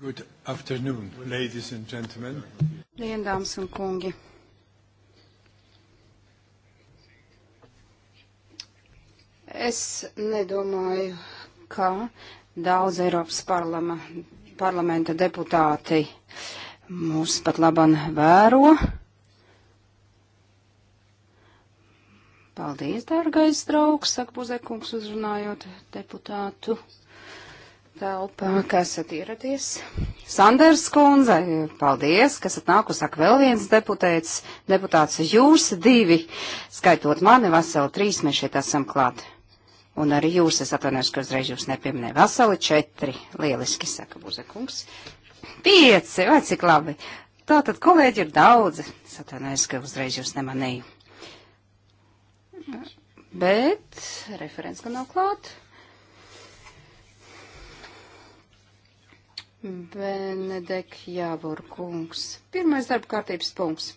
Good afternoon, ladies and gentlemen. Labdien, dāmas un kungi. Es nedomāju, ka daudz Eiropas parlama, parlamenta deputāti mūs pat laban vēro. Paldies, dārgais draugs, saka Buzekungs, uzrunājot deputātu telpā, kas esat ieradies. Sanders kundze, paldies, kas atnāku, saka vēl viens deputēts, deputāts jūs divi, skaitot mani, veseli trīs mēs šeit esam klāt. Un arī jūs, es atvainojos, ka uzreiz jūs nepieminēju, veseli četri, lieliski, saka Buzekungs. Pieci, vai cik labi. Tātad kolēģi ir daudzi, es atvainojos, ka uzreiz jūs nemanīju. Bet referents gan nav klāts. Benedek Jāvor kungs. Pirmais darba kārtības punkts.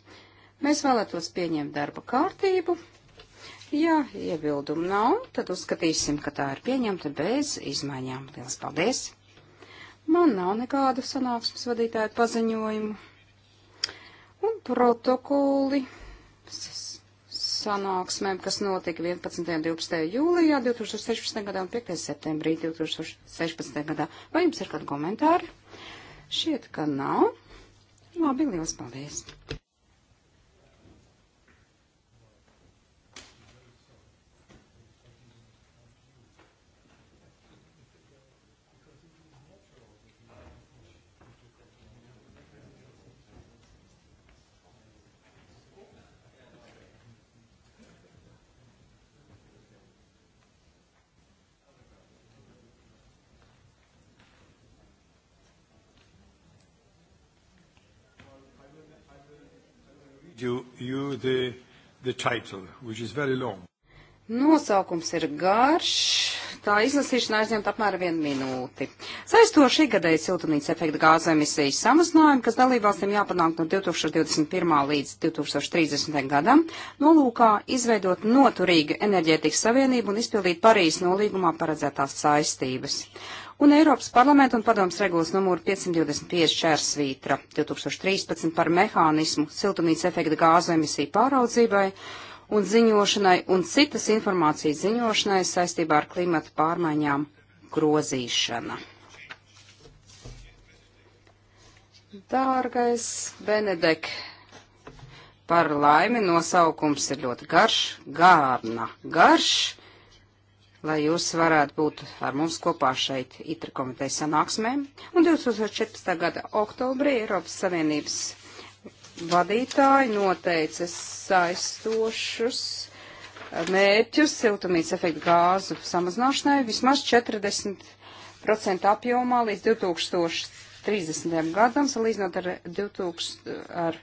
Mēs vēlētos pieņemt darba kārtību. Ja iebildumu nav, tad uzskatīsim, ka tā ir pieņemta bez izmaiņām. Lielas paldies! Man nav nekādu sanāksmes vadītāju paziņojumu. Un protokoli sanāksmēm, kas notika 11. un 12. jūlijā 2016. gadā un 5. septembrī 2016. gadā. Vai jums ir kādi komentāri? Šķiet, ka nav. Labi, liels paldies! you, you the, the title, which is very long. Nosaukums ir garš, tā izlasīšana aizņemt apmēram vienu minūti. Saistoši gadēji siltumnīca efekta gāzu emisijas samazinājumu, kas dalībvalstīm jāpanāk no 2021. līdz 2030. gadam, nolūkā izveidot noturīgu enerģētikas savienību un izpildīt Parīs nolīgumā paredzētās saistības un Eiropas parlamenta un padomas regulas numuru 525 čērsvītra 2013 par mehānismu siltumnīca efekta gāzu emisiju pāraudzībai un ziņošanai un citas informācijas ziņošanai saistībā ar klimata pārmaiņām grozīšana. Dārgais Benedek, par laimi nosaukums ir ļoti garš, gārna, garš lai jūs varētu būt ar mums kopā šeit ITRA komitejas sanāksmē. Un 2014. gada oktobrī Eiropas Savienības vadītāji noteica saistošus mērķus siltumnīca efektu gāzu samazināšanai vismaz 40% apjomā līdz 2030. gadam, salīdzinot ar, 2000, ar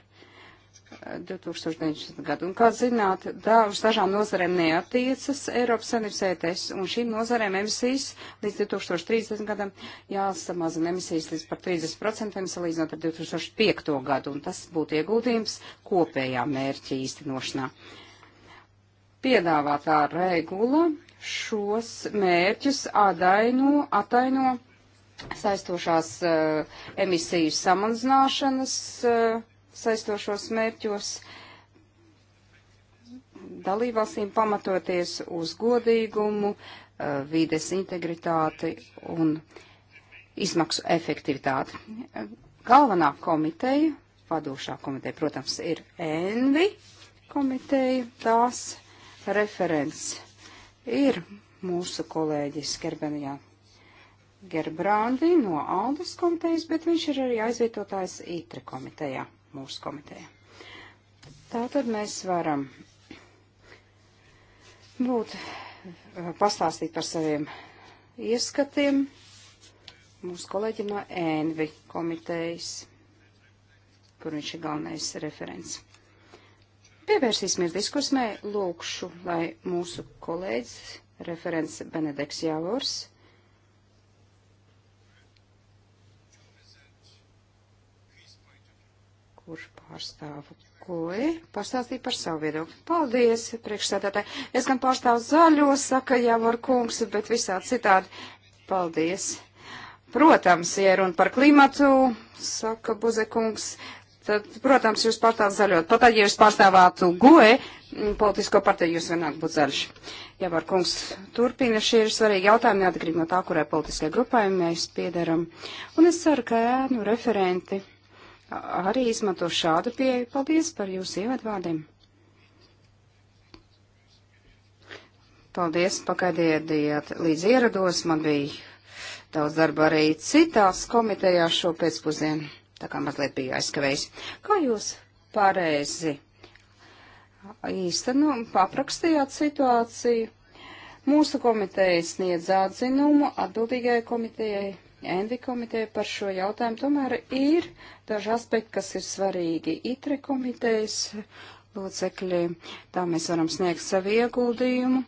2019. gadu. Un, kā zināt, dažs dažām nozarēm neatiecas Eiropas Savienības ETS, un šīm nozarēm emisijas līdz 2030. gadam jāsamazina emisijas līdz par 30% salīdzinot ar 2005. gadu, un tas būtu ieguldījums kopējā mērķa īstenošanā. Piedāvātā regula šos mērķus adaino, ataino saistošās uh, emisiju samazināšanas uh, saistošos mērķos dalībvalstīm pamatoties uz godīgumu, eh, vides integritāti un izmaksu efektivitāti. Galvenā komiteja, vadošā komiteja, protams, ir ENVI komiteja, tās referents ir mūsu kolēģis Gerbenijā Gerbrandi no Aldas komitejas, bet viņš ir arī aizvietotājs ITRE komitejā mūsu komitejā. Tātad mēs varam būt, eh, pastāstīt par saviem ieskatiem mūsu kolēģim no ēnvi komitejas, kur viņš ir galvenais referents. Pievērsīsimies diskusmai, lūkšu, lai mūsu kolēģis, referents Benedeks Javors, kurš pārstāvu goe, pastāstīja par savu viedokli. Paldies, priekšsēdētāji. Es gan pārstāvu zaļo, saka Javor kungs, bet visā citādi. Paldies. Protams, ja runa par klimatu, saka Buzekungs, tad, protams, jūs pārstāvat zaļot. Pat tad, ja jūs pārstāvātu goe, politisko partiju, jūs vienāk būtu zaļš. Jā, var kungs turpina, šie ir svarīgi jautājumi, neatkarīgi no tā, kurai politiskajai grupai mēs piedaram. Un es ceru, ka ēnu referenti arī izmanto šādu pieeju. Paldies par jūsu ievadvārdiem. Paldies, pagaidījāt līdz ierados. Man bija daudz darba arī citās komitejās šo pēcpusdienu, tā kā mazliet bija aizkavējis. Kā jūs pareizi īstenu paprakstījāt situāciju? Mūsu komiteja sniedz atzinumu atbildīgajai komitejai Envi komiteja par šo jautājumu. Tomēr ir daži aspekti, kas ir svarīgi itre komitejas locekļiem. Tā mēs varam sniegt savu ieguldījumu,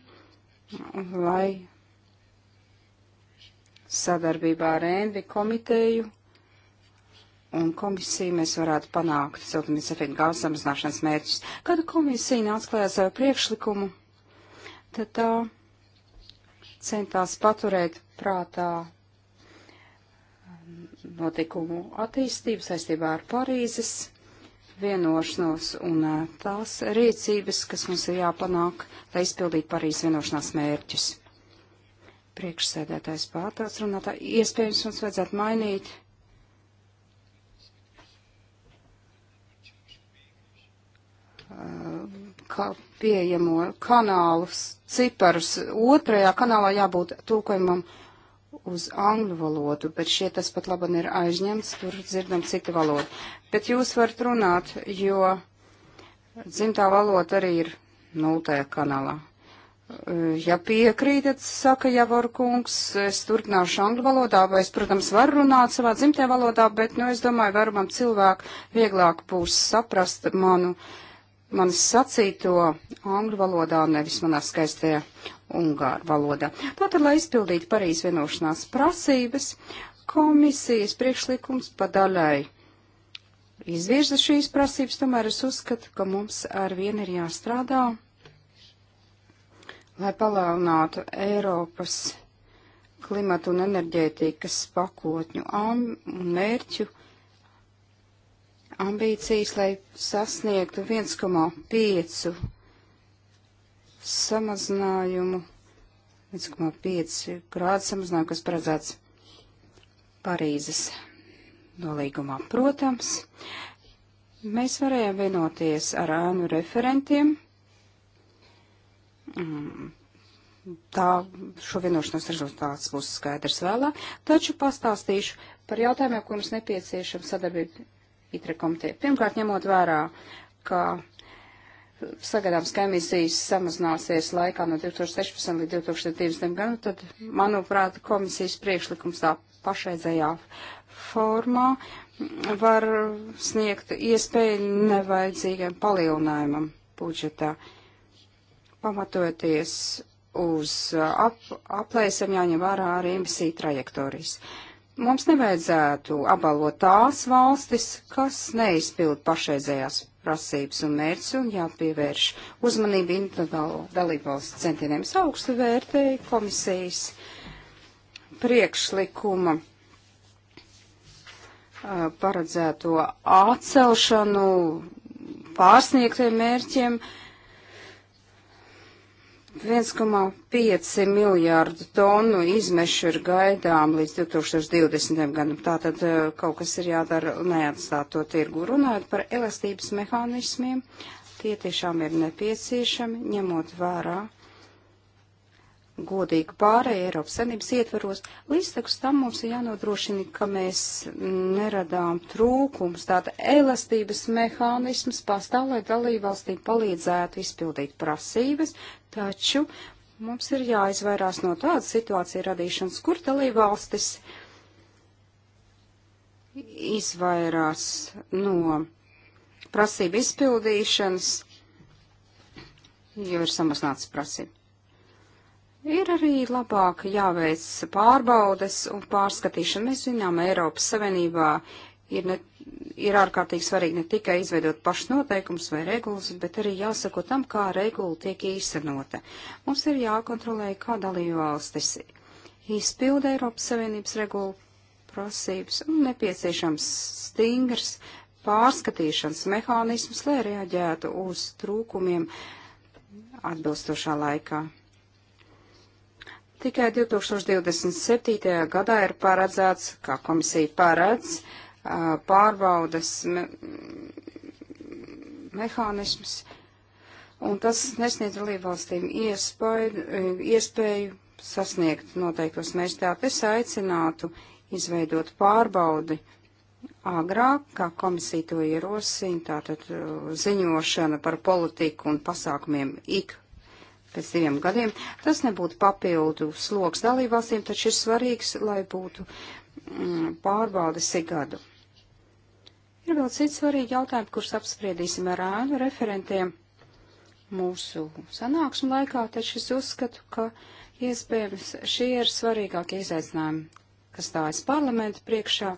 lai sadarbībā ar Envi komiteju un komisiju mēs varētu panākt siltumnīca efekta gāzes samazināšanas mērķus. Kad komisija nāca klājā savu priekšlikumu, tad tā centās paturēt prātā notikumu attīstību saistībā ar Parīzes vienošanos un tās rīcības, kas mums ir jāpanāk, lai izpildītu Parīzes vienošanās mērķus. Priekšsēdētājs pārtauc runātā, iespējams mums vajadzētu mainīt. Kā pieejamo kanālus, ciparus. Otrajā kanālā jābūt tulkojumam uz angļu valodu, bet šie tas pat laban ir aizņemts, tur dzirdam citu valodu. Bet jūs varat runāt, jo dzimtā valoda arī ir nultajā kanālā. Eh, ja piekrītat, saka Javor kungs, es turpināšu angļu valodā, vai es, protams, varu runāt savā dzimtajā valodā, bet, nu, es domāju, varumam cilvēku vieglāk būs saprast manu uh, man sacīto angļu valodā, nevis manā skaistajā ungāru valodā. Tātad, lai izpildītu Parīz vienošanās prasības, komisijas priekšlikums pa daļai izvirza šīs prasības, tomēr es uzskatu, ka mums ar vienu ir jāstrādā, lai palielinātu Eiropas klimatu un enerģētikas pakotņu un mērķu ambīcijas, lai sasniegtu 1,5 samazinājumu, 1,5 grādu samazinājumu, kas paredzēts Parīzes nolīgumā. Protams, mēs varējām vienoties ar ēnu referentiem. Mm, tā šo vienošanos rezultāts būs skaidrs vēlāk, taču pastāstīšu par jautājumiem, kurus nepieciešama sadarbība ITRE komiteja. Pirmkārt, ņemot vērā, ka sagaidāms, ka emisijas samazināsies laikā no 2016 līdz 2020 gadam, tad, manuprāt, komisijas priekšlikums tā pašreizējā formā var sniegt iespēju nevajadzīgam palielinājumam budžetā. Pamatoties uz ap, aplēsēm jāņem vērā arī emisiju trajektorijas. Uh, Mums nevajadzētu apbalvot tās valstis, kas neizpild pašreizējās prasības un mērķus un jāpievērš uzmanību individuālo dalībvalstu centieniem. Es augstu vērtēju komisijas priekšlikuma paredzēto atcelšanu pārsniegtiem mērķiem. Uh, 1,5 miljārdu tonu izmešu ir gaidām līdz 2020. gadam. Tātad eh, kaut kas ir jādara, neatstāt to tirgu. Runājot par elastības mehānismiem, tie tiešām ir nepieciešami, ņemot vērā godīgu pārēju Eiropas Sanības ietveros. Līdztekus tam mums ir jānodrošina, ka mēs neradām trūkums, tāda elastības mehānisms pastāv, lai dalībvalstīm palīdzētu izpildīt prasības, taču mums ir jāizvairās no tādas situācijas radīšanas, kur dalībvalstis izvairās no prasību izpildīšanas, jo ir samazināts prasība. Ir arī labāk jāveic pārbaudes un pārskatīšana. Mēs zinām, Eiropas Savienībā ir, ne, ir ārkārtīgi svarīgi ne tikai izveidot pašas noteikums vai regulas, bet arī jāsako tam, kā regula tiek īstenota. Mums ir jākontrolē, kā dalībvalstis izpilda Eiropas Savienības regulu prasības un nepieciešams stingrs pārskatīšanas mehānisms, lai reaģētu uz trūkumiem atbilstošā laikā. Tikai 2027. gadā ir paredzēts, kā komisija paredz, pārbaudas me mehānisms, un tas nesniedz dalībvalstīm iespēju, iespēju sasniegt noteiktos mērķus. Tāpēc es aicinātu izveidot pārbaudi agrāk, kā komisija to ierosina, tātad ziņošana par politiku un pasākumiem ik pēc diviem gadiem. Tas nebūtu papildu sloks dalībvalstīm, taču ir svarīgs, lai būtu mm, pārbaudes ik gadu. Ir vēl cits svarīgi jautājumi, kurus apspriedīsim ar ēnu referentiem mūsu sanāksmu laikā, taču es uzskatu, ka iespējams šie ir svarīgākie izaicinājumi, kas stājas parlamentu priekšā,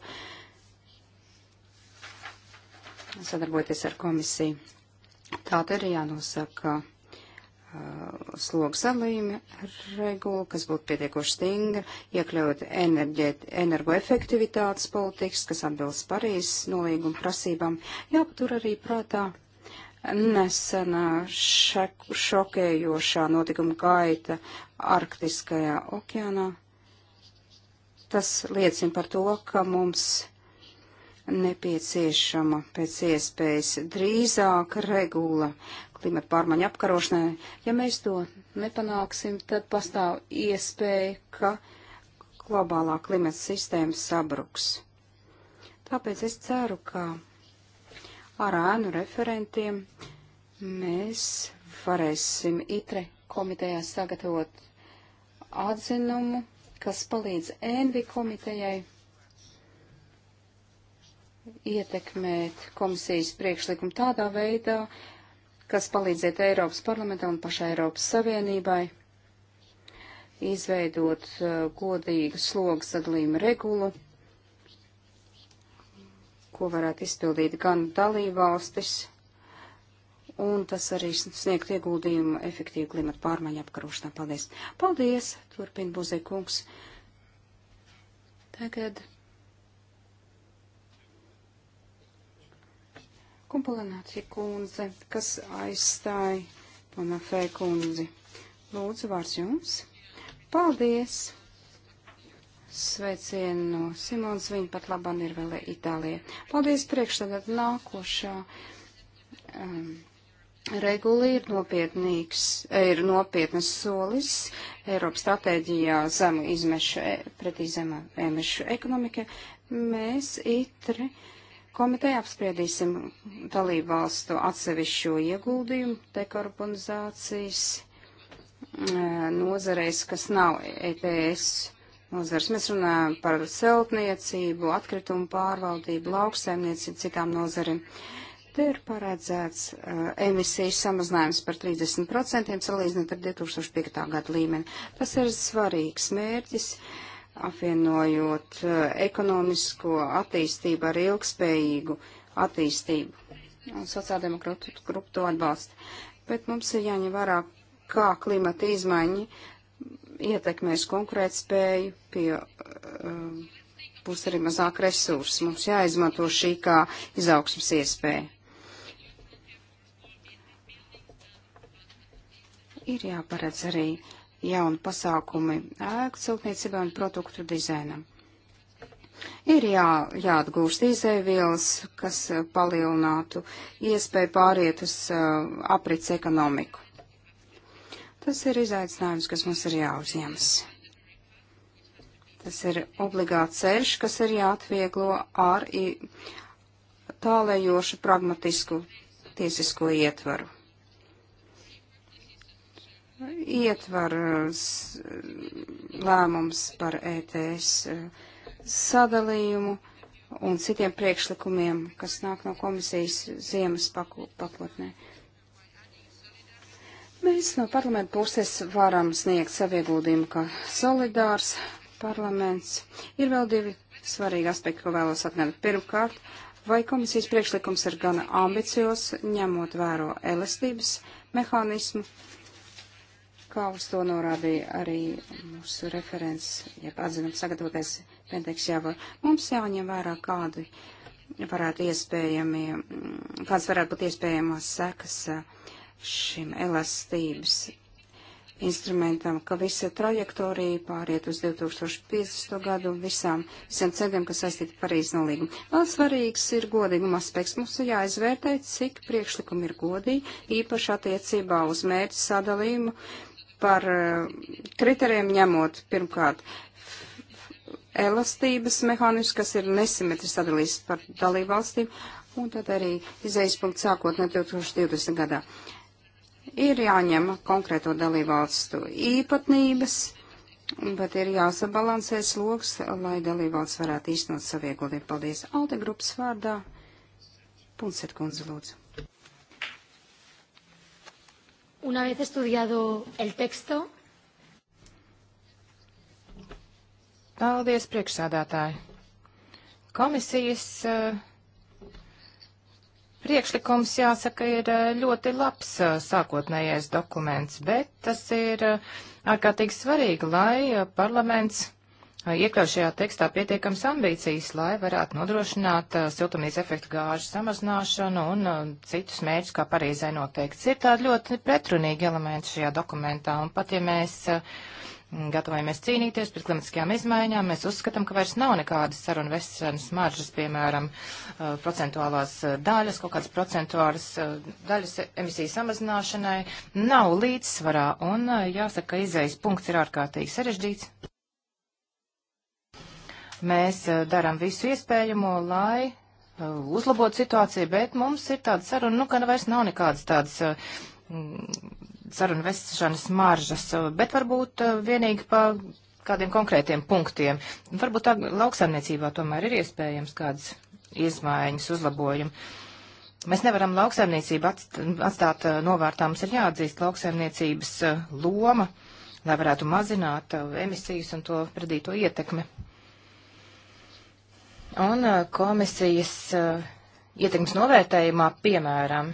sadarbojoties ar komisiju. Tā te ir jānosaka Uh, slogu sadalījuma regula, kas būtu pietiekoši stingra, iekļaut energoefektivitātes politikas, kas atbilst Parīzes nolīguma prasībām. Jāpatur arī prātā nesenā šokējošā notikuma gaita Arktiskajā okeānā. Tas liecina par to, ka mums nepieciešama pēc iespējas drīzāk regula, klimata pārmaiņu apkarošanai. Ja mēs to nepanāksim, tad pastāv iespēja, ka globālā klimata sistēma sabruks. Tāpēc es ceru, ka ar ēnu referentiem mēs varēsim itre komitejā sagatavot atzinumu, kas palīdz ENVI komitejai ietekmēt komisijas priekšlikumu tādā veidā, kas palīdzētu Eiropas parlamentam un pašai Eiropas Savienībai izveidot uh, godīgu slogu sadalījumu regulu, ko varētu izpildīt gan dalībvalstis, un tas arī sniegt ieguldījumu efektīvu klimatu pārmaiņu apkarošanā. Paldies! Paldies! Turpin Buzē kungs. Tagad Kumpulinācija kundze, kas aizstāja Bonafē kundzi. Lūdzu, vārds jums. Paldies! Sveicienu no Simons, viņa pat labam ir vēl Itālija. Paldies priekšstādāt nākošā. Um, Regula ir nopietnīgs, eh, ir nopietnas solis Eiropas stratēģijā zemu izmešu, e, pretī zemu emešu ekonomika. Mēs itri Komiteja apspriedīsim dalību valstu atsevišķo ieguldījumu dekarbonizācijas eh, nozareis, kas nav ETS nozars. Mēs runājam par celtniecību, atkritumu pārvaldību, lauksaimniecību, citām nozarim. Te ir paredzēts uh, emisijas samazinājums par 30% salīdzinot ar 2005. gadu līmeni. Tas ir svarīgs mērķis. Uh, apvienojot eh, ekonomisko attīstību ar ilgspējīgu attīstību. Un sociāldemokrātu grupu to atbalsta. Bet mums ir jāņem vērā, kā klimata izmaiņi ietekmēs konkurētspēju, pie uh, būs arī mazāk resursu. Mums jāizmanto šī kā izaugsmas iespēja. Ir jāparedz arī uh, jauni pasākumi ēku celtniecībai un produktu dizainam. Ir jā, jāatgūst izēvielas, kas eh, palielinātu iespēju pāriet uz uh, aprits ekonomiku. Tas ir izaicinājums, kas mums ir jāuzņemas. Tas ir obligāts ceļš, kas ir jāatvieglo ar tālējošu pragmatisku tiesisko ietvaru ietver lēmums par ETS e, sadalījumu un citiem priekšlikumiem, kas nāk no komisijas ziemas pakotnē. Mēs no parlamenta puses varam sniegt savieguldījumu, ka solidārs parlaments ir vēl divi svarīgi aspekti, ko vēlos atgādināt. Pirmkārt, vai komisijas priekšlikums ir gana ambicios, ņemot vēro elastības mehānismu Kā uz to norādīja arī mūsu referents, ja atzinam sagatavoties Penteks jāvar, mums jāņem vērā kādi varētu iespējami, kāds varētu būt iespējamās sekas šim elastības instrumentam, ka visa trajektorija pāriet uz 2050. gadu visām, visiem ceļiem, kas saistīti Parīzes nolīgumu. Vēl svarīgs ir godīguma aspekts. Mums ir jāizvērtē, cik priekšlikumi ir godīgi, īpaši attiecībā uz mērķu sadalījumu par eh, kriterijiem ņemot pirmkārt elastības mehānismus, kas ir nesimetris sadalīts par dalību valstīm, un tad arī izējas punkts sākot no 2020. gadā. Ir jāņem konkrēto dalību valstu īpatnības, bet ir jāsabalansē sloks, lai dalību valsts varētu īstenot savu ieguldījumu. Paldies Alde grupas vārdā. Punset kundze lūdzu. Una vez estudiado el texto. Paldies, priekšsādātāji. Komisijas uh, Priekšlikums, jāsaka, ir eh, ļoti labs eh, sākotnējais dokuments, bet tas ir ārkārtīgi svarīgi, lai parlaments iekļaut šajā tekstā pietiekams ambīcijas, lai varētu nodrošināt uh, siltumnīca efektu gāžu samazināšanu un uh, citus mērķus, kā Parīzē noteikts. Ir tādi ļoti pretrunīgi elementi šajā dokumentā, un pat ja mēs uh, gatavojamies cīnīties pret klimatiskajām izmaiņām, mēs uzskatām, ka vairs nav nekādas sarunu vesenas maržas, piemēram, uh, procentuālās uh, daļas, kaut kādas procentuālas uh, daļas emisiju samazināšanai, nav līdzsvarā, un jāsaka, ka izējas punkts ir ārkārtīgi sarežģīts. Mēs eh, darām visu iespējamo, lai eh, uzlabotu situāciju, bet mums ir tāda saruna, nu, ka vairs nav nekādas tādas eh, sarunu vešanas maržas, bet varbūt vienīgi pa kādiem konkrētiem punktiem. Varbūt tā lauksaimniecībā tomēr ir iespējams kādas izmaiņas, uzlabojumi. Mēs nevaram lauksaimniecību atstāt novārtā, mums ir jāatzīst lauksaimniecības loma, lai varētu mazināt emisijas un to predīto ietekmi. Un uh, komisijas uh, ietekmes novērtējumā, piemēram,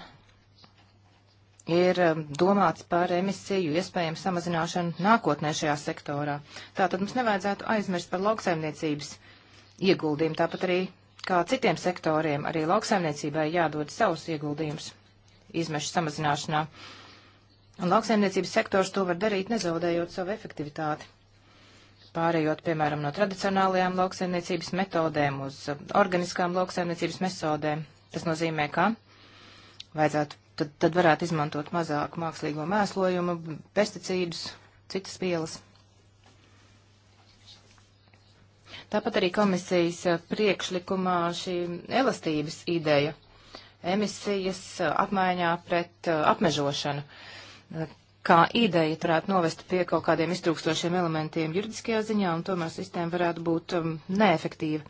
ir um, domāts par emisiju iespējamu samazināšanu nākotnē šajā sektorā. Tātad mums nevajadzētu aizmirst par lauksaimniecības ieguldījumu, tāpat arī kā citiem sektoriem, arī lauksaimniecībai jādod savus ieguldījumus izmešu samazināšanā. Un lauksaimniecības sektors to var darīt, nezaudējot savu efektivitāti pārējot, piemēram, no tradicionālajām lauksaimniecības metodēm uz uh, organiskām lauksaimniecības metodēm. Tas nozīmē, ka vajadzētu, tad, tad varētu izmantot mazāk mākslīgo mēslojumu, pesticīdus, citas vielas. Tāpat arī komisijas uh, priekšlikumā šī elastības ideja emisijas uh, apmaiņā pret apmežošanu kā ideja varētu novest pie kaut kādiem iztrūkstošiem elementiem juridiskajā ziņā, un tomēr sistēma varētu būt um, neefektīva.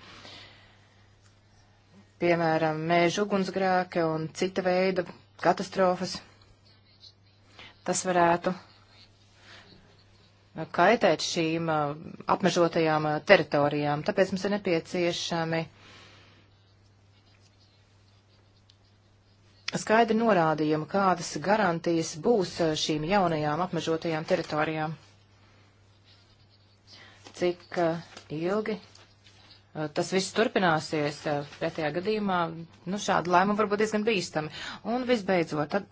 Piemēram, mēžu ugunsgrēka un cita veida katastrofas. Tas varētu nu, kaitēt šīm uh, apmežotajām uh, teritorijām, tāpēc mums ir nepieciešami uh, skaidri norādījuma, kādas garantijas būs eh, šīm jaunajām apmežotajām teritorijām. Cik eh, ilgi eh, tas viss turpināsies, pretējā gadījumā, nu, šāda lēmuma varbūt diezgan bīstami. Un visbeidzot, tad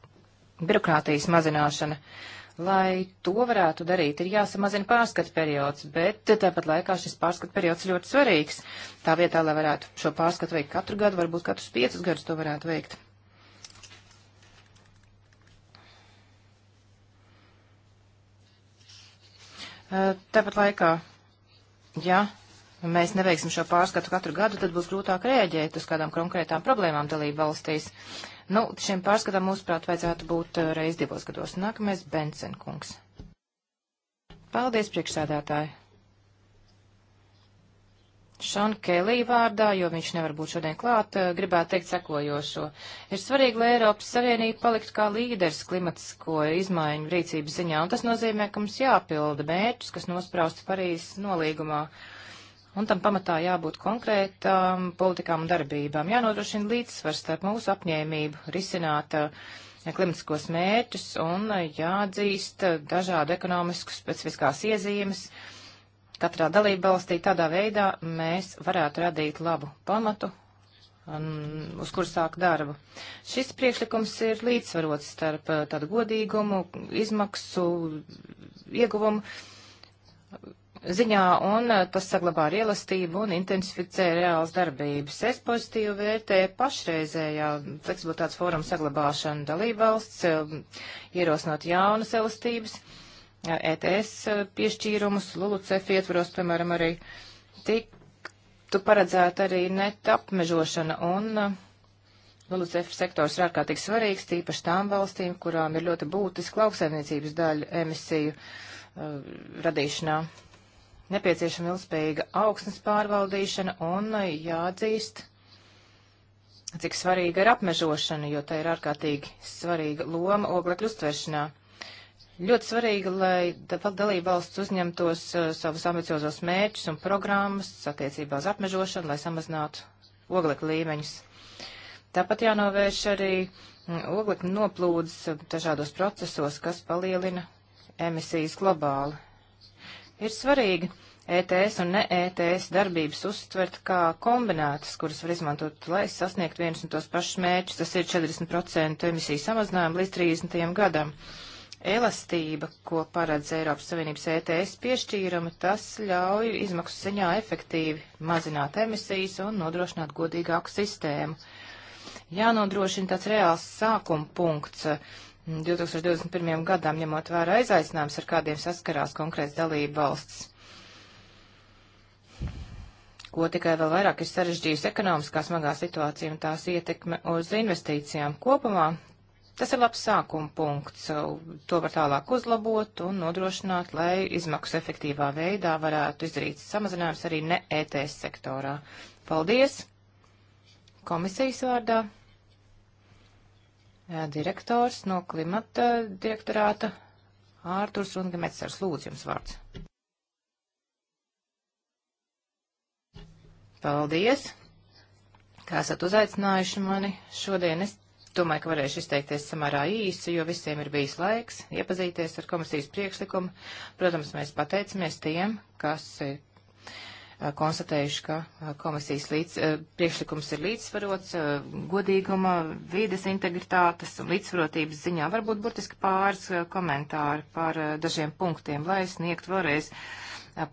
birokrātijas mazināšana. Lai to varētu darīt, ir jāsamazina pārskatu periods, bet tāpat laikā šis pārskatu periods ļoti svarīgs. Tā vietā, lai varētu šo pārskatu veikt katru gadu, varbūt katrus piecus gadus to varētu veikt. Tāpat laikā, ja mēs neveiksim šo pārskatu katru gadu, tad būs grūtāk rēģēt uz kādām konkrētām problēmām dalību valstīs. Nu, šiem pārskatam, mūsuprāt, vajadzētu būt reiz divos gados. Nākamais Bensenkungs. Paldies, priekšsēdētāji! Šona Kelī vārdā, jo viņš nevar būt šodien klāt, eh, gribētu teikt sekojošo. Ir svarīgi, lai Eiropas Savienība paliktu kā līderis klimatisko izmaiņu rīcības ziņā, un tas nozīmē, ka mums jāpilda mērķus, kas nosprausti Parīzes nolīgumā. Un tam pamatā jābūt konkrētām politikām un darbībām. Jānodrošina līdzsvars starp mūsu apņēmību risināt uh, klimatiskos mērķus un eh, jāatzīst dažādu ekonomisku specifiskās iezīmes. Uh, katrā dalība valstī. Tādā veidā mēs varētu radīt labu pamatu, un, um, uz kur sāk darbu. Šis priekšlikums ir līdzsvarots starp uh, tādu godīgumu, izmaksu, ieguvumu ziņā, un uh, tas saglabā ar ielastību un intensificē reāls darbības. Es pozitīvi vērtēju pašreizējā fleksibilitātes fóruma saglabāšanu dalībvalsts, um, ierosinot jaunas elastības. Uh, ETS e, piešķīrumus, LULUCEF ietvaros, piemēram, arī tiktu paredzēta arī net apmežošana un e, LULUCEF sektors ir ārkārtīgi svarīgs, tīpaši tām valstīm, kurām ir ļoti būtiski lauksaimniecības daļa emisiju uh, radīšanā. Nepieciešama ilgspējīga augsnes pārvaldīšana un jāatzīst, cik svarīga ir apmežošana, jo tā ir ārkārtīgi svarīga loma oglekļu uztveršanā. Ļoti svarīgi, lai dalība valsts uzņemtos uh, savus ambiciozos mērķus un programmas attiecībā uz apmežošanu, lai samazinātu oglekļa līmeņus. Tāpat jānovērš arī mm, oglekļa noplūdes uh, dažādos procesos, kas palielina emisijas globāli. Ir svarīgi ETS un ne ETS darbības uztvert kā kombinētas, kuras var izmantot, lai sasniegtu vienus un tos pašus mērķus. Tas ir 40% emisiju samazinājumu līdz 30. gadam. Uh, elastība, ko paredz Eiropas Savienības ETS piešķīrumi, tas ļauj izmaksu ziņā efektīvi mazināt emisijas un nodrošināt godīgāku sistēmu. Jānodrošina tāds reāls sākuma punkts 2021. gadam, ņemot vērā izaicinājums, ar kādiem saskarās konkrēts dalība valsts. Ko tikai vēl vairāk ir sarežģījusi ekonomiskā smagā situācija un tās ietekme uz investīcijām kopumā, Tas ir labs sākuma punkts. To var tālāk uzlabot un nodrošināt, lai izmaksas efektīvā veidā varētu izdarīt samazinājums arī ne ETS sektorā. Paldies! Komisijas vārdā direktors no klimata direktorāta Ārturs Rungemetsers. Lūdzu, jums vārds. Paldies, kā esat uzaicinājuši mani šodien. Es Domāju, ka varēšu izteikties samērā īsi, jo visiem ir bijis laiks iepazīties ar komisijas priekšlikumu. Protams, mēs pateicamies tiem, kas ir eh, konstatējuši, ka eh, komisijas līdz, eh, priekšlikums ir līdzsvarots godīguma, vīdes integritātes un līdzsvarotības ziņā. Varbūt burtiski pāris komentāri par dažiem punktiem, lai sniegtu vēlreiz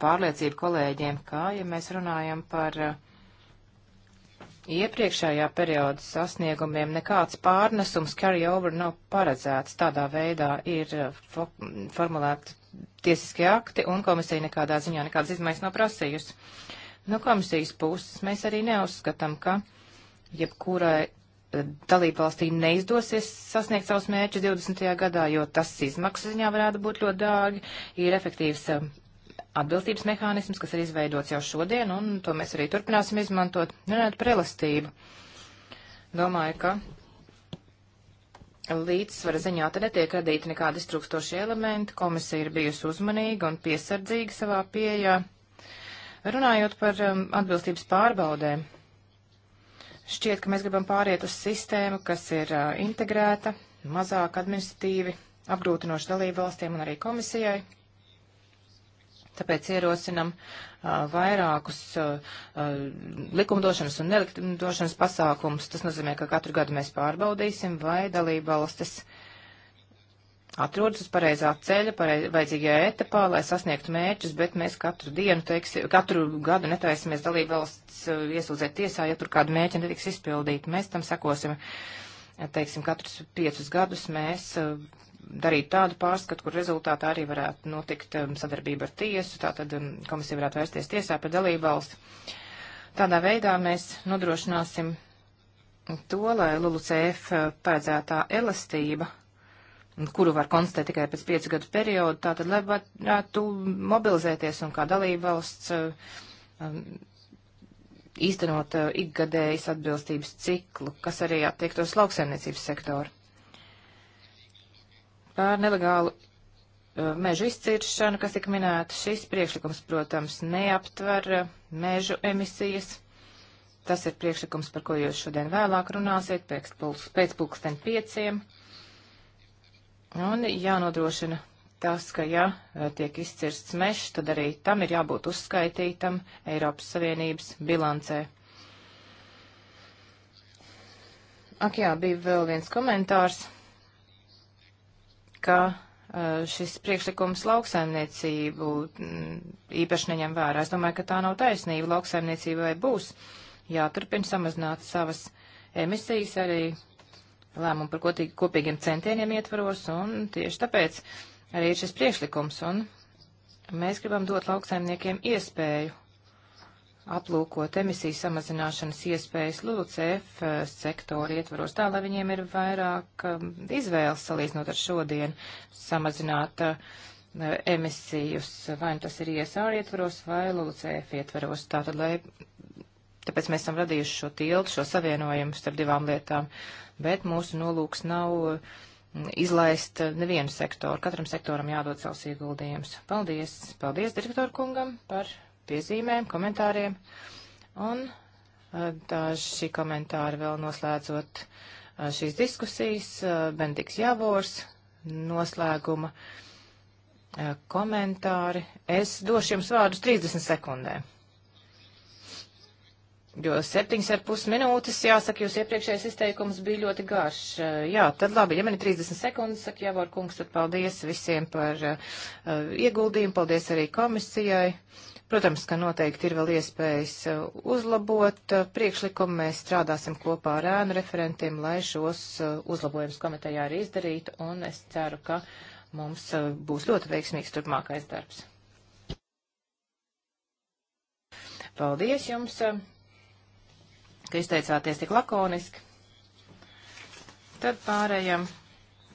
pārliecību kolēģiem, kā, ja mēs runājam par iepriekšējā perioda sasniegumiem nekāds pārnesums carryover nav paredzēts. Tādā veidā ir eh, fo formulēti tiesiskie akti, un komisija nekādā ziņā nekādas izmaiņas nav prasījusi. No komisijas puses mēs arī neuzskatām, ka jebkurai eh, dalībvalstī neizdosies sasniegt savus mērķus 20. gadā, jo tas izmaksas ziņā varētu būt ļoti dārgi, ir efektīvs eh, atbilstības mehānisms, kas ir izveidots jau šodien, un to mēs arī turpināsim izmantot. Runājot par elastību, domāju, ka līdzsvara ziņā te netiek radīti nekādi iztrūkstošie elementi, komisija ir bijusi uzmanīga un piesardzīga savā pieejā. Runājot par um, atbilstības pārbaudēm, šķiet, ka mēs gribam pāriet uz sistēmu, kas ir uh, integrēta, mazāk administratīvi apgrūtinoši dalību valstiem un arī komisijai Tāpēc ierosinam uh, vairākus uh, likumdošanas un nelikumdošanas pasākumus. Tas nozīmē, ka katru gadu mēs pārbaudīsim, vai dalība valstis atrodas uz pareizā ceļa, pareiz, vajadzīgajā etapā, lai sasniegtu mērķus, bet mēs katru dienu, teiksim, katru gadu netaisimies dalību valsts uh, iesūdzēt tiesā, ja tur kādu mērķi netiks izpildīti. Mēs tam sekosim, teiksim, katrus piecus gadus mēs darīt tādu pārskatu, kur rezultātā arī varētu notikt um, sadarbība ar tiesu, tātad um, komisija varētu vērsties tiesā par dalību valsti. Tādā veidā mēs nodrošināsim to, lai LULUCF uh, paredzētā elastība, kuru var konstatēt tikai pēc piecu gadu periodu, tātad, lai varētu mobilizēties un kā dalība valsts uh, um, īstenot uh, ikgadējas atbilstības ciklu, kas arī attiektos lauksaimniecības sektoru. Par nelegālu uh, mežu izciršanu, kas tika minēta, šis priekšlikums, protams, neaptver uh, mežu emisijas. Tas ir priekšlikums, par ko jūs šodien vēlāk runāsiet, pēc, puls, pēc pulksten pieciem. Un jānodrošina tas, ka, ja uh, tiek izcirsts mežs, tad arī tam ir jābūt uzskaitītam Eiropas Savienības bilancē. Ak jā, bija vēl viens komentārs ka uh, šis priekšlikums lauksaimniecību mm, īpaši neņem vērā. Es domāju, ka tā nav taisnība. Lauksaimniecībai būs jāturpina samazināt savas emisijas arī lēmumu par kotīgi, kopīgiem centieniem ietvaros, un tieši tāpēc arī ir šis priekšlikums, un mēs gribam dot lauksaimniekiem iespēju aplūkot emisiju samazināšanas iespējas LULUCF eh, sektoru ietvaros tā, lai viņiem ir vairāk um, izvēles salīdzinot ar šodien samazināt eh, emisijas, vai nu tas ir ISR ietvaros vai LULUCF ietvaros. Tātad, lai Tāpēc mēs esam radījuši šo tiltu, šo savienojumu starp divām lietām, bet mūsu nolūks nav mm, izlaist nevienu sektoru. Katram sektoram jādod savs ieguldījums. Paldies! Paldies direktoru kungam par piezīmēm, komentāriem. Un daži eh, komentāri vēl noslēdzot eh, šīs diskusijas. Eh, Bendiks Javors noslēguma komentāri. Es došu jums vārdus 30 sekundēm. Jo septiņas ar pus minūtes, jāsaka, jūs iepriekšējais izteikums bija ļoti garš. Jā, tad labi, ja man ir 30 sekundes, saka Javor kungs, tad paldies visiem par uh, ieguldījumu, paldies arī komisijai. Uh, Protams, ka noteikti ir vēl iespējas uh, uzlabot uh, priekšlikumu. Mēs strādāsim kopā ar ēnu referentiem, lai šos uh, uzlabojumus komitejā arī izdarītu, un es ceru, ka mums būs ļoti veiksmīgs turpmākais darbs. Paldies jums, ka izteicāties tik lakoniski. Tad pārējām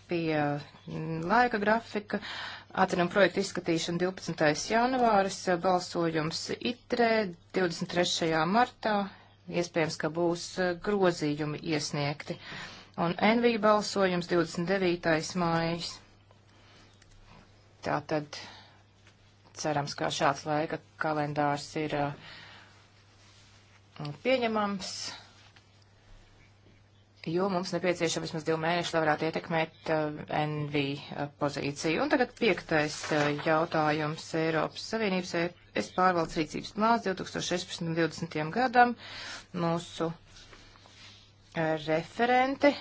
pie laika grafika. Uh, Atceram projektu izskatīšanu 12. janvāris, balsojums ITRE 23. martā, iespējams, ka būs e, grozījumi iesniegti, un NV balsojums 29. mājas. Tātad cerams, ka šāds laika kalendārs ir e, pieņemams jo mums nepieciešama vismaz divi mēneši, lai varētu ietekmēt uh, eh, NV uh, eh, pozīciju. Un tagad piektais uh, jautājums Eiropas Savienības e- es pārvaldes rīcības plāns 2016. un 2020. gadam. Mūsu referente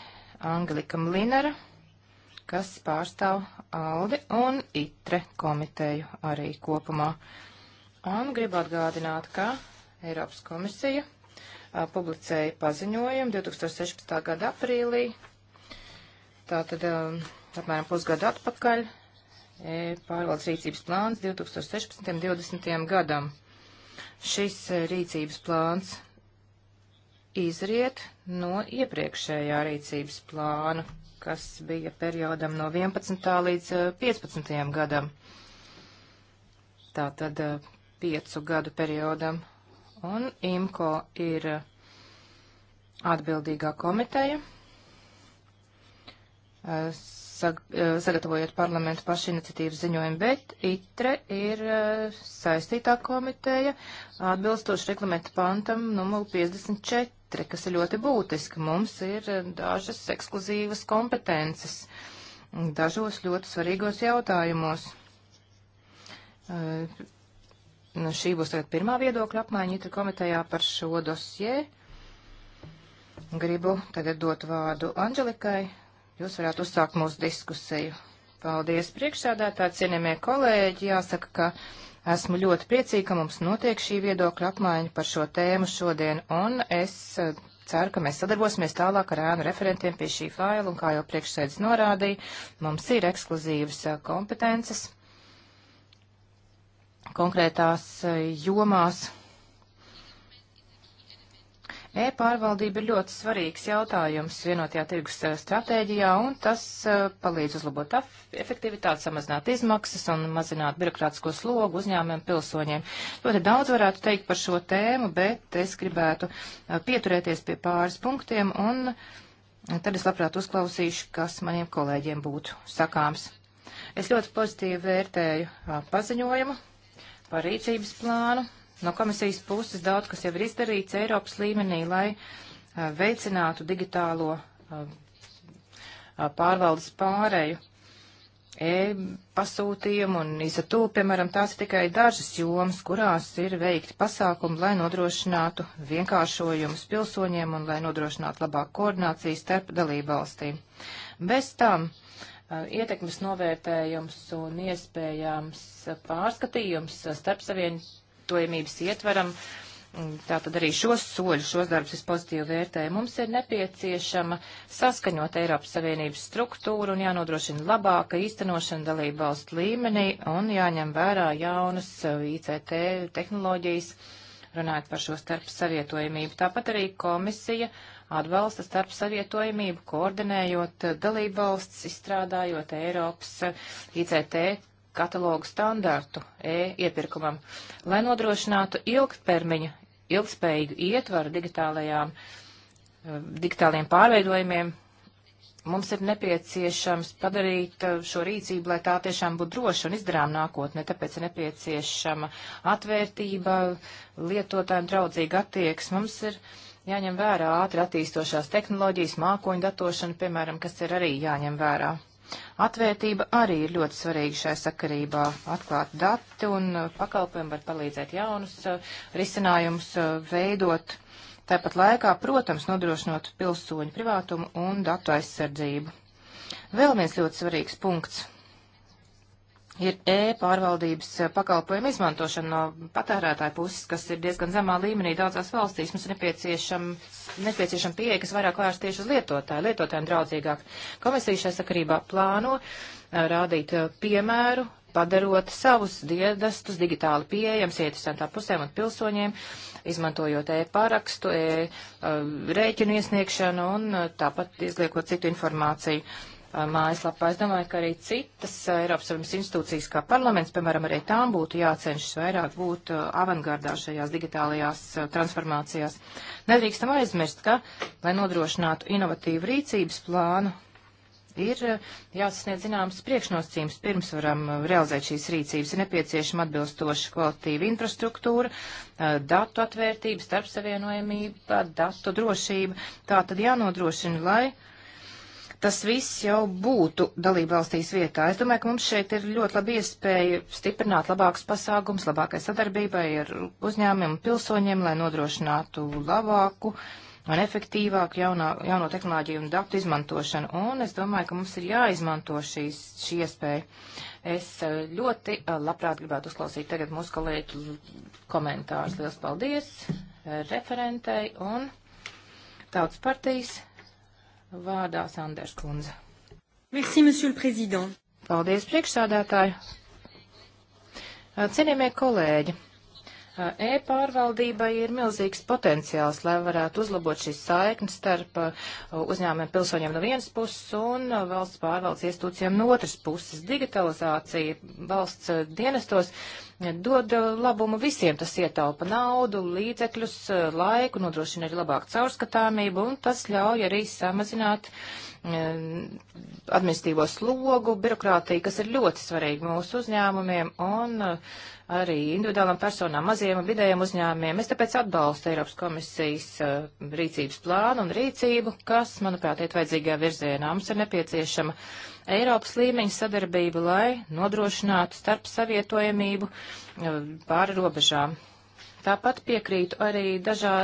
Anglika Mlinara, kas pārstāv ALDE un ITRE komiteju arī kopumā. Un gribu atgādināt, ka Eiropas komisija publicēja paziņojumu 2016. gada aprīlī, tātad apmēram pusgadu atpakaļ, pārvaldes rīcības plāns 2016.20. gadam. Šis rīcības plāns izriet no iepriekšējā rīcības plāna, kas bija periodam no 11. līdz 15. gadam. Tātad piecu gadu periodam un IMCO ir atbildīgā komiteja, eh, sag eh, sagatavojot parlamentu pašiniciatīvas ziņojumu, bet ITRE ir eh, saistītā komiteja atbilstoši reglamentu pantam numuru 54 četri, kas ir ļoti būtiski. Mums ir dažas ekskluzīvas kompetences dažos ļoti svarīgos jautājumos. Nu, šī būs tagad pirmā viedokļa apmaiņa Itra komitejā par šo dosjē. Gribu tagad dot vārdu Anželikai. Jūs varētu uzsākt mūsu diskusiju. Paldies, priekšsādātāji, cienījamie kolēģi. Jāsaka, ka esmu ļoti priecīga, ka mums notiek šī viedokļa apmaiņa par šo tēmu šodien, un es eh, ceru, ka mēs sadarbosimies tālāk ar ēnu referentiem pie šī faila, un kā jau priekšsēdis norādīja, mums ir ekskluzīvas eh, kompetences konkrētās eh, jomās. E-pārvaldība ir ļoti svarīgs jautājums vienotajā tirgus eh, stratēģijā, un tas eh, palīdz uzlabot efektivitāti, samazināt izmaksas un mazināt birokrātisko slogu uzņēmumiem pilsoņiem. Ļoti daudz varētu teikt par šo tēmu, bet es gribētu pieturēties pie pāris punktiem, un tad es labprāt uzklausīšu, kas maniem kolēģiem būtu sakāms. Es ļoti pozitīvi vērtēju paziņojumu par rīcības plānu. No komisijas puses daudz, kas jau ir izdarīts Eiropas līmenī, lai a, veicinātu digitālo a, a, pārvaldes pārēju. E-pasūtījumu un izatūlu, piemēram, tās ir tikai dažas jomas, kurās ir veikti pasākumi, lai nodrošinātu vienkāršojumus pilsoņiem un lai nodrošinātu labāku koordināciju starp dalībvalstīm. Bez tam uh, Uh, ietekmes novērtējums un iespējams pārskatījums starp savienojamības ietvaram. Mm, Tātad arī šos soļus, šos darbus es pozitīvi vērtēju. Mums ir nepieciešama saskaņot Eiropas Savienības struktūru un jānodrošina labāka īstenošana dalību valstu līmenī un jāņem vērā jaunas uh, ICT tehnoloģijas, runājot par šo starp savietojamību. Tāpat arī komisija uh, atbalsta starp savietojamību, koordinējot dalību valsts, izstrādājot Eiropas ICT katalogu standartu e-iepirkumam, lai nodrošinātu ilgtermiņu, ilgspējīgu ietvaru digitālajām, digitāliem pārveidojumiem. Mums ir nepieciešams padarīt šo rīcību, lai tā tiešām būtu droša un izdarām nākotnē, tāpēc ir nepieciešama atvērtība, lietotājiem draudzīga attieksme. Mums ir uh, jāņem vērā ātri attīstošās tehnoloģijas, mākoņu datošana, piemēram, kas ir arī jāņem vērā. Atvērtība arī ir ļoti svarīga šai sakarībā. Atklāt dati un uh, pakalpojumi var palīdzēt jaunus uh, risinājumus uh, veidot. Tāpat laikā, protams, nodrošinot pilsoņu privātumu un datu aizsardzību. Vēl viens ļoti svarīgs punkts ir e-pārvaldības eh, pakalpojumu izmantošana no patērētāja puses, kas ir diezgan zemā līmenī daudzās valstīs. Mums ir nepieciešama nepieciešam pieeja, kas vairāk vērsts tieši uz lietotāju, lietotājiem draudzīgāk. Komisija šajā sakarībā plāno eh, rādīt eh, piemēru, padarot savus diedastus digitāli pieejams ietrisantā pusēm un pilsoņiem, izmantojot e-parakstu, e-rēķinu iesniegšanu un tāpat izliekot citu informāciju. Uh, mājaslapā. Es domāju, ka arī citas uh, Eiropas Savienības institūcijas, kā parlaments, piemēram, arī tām būtu jācenšas vairāk būt uh, avangardā šajās digitālajās transformācijās. Nedrīkstam aizmirst, ka, lai nodrošinātu inovatīvu rīcības plānu, ir jāsasniedz zināmas priekšnosacījums, pirms varam realizēt šīs rīcības. Ir nepieciešama atbilstoša kvalitīva infrastruktūra, datu atvērtība, starpsavienojamība, datu drošība. Tā tad jānodrošina, lai tas viss jau būtu dalībvalstīs vietā. Es domāju, ka mums šeit ir ļoti labi iespēja stiprināt labākus pasākums, labākai sadarbībai ar uzņēmumiem un pilsoņiem, lai nodrošinātu labāku un efektīvāku jaunā, jauno tehnoloģiju un datu izmantošanu. Un es domāju, ka mums ir jāizmanto šīs, šī iespēja. Es eh, ļoti eh, labprāt gribētu uzklausīt tagad mūsu kolēģu komentārus. Liels paldies eh, referentei un tautas partijas vārdā Sanders Kunze. Merci, monsieur le président. Paldies, priekšsādātāji. Cienījamie kolēģi, E-pārvaldībai ir milzīgs potenciāls, lai varētu uzlabot šīs saiknes starp uzņēmumiem pilsoņiem no vienas puses un valsts pārvaldes institūcijiem no otras puses. Digitalizācija valsts dienestos dod eh, labumu visiem. Tas ietaupa naudu, līdzekļus, eh, laiku, nodrošina arī labāku caurskatāmību un tas ļauj arī samazināt Um, administīvo slogu, birokrātiju, kas ir ļoti svarīgi mūsu uzņēmumiem un uh, arī individuālam personām, maziem un vidējiem uzņēmumiem. Es tāpēc atbalstu Eiropas komisijas uh, rīcības plānu un rīcību, kas, manuprāt, iet vajadzīgajā virzienā. Mums ir nepieciešama Eiropas līmeņa sadarbība, lai nodrošinātu starp savietojamību uh, pāri robežām. Tāpat piekrītu arī dažā,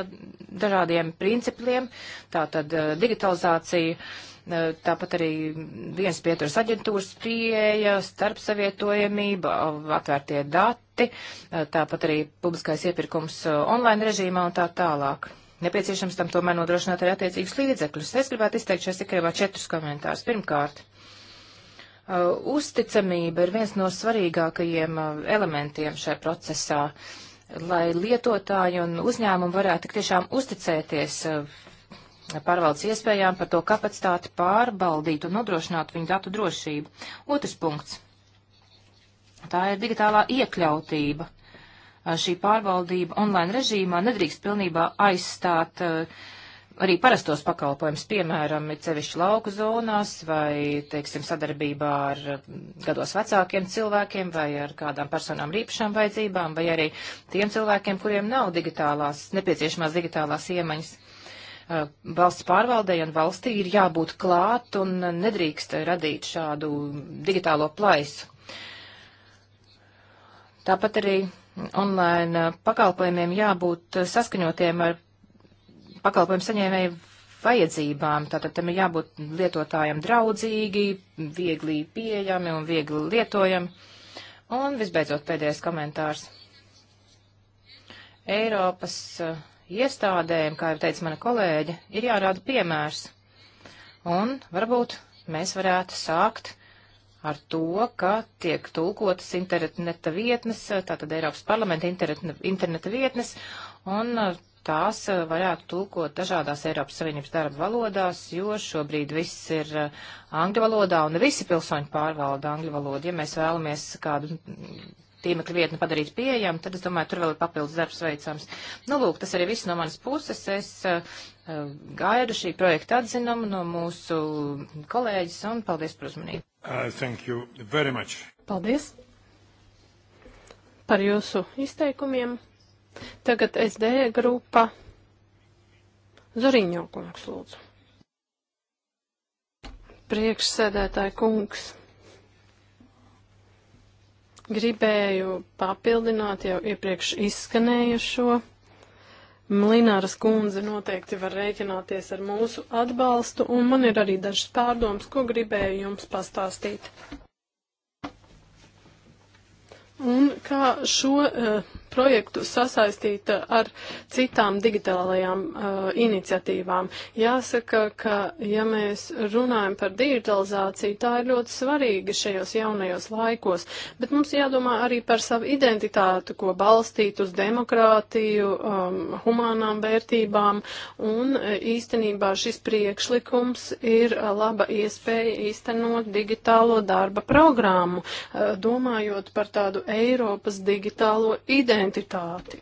dažādiem principiem, tātad digitalizācija Eh, tāpat arī viens pieturas aģentūras pieeja, starpsavietojamība, atvērtie dati, eh, tāpat arī publiskais iepirkums eh, online režīmā un tā tālāk. Nepieciešams tam tomēr nodrošināt arī attiecīgus līdzekļus. Es gribētu izteikt šeit tikai vēl četrus komentārus. Pirmkārt, uzticamība ir viens no svarīgākajiem elementiem šajā procesā, lai lietotāji un uzņēmumi varētu tik tiešām uzticēties pārvaldes iespējām, par to kapacitāti pārbaudīt un nodrošināt viņu datu drošību. Otrs punkts. Tā ir digitālā iekļautība. Šī pārvaldība online režīmā nedrīkst pilnībā aizstāt arī parastos pakalpojumus, piemēram, cevišķi lauku zonās vai, teiksim, sadarbībā ar gados vecākiem cilvēkiem vai ar kādām personām rīpašām vajadzībām vai arī tiem cilvēkiem, kuriem nav digitālās, nepieciešamās digitālās iemaņas. Eh, valsts pārvaldei un valstī ir jābūt klāt un nedrīkst radīt šādu digitālo plaisu. Tāpat arī online pakalpojumiem jābūt saskaņotiem ar pakalpojumu saņēmēju vajadzībām. Tātad tam ir jābūt lietotājiem draudzīgi, viegli pieejami un viegli lietojami. Un visbeidzot pēdējais komentārs. Eiropas uh, iestādēm, kā jau teica mana kolēģe, ir jārāda piemērs. Un varbūt mēs varētu sākt ar to, ka tiek tulkotas interneta vietnes, tātad Eiropas parlamenta interneta vietnes, un tās varētu tulkot dažādās Eiropas Savienības darba valodās, jo šobrīd viss ir angļu valodā un visi pilsoņi pārvalda angļu valodu. Ja mēs vēlamies kādu tīmekļa vietni padarīt pieejam, tad es domāju, tur vēl ir papildus darbs veicams. Nu, lūk, tas arī viss no manas puses. Es uh, gaidu šī projekta atzinumu no mūsu kolēģis un paldies par uzmanību. Uh, thank you very much. Paldies par jūsu izteikumiem. Tagad SD grupa Zoriņo kungs lūdzu. Priekšsēdētāji kungs. Gribēju papildināt jau iepriekš izskanējušo. Mlināras kundze noteikti var rēķināties ar mūsu atbalstu, un man ir arī dažas pārdomas, ko gribēju jums pastāstīt. Un kā šo uh, projektu sasaistīt uh, ar citām digitālajām uh, iniciatīvām. Jāsaka, ka ja mēs runājam par digitalizāciju, tā ir ļoti svarīga šajos jaunajos laikos, bet mums jādomā arī par savu identitāti, ko balstīt uz demokrātiju, um, humānām vērtībām, un uh, īstenībā šis priekšlikums ir uh, laba iespēja īstenot digitālo darba programmu, domājot par tādu Eiropas digitālo identitāti identitāti.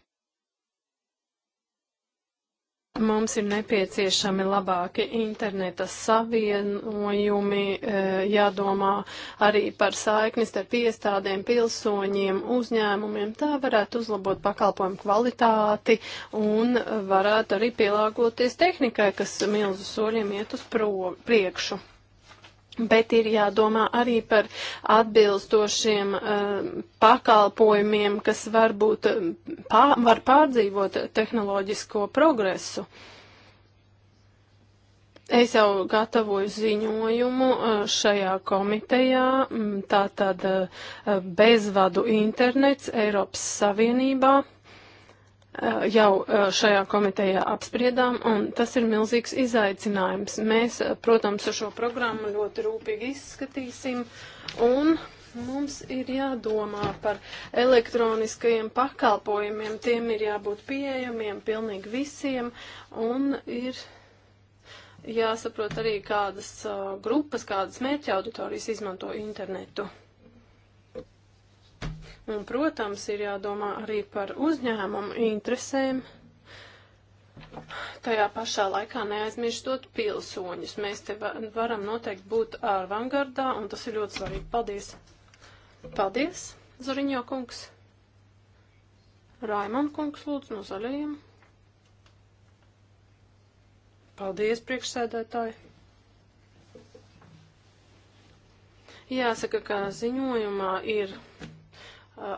Mums ir nepieciešami labāki interneta savienojumi, e, jādomā arī par saikni starp iestādēm, pilsoņiem, uzņēmumiem. Tā varētu uzlabot pakalpojumu kvalitāti un varētu arī pielāgoties tehnikai, kas milzu soļiem iet uz pro, priekšu. Bet ir jādomā arī par atbilstošiem uh, pakalpojumiem, kas varbūt eh, pā, var pārdzīvot tehnoloģisko progresu. Es jau gatavoju ziņojumu eh, šajā komitejā, mm, tātad bezvadu internets Eiropas Savienībā. Eh, jau eh, šajā komitejā apspriedām, un tas ir milzīgs izaicinājums. Mēs, eh, protams, šo programmu ļoti rūpīgi izskatīsim, un mums ir jādomā par elektroniskajiem pakalpojumiem. Tiem ir jābūt pieejamiem pilnīgi visiem, un ir jāsaprot arī, kādas grupas, kādas mērķa auditorijas izmanto internetu. Un, protams, ir jādomā arī par uzņēmumu interesēm. Tajā pašā laikā neaizmirstot pilsoņus. Mēs te varam noteikti būt ārvangardā, un tas ir ļoti svarīgi. Paldies! Paldies, Zariņo kungs! Raimond kungs lūdzu no zaļajiem. Paldies, priekšsēdētāji! Jāsaka, ka ziņojumā ir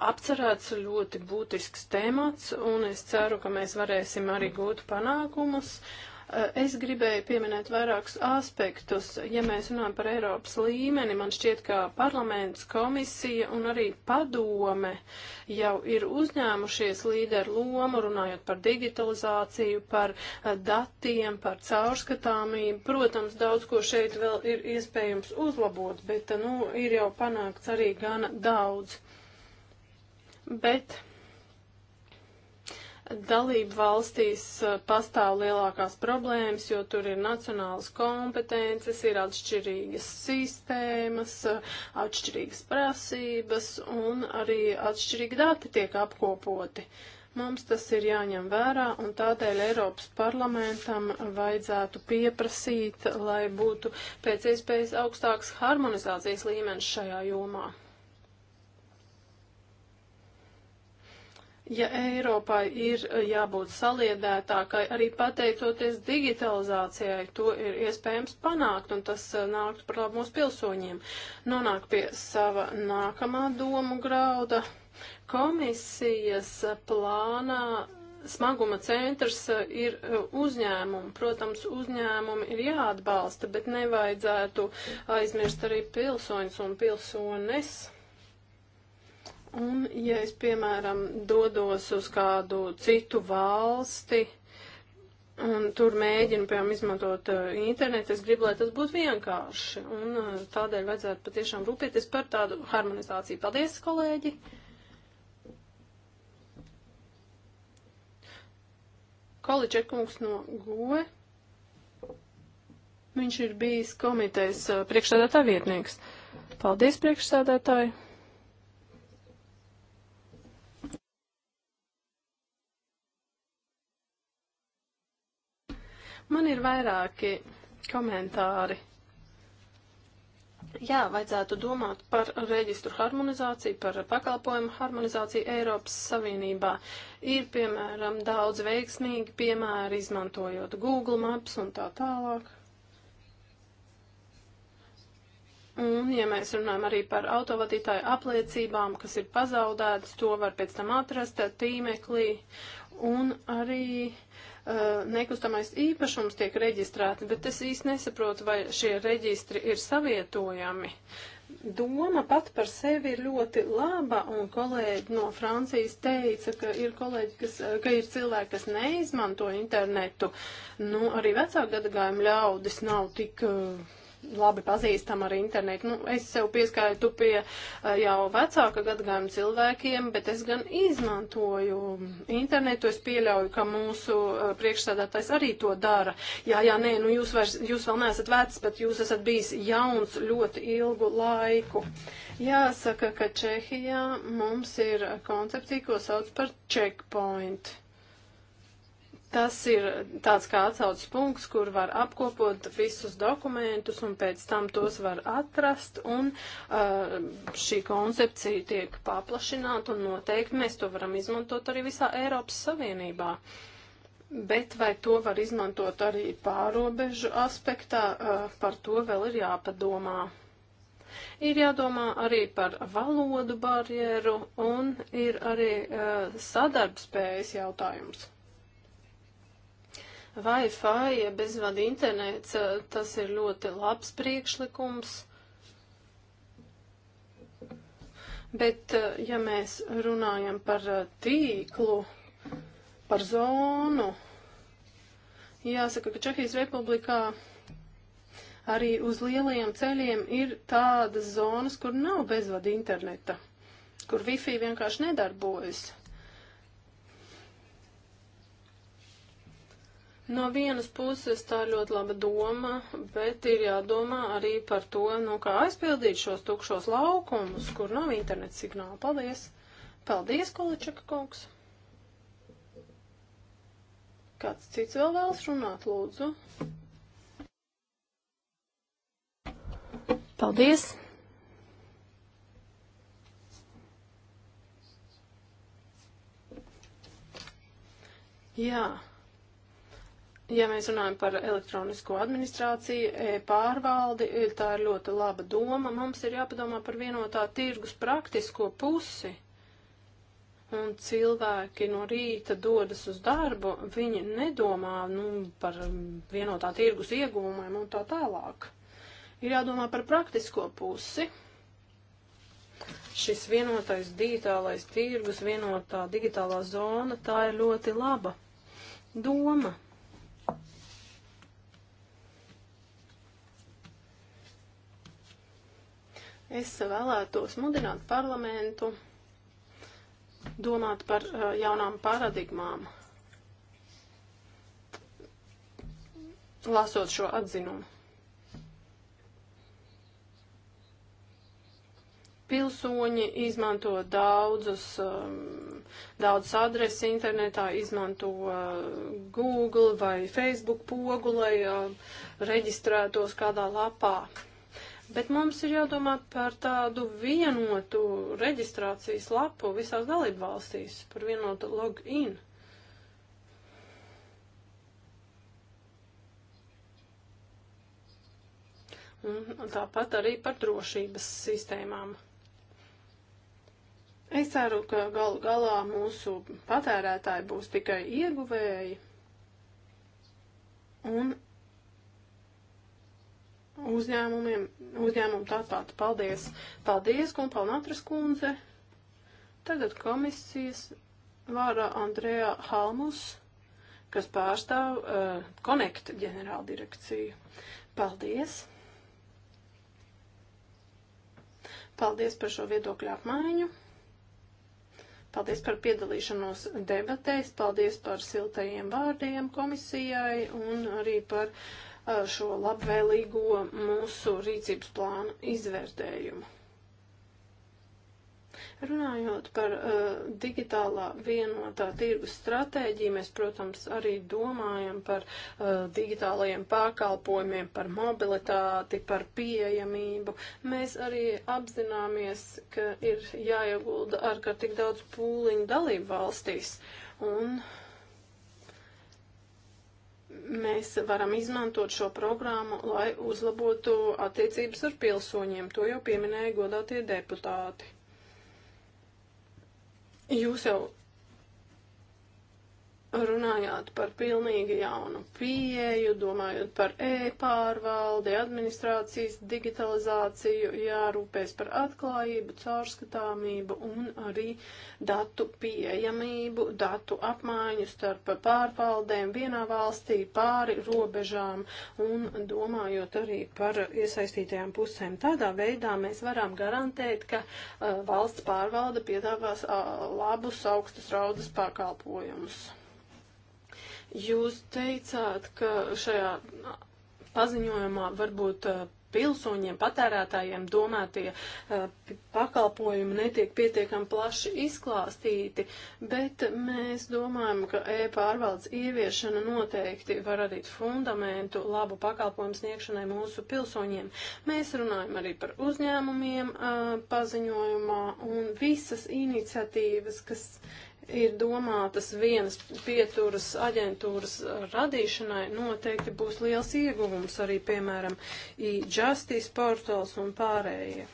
apcerēts ļoti būtisks temats, un es ceru, ka mēs varēsim arī gūt panākumus. Eh, es gribēju pieminēt vairākus aspektus. Ja mēs runājam par Eiropas līmeni, man šķiet, ka parlaments, komisija un arī padome jau ir uzņēmušies līderu lomu, runājot par digitalizāciju, par eh, datiem, par caurskatāmību. Protams, daudz ko šeit vēl ir iespējams uzlabot, bet eh, nu, ir jau panākts arī gana daudz bet dalību valstīs pastāv lielākās problēmas, jo tur ir nacionālas kompetences, ir atšķirīgas sistēmas, atšķirīgas prasības un arī atšķirīgi dati tiek apkopoti. Mums tas ir jāņem vērā, un tādēļ Eiropas parlamentam vajadzētu pieprasīt, lai būtu pēc iespējas augstāks harmonizācijas līmenis šajā jomā. ja Eiropai ir eh, jābūt saliedētākai, arī pateicoties digitalizācijai, to ir iespējams panākt, un tas eh, nāktu par labu mūsu pilsoņiem. Nonāk pie sava nākamā domu grauda. Komisijas eh, plānā smaguma centrs ir uzņēmumi. Protams, uzņēmumi ir jāatbalsta, bet nevajadzētu aizmirst arī pilsoņus un pilsones. Un, ja es, piemēram, dodos uz kādu citu valsti, Un tur mēģinu, piemēram, izmantot uh, internetu. Es gribu, lai tas būtu vienkārši. Un uh, tādēļ vajadzētu patiešām rūpēties par tādu harmonizāciju. Paldies, kolēģi! Količekungs no Goe. Viņš ir bijis komitejas uh, eh, priekšsēdētā vietnieks. Paldies, priekšsēdētāji! Man ir vairāki komentāri. Jā, vajadzētu domāt par reģistru harmonizāciju, par pakalpojumu harmonizāciju Eiropas Savienībā. Ir, piemēram, daudz veiksmīgi piemēri izmantojot Google Maps un tā tālāk. Un, ja mēs runājam arī par autovadītāju apliecībām, kas ir pazaudētas, to var pēc tam atrast tīmeklī. Un arī Eh, nekustamais īpašums tiek reģistrēti, bet es īsti nesaprotu, vai šie reģistri ir savietojami. Doma pat par sevi ir ļoti laba, un kolēģi no Francijas teica, ka ir kolēģi, kas, eh, ka ir cilvēki, kas neizmanto internetu. Nu, arī vecāku gadagājumu ļaudis nav tik uh, labi pazīstama ar internetu. Nu, es sev pieskaitu pie eh, jau vecāka gadagājuma cilvēkiem, bet es gan izmantoju internetu. Es pieļauju, ka mūsu eh, priekšsēdētājs arī to dara. Jā, jā, nē, nu jūs, vairs, jūs vēl neesat vecs, bet jūs esat bijis jauns ļoti ilgu laiku. Jāsaka, ka Čehijā mums ir koncepcija, ko sauc par checkpoint. Tas ir tāds kā atsaucas punkts, kur var apkopot visus dokumentus un pēc tam tos var atrast un uh, šī koncepcija tiek paplašināta un noteikti mēs to varam izmantot arī visā Eiropas Savienībā. Bet vai to var izmantot arī pārobežu aspektā, uh, par to vēl ir jāpadomā. Ir jādomā arī par valodu barjeru un ir arī uh, sadarbspējas jautājums. Wi-Fi, ja bezvada internets, eh, tas ir ļoti labs priekšlikums. Bet, eh, ja mēs runājam par eh, tīklu, par zonu, jāsaka, ka Čehijas republikā arī uz lielajiem ceļiem ir tādas zonas, kur nav bezvada interneta, kur Wi-Fi vienkārši nedarbojas. No vienas puses tā ir ļoti laba doma, bet ir jādomā arī par to, nu, kā aizpildīt šos tukšos laukumus, kur nav internets signāla. Paldies! Paldies, Količaka kungs! Kāds cits vēl vēlas runāt, lūdzu? Paldies! Jā. Yeah. Ja mēs runājam par elektronisko administrāciju, e-pārvaldi, tā ir ļoti laba doma. Mums ir jāpadomā par vienotā tirgus praktisko pusi. Un cilvēki no rīta dodas uz darbu, viņi nedomā nu, par vienotā tirgus iegūmēm un tā tālāk. Ir jādomā par praktisko pusi. Šis vienotais digitālais tirgus, vienotā digitālā zona, tā ir ļoti laba doma Es vēlētos mudināt parlamentu domāt par uh, jaunām paradigmām, lasot šo atzinumu. Pilsoņi izmanto daudzus, um, daudz adresi internetā, izmanto uh, Google vai Facebook pogu, lai uh, reģistrētos kādā lapā. Bet mums ir jādomā par tādu vienotu reģistrācijas lapu visās dalību valstīs, par vienotu login. Un tāpat arī par drošības sistēmām. Es ceru, ka galu galā mūsu patērētāji būs tikai ieguvēji un uzņēmumiem, uzņēmumu tāpat. Paldies! Paldies, kompā Natras kundze! Tagad komisijas vārā Andrejā Halmus, kas pārstāv uh, Connect ģenerāldirekciju. Paldies! Paldies par šo viedokļu apmaiņu. Paldies par piedalīšanos debatēs, paldies par siltajiem vārdiem komisijai un arī par uh, Uh, šo labvēlīgo mūsu rīcības plānu izvērtējumu. Runājot par uh, digitālā vienotā tirgus stratēģiju, mēs, protams, arī domājam par uh, digitālajiem pakalpojumiem, par mobilitāti, par pieejamību. Mēs arī apzināmies, ka ir jāiegulda ārkārtīgi daudz pūliņu dalību valstīs. Un uh, mēs varam izmantot šo programmu, lai uzlabotu attiecības ar pilsoņiem. To jau pieminēja godātie deputāti. Jūs jau runājāt par pilnīgi jaunu pieeju, domājot par e-pārvaldi, administrācijas digitalizāciju, jārūpēs par atklājību, caurskatāmību un arī datu pieejamību, datu apmaiņu starp pārvaldēm vienā valstī pāri robežām un domājot arī par iesaistītajām pusēm. Tādā veidā mēs varam garantēt, ka uh, valsts pārvalde piedāvās uh, labus augstas raudas pakalpojumus. Jūs teicāt, ka šajā paziņojumā varbūt uh, pilsoņiem, patērētājiem domātie uh, pakalpojumi netiek pietiekami plaši izklāstīti, bet mēs domājam, ka e-pārvaldes ieviešana noteikti var radīt fundamentu labu pakalpojumu sniegšanai mūsu pilsoņiem. Mēs runājam arī par uzņēmumiem uh, paziņojumā un visas iniciatīvas, kas ir domātas vienas pieturas aģentūras radīšanai, noteikti būs liels ieguvums arī, piemēram, e-justice portals un pārējie.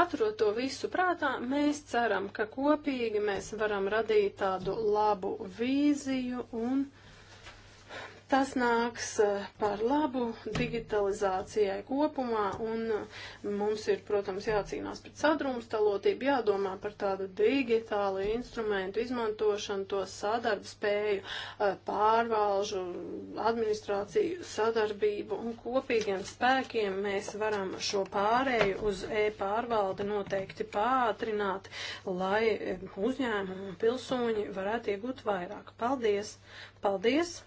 Paturot to visu prātā, mēs ceram, ka kopīgi mēs varam radīt tādu labu vīziju un uh, Tas nāks eh, par labu digitalizācijai kopumā un eh, mums ir, protams, jācīnās pret sadrumstalotību, jādomā par tādu digitālu instrumentu izmantošanu, to sadarbu spēju, eh, pārvalžu, administrāciju, sadarbību un kopīgiem spēkiem mēs varam šo pārēju uz e-pārvaldi noteikti pātrināt, lai uzņēmumi un pilsoņi varētu iegūt vairāk. Paldies! Paldies!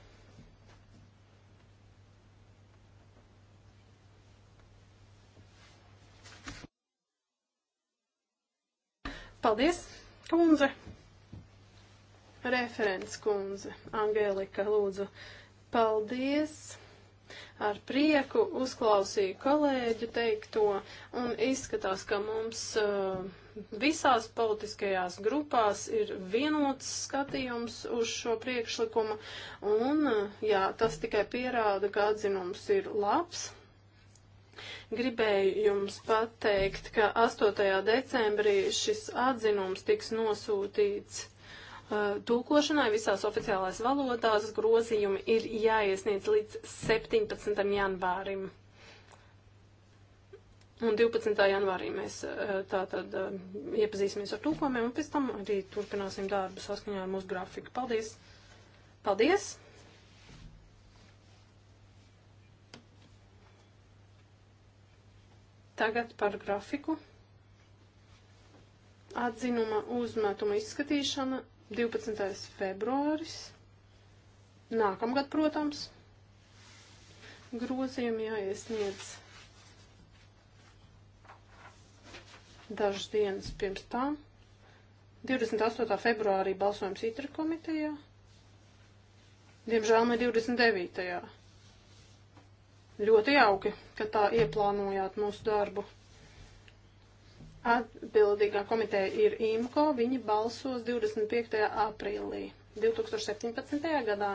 Paldies, kundze. Referents kundze, Angelika, lūdzu. Paldies ar prieku uzklausīju kolēģu teikto un izskatās, ka mums uh, visās politiskajās grupās ir vienots skatījums uz šo priekšlikumu un uh, jā, tas tikai pierāda, ka atzinums ir labs. Gribēju jums pateikt, ka 8. decembrī šis atzinums tiks nosūtīts uh, tūkošanai visās oficiālās valodās. Grozījumi ir jāiesniedz līdz 17. janvārim. Un 12. janvārī mēs uh, tātad uh, iepazīsimies ar tūkojumiem un pēc tam arī turpināsim darbu saskaņā ar mūsu grafiku. Paldies! Paldies! Tagad par grafiku. Atzinuma uzmetuma izskatīšana 12. februāris. Nākamgad, protams, grozījumi jāiesniedz dažas dienas pirms tam. 28. februārī balsojums itra komitejā. Diemžēl ne 29. Ļoti jauki, ka tā ieplānojāt mūsu darbu. Atbildīgā komiteja ir IMCO, viņi balsos 25. aprīlī 2017. gadā.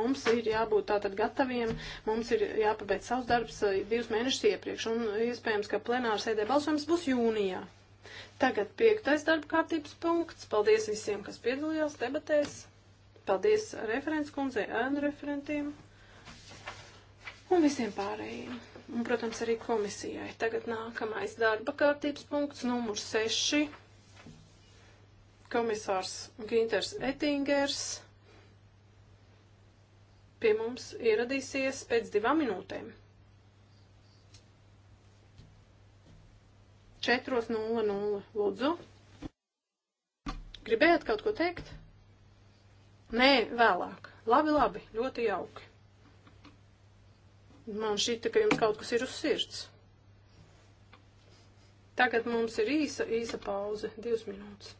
Mums ir jābūt tātad gataviem, mums ir jāpabeidz savs darbs eh, divus mēnešus iepriekš, un iespējams, ka plenāra sēdē balsojums būs jūnijā. Tagad piektais darba kārtības punkts. Paldies visiem, kas piedalījās debatēs. Paldies referents kundzei, ēnu referentiem un visiem pārējiem. Un, protams, arī komisijai. Tagad nākamais darba kārtības punkts, numurs 6. Komisārs Ginters Ettingers pie mums ieradīsies pēc divām minūtēm. 4.00. Lūdzu. Gribējāt kaut ko teikt? Nē, vēlāk. Labi, labi, ļoti jauki. Man šķita, ka jums kaut kas ir uz sirds. Tagad mums ir īsa, īsa pauze, divas minūtes.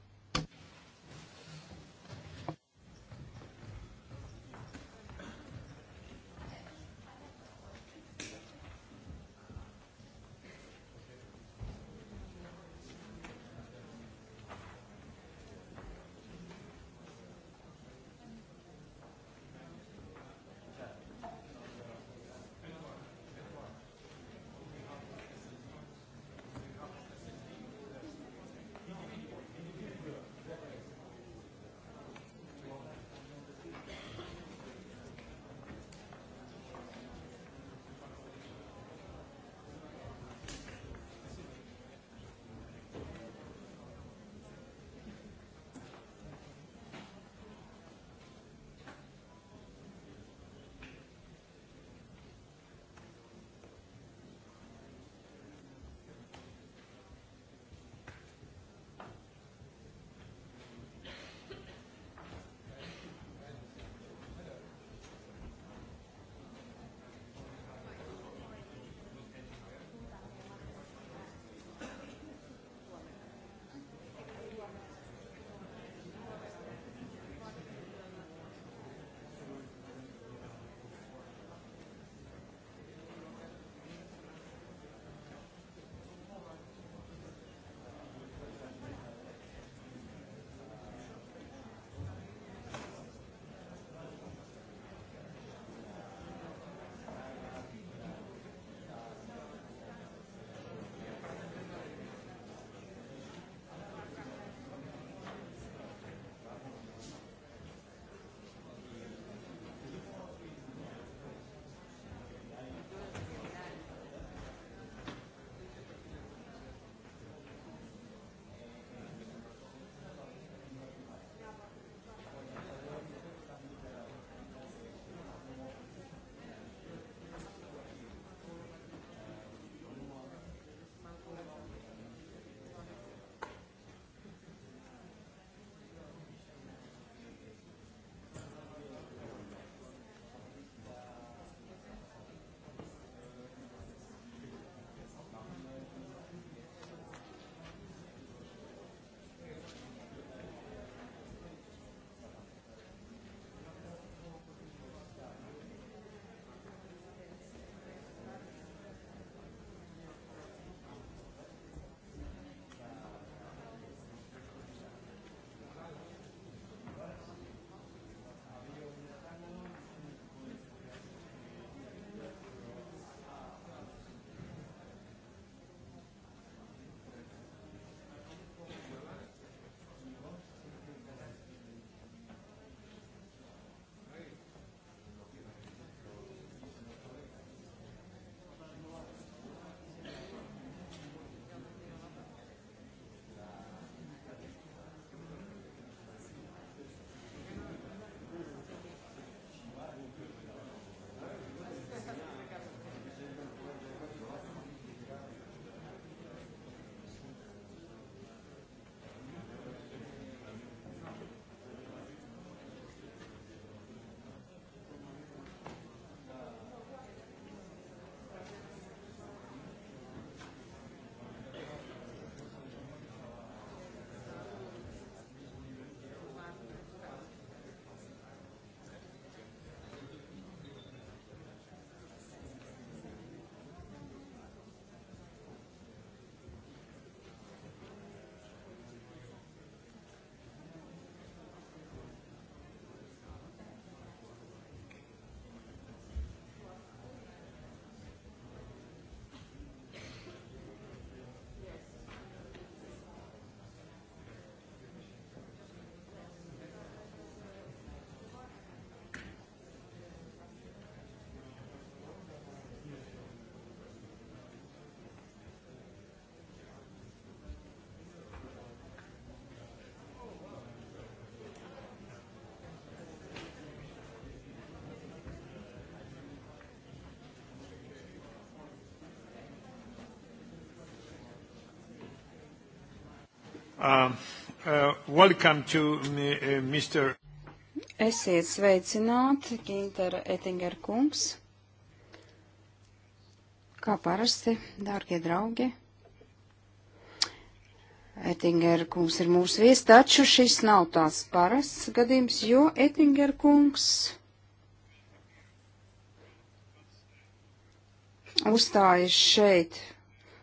Uh, uh, welcome to me, uh, Mr. Esiet sveicināti, Gintera Ettinger kungs. Kā parasti, dārgie draugi. Ettinger kungs ir mūsu viesis, taču šis nav tās parasts gadījums, jo Ettinger kungs uzstājas šeit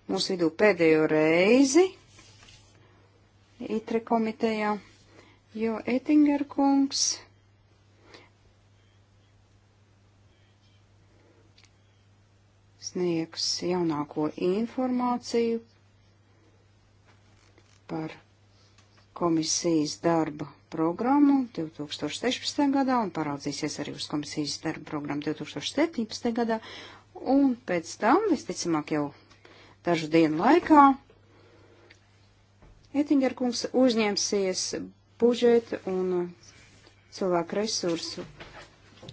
mūsu vidū pēdējo reizi, ITRE komitejā, jo Ettinger kungs sniegs jaunāko informāciju par komisijas darba programmu 2016. gadā un paraudzīsies arī uz komisijas darba programmu 2017. gadā. Un pēc tam, visticamāk, jau dažu dienu laikā Etingerkungs uzņemsies budžeta un uh, cilvēku resursu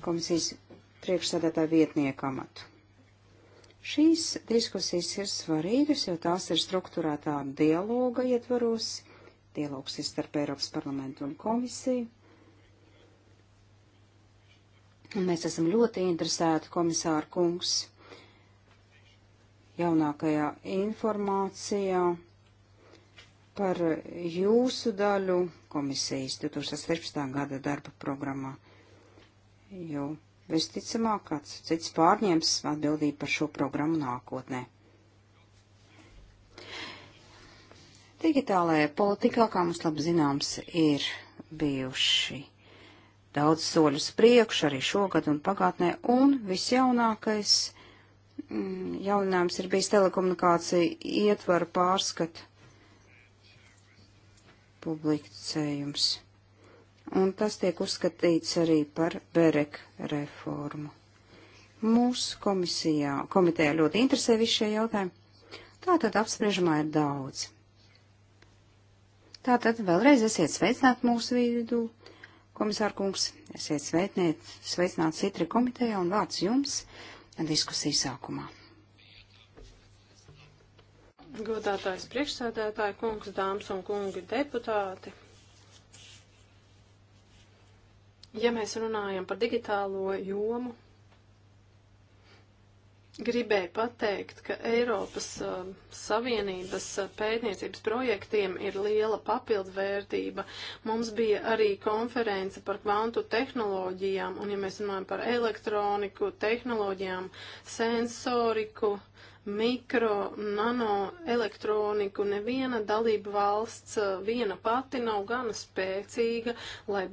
komisijas priekšsēdētāja vietnieku amatu. Šīs diskusijas ir svarīgas, jo tās ir struktūrētā dialoga ietvaros. Dialogs ir starp Eiropas parlamentu un komisiju. Un mēs esam ļoti interesēti, komisāra kungs, jaunākajā informācijā par jūsu daļu komisijas 2016. gada darba programmā. Jo visticamāk, kāds cits pārņems atbildību par šo programmu nākotnē. Digitālajā politikā, kā mums labi zināms, ir bijuši daudz soļus priekš arī šogad un pagātnē, un visjaunākais mm, jauninājums ir bijis telekomunikācija ietvaru pārskatu publicējums. Un tas tiek uzskatīts arī par Berek reformu. Mūsu komisijā, komitejā ļoti interesē visi šie jautājumi. Tātad apspriežamā ir daudz. Tātad vēlreiz esiet sveicināti mūsu vidū, komisārkungs, esiet sveicināti Citri komitejā un vārds jums diskusiju sākumā godātājs priekšsēdētāji, kungs, dāmas un kungi deputāti. Ja mēs runājam par digitālo jomu, gribēju pateikt, ka Eiropas um, uh, Savienības pētniecības projektiem ir liela papildvērtība. Mums bija arī konference par kvantu tehnoloģijām, un ja mēs runājam par elektroniku, tehnoloģijām, sensoriku, mikro, nano elektroniku neviena dalība valsts viena pati nav gana spēcīga, lai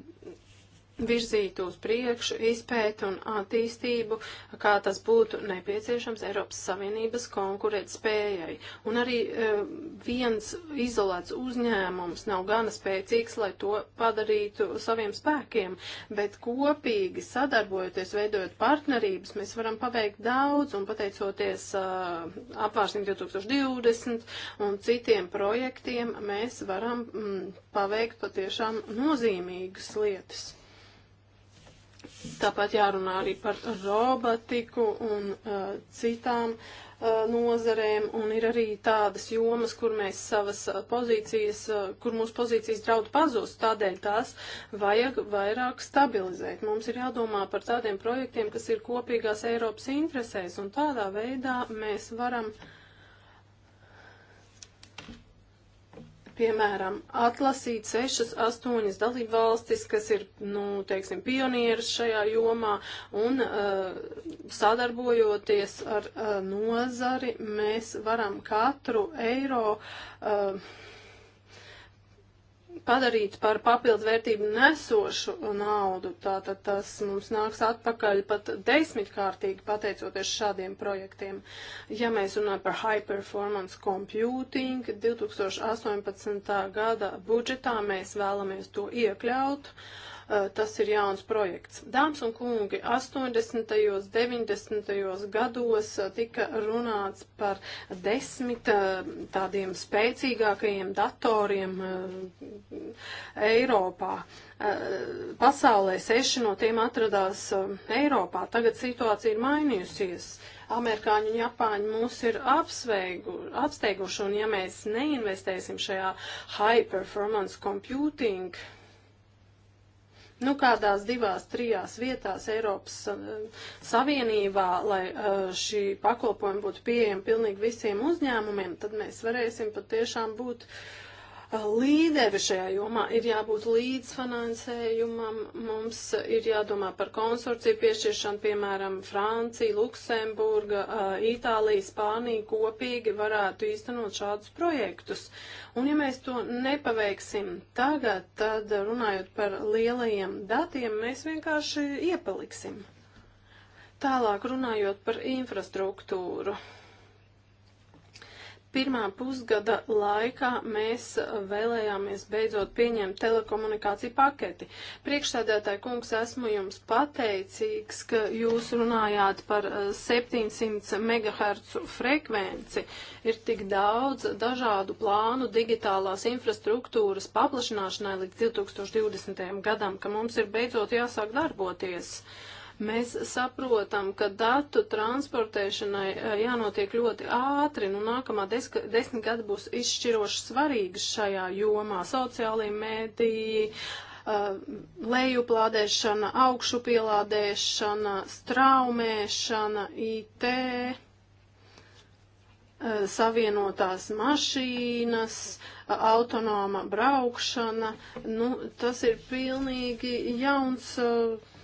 virzītu uz priekšu izpētu un attīstību, kā tas būtu nepieciešams Eiropas Savienības konkurēt spējai. Un arī e, viens izolēts uzņēmums nav gana spēcīgs, lai to padarītu saviem spēkiem, bet kopīgi sadarbojoties, veidojot partnerības, mēs varam paveikt daudz un pateicoties e, apvārsim 2020 un citiem projektiem, mēs varam m, paveikt patiešām nozīmīgas lietas. Tāpat jārunā arī par robotiku un uh, citām uh, nozarēm, un ir arī tādas jomas, kur mēs savas uh, pozīcijas, uh, kur mūsu pozīcijas draud pazūst, tādēļ tās vajag vairāk stabilizēt. Mums ir jādomā par tādiem projektiem, kas ir kopīgās Eiropas interesēs, un tādā veidā mēs varam uh, piemēram, atlasīt sešas, astoņas dalību valstis, kas ir, nu, teiksim, pionieris šajā jomā, un uh, sadarbojoties ar uh, nozari, mēs varam katru eiro. Uh, padarīt par papildu vērtību nesošu naudu. Tātad tas mums nāks atpakaļ pat desmitkārtīgi pateicoties šādiem projektiem. Ja mēs runājam par high performance computing, 2018. gada budžetā mēs vēlamies to iekļaut. Uh, Eh, tas ir jauns projekts. Dāmas un kungi, 80. 90. gados eh, tika runāts par desmit eh, tādiem spēcīgākajiem datoriem Eiropā. Pasaulē seši no tiem atradās Eiropā. Tagad situācija ir mainījusies. Amerikāņi un Japāņi mūs ir apsveigu, apsteiguši, un ja mēs neinvestēsim šajā high performance computing nu, kādās divās, trijās vietās Eiropas uh, Savienībā, lai uh, šī pakalpojuma būtu pieejama pilnīgi visiem uzņēmumiem, tad mēs varēsim patiešām būt uh, Eh, līderi šajā jomā, ir jābūt līdzfinansējumam, mums ir jādomā par konsorciju piešķiršanu, piemēram, Francija, Luksemburga, eh, Itālija, Spānija kopīgi varētu īstenot šādus projektus. Un ja mēs to nepaveiksim tagad, tad runājot par lielajiem datiem, mēs vienkārši iepaliksim. Tālāk runājot par infrastruktūru pirmā pusgada laikā mēs vēlējāmies beidzot pieņemt telekomunikāciju paketi. Priekšstādētāji kungs, esmu jums pateicīgs, ka jūs runājāt par 700 eh, MHz frekvenci. Ir tik daudz dažādu plānu digitālās infrastruktūras paplašināšanai līdz 2020. gadam, ka mums ir beidzot jāsāk darboties. Uh, Mēs saprotam, ka datu transportēšanai eh, jānotiek ļoti ātri, nu nākamā deska, desmit gada būs izšķiroši svarīgas šajā jomā - sociālie mēdīji, eh, lejuplādēšana, augšupielādēšana, straumēšana, IT, eh, savienotās mašīnas, autonoma braukšana. Nu, tas ir pilnīgi jauns uh,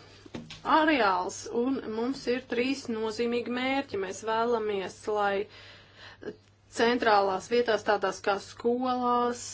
areāls, un mums ir trīs nozīmīgi mērķi. Mēs vēlamies, lai centrālās vietās, tādās kā skolās,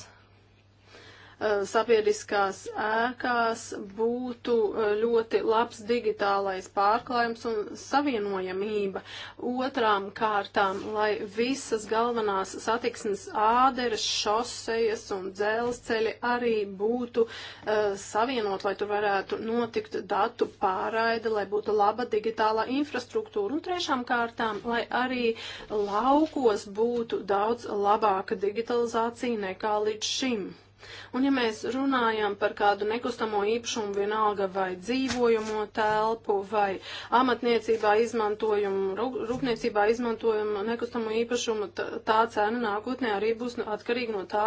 Eh, sabiedriskās ēkās būtu eh, ļoti labs digitālais pārklājums un savienojamība. Otrām kārtām, lai visas galvenās satiksmes āderes, šosejas un dzelzceļi arī būtu uh, savienot, lai tur varētu notikt datu pārraide, lai būtu laba digitālā infrastruktūra. Un trešām kārtām, lai arī laukos būtu daudz labāka digitalizācija nekā līdz šim. Un ja mēs runājam par kādu nekustamo īpašumu, vienalga vai dzīvojamo telpu, vai amatniecībā izmantojumu, rūpniecībā izmantojumu nekustamo īpašumu, tā cena nākotnē arī būs atkarīga no tā,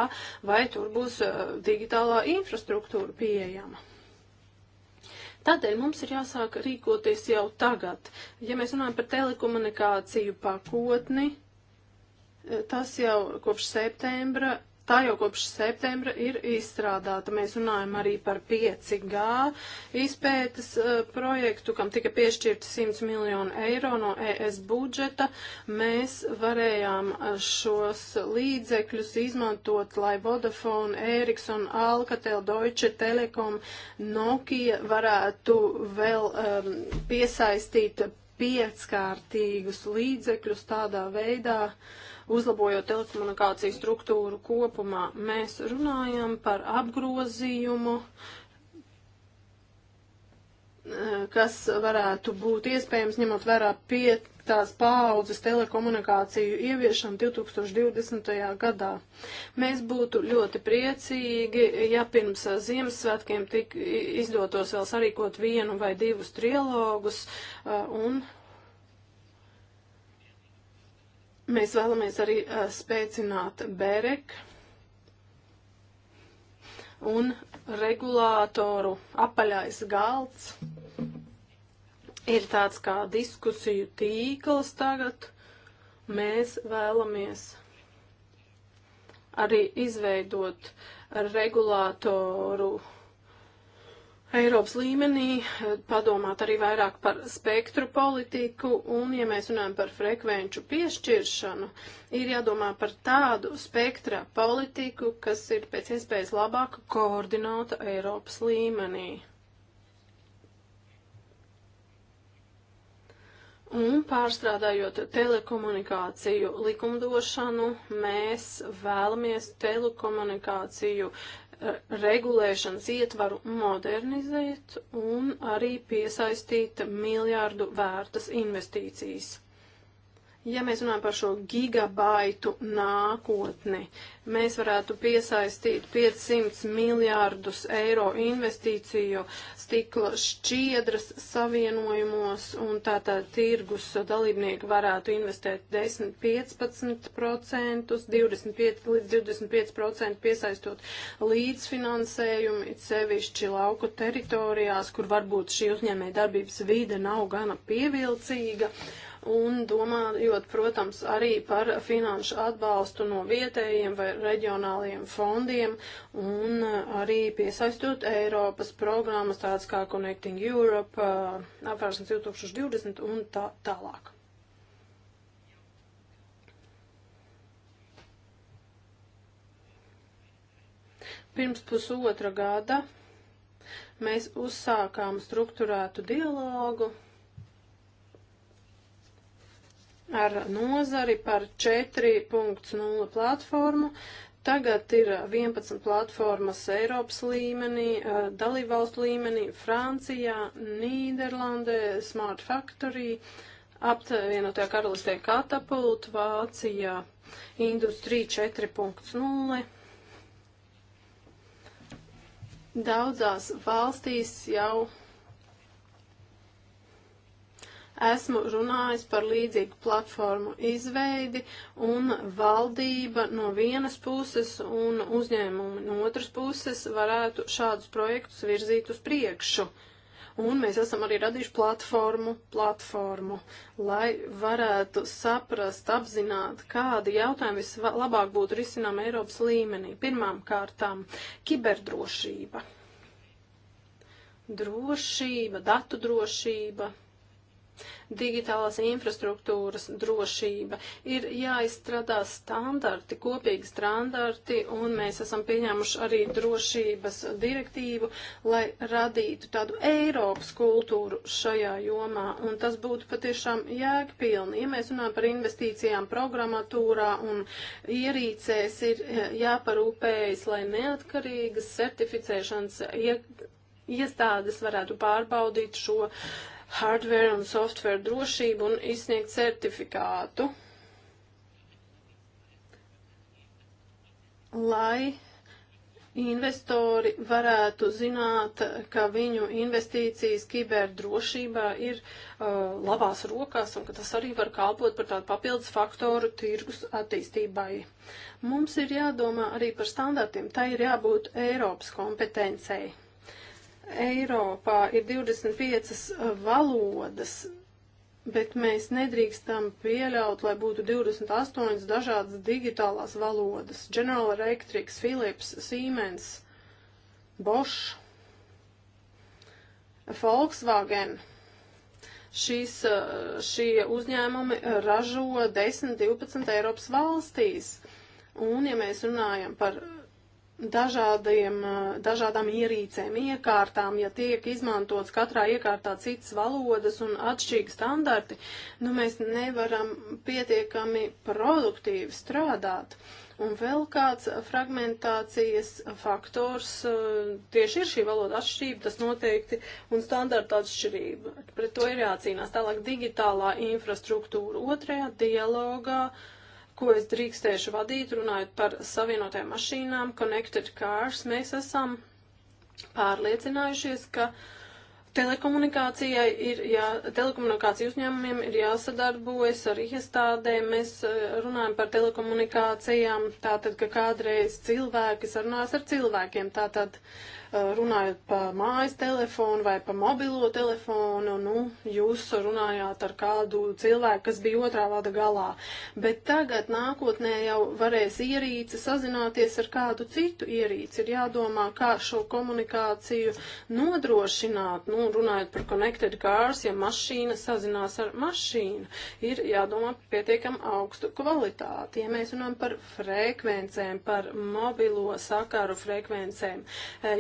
vai tur būs uh, digitālā infrastruktūra pieejama. Tādēļ mums ir jāsāk rīkoties jau tagad. Ja mēs runājam par telekomunikāciju pakotni, tas jau kopš septembra tā jau kopš septembra ir izstrādāta. Mēs runājam arī par 5G izpētes uh, projektu, kam tika piešķirta 100 miljonu eiro no ES budžeta. Mēs varējām eh, šos līdzekļus izmantot, lai Vodafone, Ericsson, Alcatel, Deutsche Telekom, Nokia varētu vēl um, piesaistīt pieckārtīgus līdzekļus tādā veidā, uh, uzlabojot telekomunikāciju struktūru kopumā. Mēs runājam par apgrozījumu, kas varētu būt iespējams ņemot vērā piet tās paaudzes telekomunikāciju ieviešanu 2020. gadā. Mēs būtu ļoti priecīgi, ja pirms Ziemassvētkiem tik izdotos vēl sarīkot vienu vai divus trilogus uh, un Mēs vēlamies arī uh, spēcināt BEREK un regulātoru apaļais galds ir tāds kā diskusiju tīkls tagad. Mēs vēlamies arī izveidot regulātoru uh, Eiropas līmenī eh, padomāt arī vairāk par spektru politiku, un, ja mēs runājam par frekvenču piešķiršanu, ir jādomā par tādu spektra politiku, kas ir pēc iespējas labāk koordināta Eiropas līmenī. Un pārstrādājot telekomunikāciju likumdošanu, mēs vēlamies telekomunikāciju uh, regulēšanas ietvaru modernizēt un arī piesaistīt miljārdu vērtas investīcijas. Ja mēs runājam par šo gigabaitu nākotni, mēs varētu piesaistīt 500 miljārdus eiro investīciju stikla šķiedras savienojumos, un tātad tirgus dalībnieki varētu investēt 10-15%, 25 līdz 25% piesaistot līdzfinansējumu, it sevišķi lauku teritorijās, kur varbūt šī uzņēmē darbības vīde nav gana pievilcīga un domājot, protams, arī par finanšu atbalstu no vietējiem vai reģionāliem fondiem un arī piesaistot Eiropas programmas tādas kā Connecting Europe, uh, apvērsnes 2020 un tā tālāk. Pirms pusotra gada mēs uzsākām struktūrētu dialogu ar nozari par 4.0 platformu. Tagad ir 11 platformas Eiropas līmenī, eh, dalībvalstu līmenī, Francijā, Nīderlandē, Smart Factory, apvienotajā karalistē Katapult, Vācijā, Industrija 4.0. Daudzās valstīs jau esmu runājis par līdzīgu platformu izveidi un valdība no vienas puses un uzņēmumi no otras puses varētu šādus projektus virzīt uz priekšu. Un mēs esam arī radījuši platformu, platformu, lai varētu saprast, apzināt, kādi jautājumi vislabāk būtu risinām Eiropas līmenī. Pirmām kārtām - kiberdrošība. Drošība, datu drošība, digitālās infrastruktūras drošība. Ir jāizstrādā standarti, kopīgi standarti, un mēs esam pieņēmuši arī drošības direktīvu, lai radītu tādu Eiropas kultūru šajā jomā, un tas būtu patiešām jēgpilni. Ja mēs runājam par investīcijām programmatūrā un ierīcēs, ir eh, jāparūpējas, lai neatkarīgas certificēšanas iestādes varētu pārbaudīt šo uh, hardware un software drošību un izsniegt certifikātu, lai investori varētu zināt, ka viņu investīcijas kiberdrošībā ir uh, labās rokās un ka tas arī var kalpot par tādu papildus faktoru tirgus attīstībai. Mums ir jādomā arī par standartiem, tai ir jābūt Eiropas kompetencei. Eiropā ir 25 valodas, bet mēs nedrīkstam pieļaut, lai būtu 28 dažādas digitālās valodas. General Electric, Philips, Siemens, Bosch, Volkswagen šīs, uh, šie uzņēmumi ražo 10-12 Eiropas valstīs. Un, ja mēs runājam par dažādiem, eh, dažādām ierīcēm, iekārtām, ja tiek izmantots katrā iekārtā citas valodas un atšķirīgi standarti, nu mēs nevaram pietiekami produktīvi strādāt. Un vēl kāds fragmentācijas faktors eh, tieši ir šī valoda atšķirība, tas noteikti, un standarta atšķirība. Pret to ir jācīnās. Tālāk digitālā infrastruktūra otrajā dialogā. Uh, ko es drīkstēšu vadīt, runājot par savienotajām mašīnām, connected cars, mēs esam pārliecinājušies, ka telekomunikācijai ir, jā, telekomunikāciju uzņēmumiem ir jāsadarbojas ar iestādēm. Mēs eh, runājam par telekomunikācijām, tātad, ka kādreiz cilvēki sarunās ar cilvēkiem, tātad runājot pa mājas telefonu vai pa mobilo telefonu, nu, jūs runājāt ar kādu cilvēku, kas bija otrā vada galā. Bet tagad nākotnē jau varēs ierīce sazināties ar kādu citu ierīci. Ir jādomā, kā šo komunikāciju nodrošināt. Nu, runājot par connected cars, ja mašīna sazinās ar mašīnu, ir jādomā par pietiekam augstu kvalitāti. Ja mēs runājam par frekvencēm, par mobilo sakaru frekvencēm,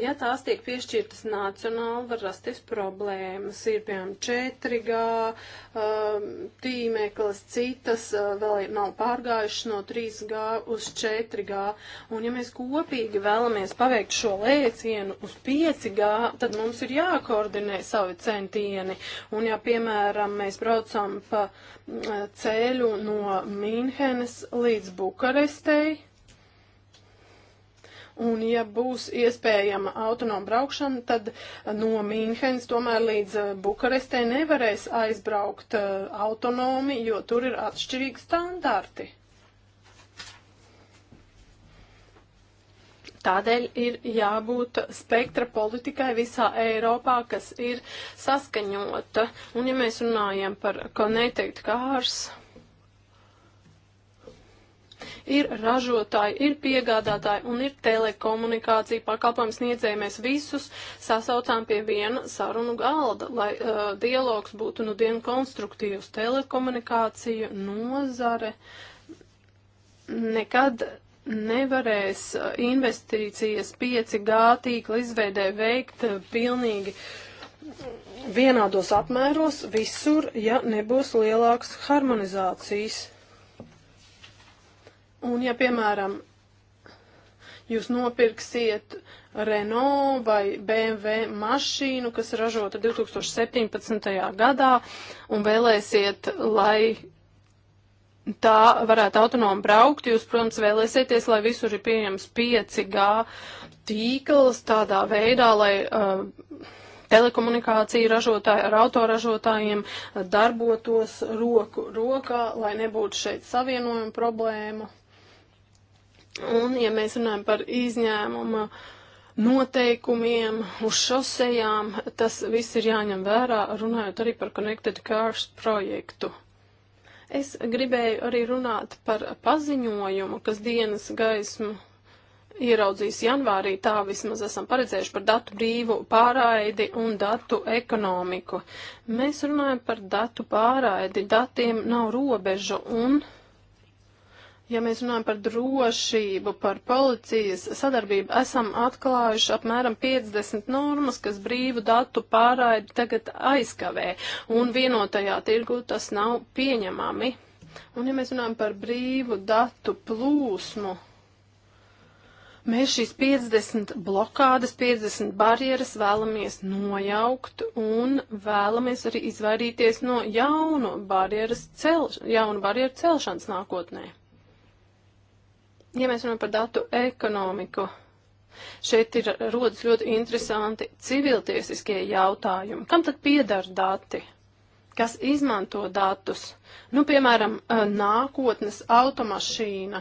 ja tās tiek piešķirtas nacionāli, var rasties problēmas. Ir, piemēram, 4G um, tīmeklis, citas uh, vēl nav pārgājušas no 3G uz 4G. Un ja mēs kopīgi vēlamies paveikt šo lēcienu uz 5G, tad mums ir jākoordinē savi centieni. Un ja, piemēram, mēs braucam pa mm, ceļu no Mīnhenes līdz Bukarestei, Un ja būs iespējama autonoma braukšana, tad no Mīnhenes tomēr līdz eh, Bukarestē nevarēs aizbraukt eh, autonomi, jo tur ir atšķirīgi standarti. Tādēļ ir jābūt spektra politikai visā Eiropā, kas ir saskaņota. Un ja mēs runājam par Connected Cars, ir ražotāji, ir piegādātāji un ir telekomunikācija pakalpojums sniedzēji. Mēs visus sasaucām pie viena sarunu galda, lai uh, dialogs būtu nu dienu konstruktīvs. Telekomunikācija nozare nekad nevarēs uh, investīcijas 5G tīkla izveidē veikt uh, pilnīgi vienādos apmēros visur, ja nebūs lielākas harmonizācijas. Un ja, piemēram, jūs nopirksiet Renault vai BMW mašīnu, kas ražota 2017. gadā, un vēlēsiet, lai tā varētu autonomi braukt, jūs, protams, vēlēsieties, lai visur ir pieejams 5G tīkls tādā veidā, lai. Uh, telekomunikāciju ražotāji ar autoražotājiem darbotos roku rokā, lai nebūtu šeit savienojuma problēmu. Un, ja mēs runājam par izņēmumu noteikumiem uz šosejām, tas viss ir jāņem vērā, runājot arī par Connected Cars projektu. Es gribēju arī runāt par paziņojumu, kas dienas gaismu ieraudzīs janvārī, tā vismaz esam paredzējuši par datu brīvu pārraidi un datu ekonomiku. Mēs runājam par datu pārraidi, datiem nav robežu un Ja mēs runājam par drošību, par policijas sadarbību, esam atklājuši apmēram 50 normas, kas brīvu datu pārraidi tagad aizkavē, un vienotajā tirgu tas nav pieņemami. Un ja mēs runājam par brīvu datu plūsmu, mēs šīs 50 blokādes, 50 barjeras vēlamies nojaukt un vēlamies arī izvairīties no jaunu barjeras, cel, jaunu barjeru celšanas nākotnē. Ja mēs runājam par datu ekonomiku, šeit ir rodas ļoti interesanti civiltiesiskie jautājumi. Kam tad piedar dati? Kas izmanto datus? Nu, piemēram, nākotnes automašīna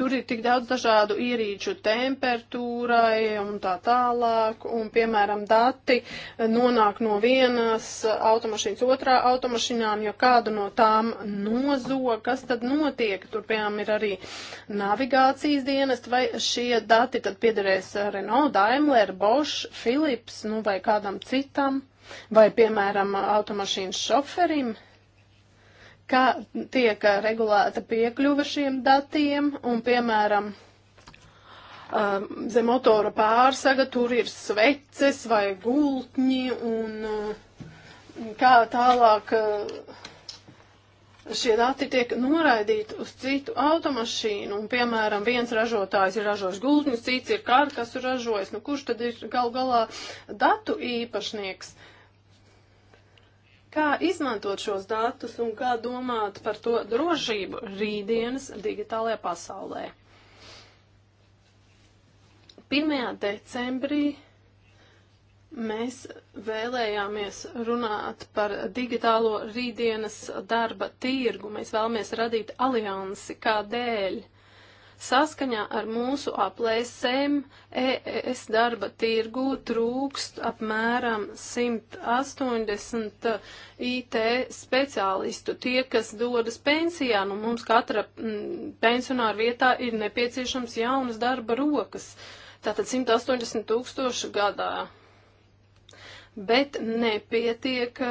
Tur ir tik daudz dažādu ierīču temperatūrai un tā tālāk, un, piemēram, dati nonāk no vienas automašīnas otrā automašīnām, jo kādu no tām nozog, kas tad notiek. Tur, piemēram, ir arī navigācijas dienest, vai šie dati tad piederēs Renault, Daimler, Bosch, Philips, nu vai kādam citam, vai, piemēram, automašīnas šoferim kā tiek regulēta piekļuva šiem datiem un, piemēram, um, zem motora pārsaga tur ir sveces vai gultņi un uh, kā tālāk uh, šie dati tiek noraidīti uz citu automašīnu, un, piemēram, viens ražotājs ir ražojis gultņus, cits ir kārtas ražojis, nu kurš tad ir gal galā datu īpašnieks? Uh, Kā izmantot šos datus un kā domāt par to drošību rītdienas digitālajā pasaulē? 1. decembrī Mēs vēlējāmies runāt par digitālo rītdienas darba tirgu. Mēs vēlamies radīt aliansi. Kādēļ? Uh, Saskaņā ar mūsu aplēsēm ES darba tirgū trūkst apmēram 180 IT speciālistu. Tie, kas dodas pensijā, nu mums katra m, mm, pensionāra vietā ir nepieciešams jaunas darba rokas. Tātad 180 tūkstoši gadā bet nepietiek eh,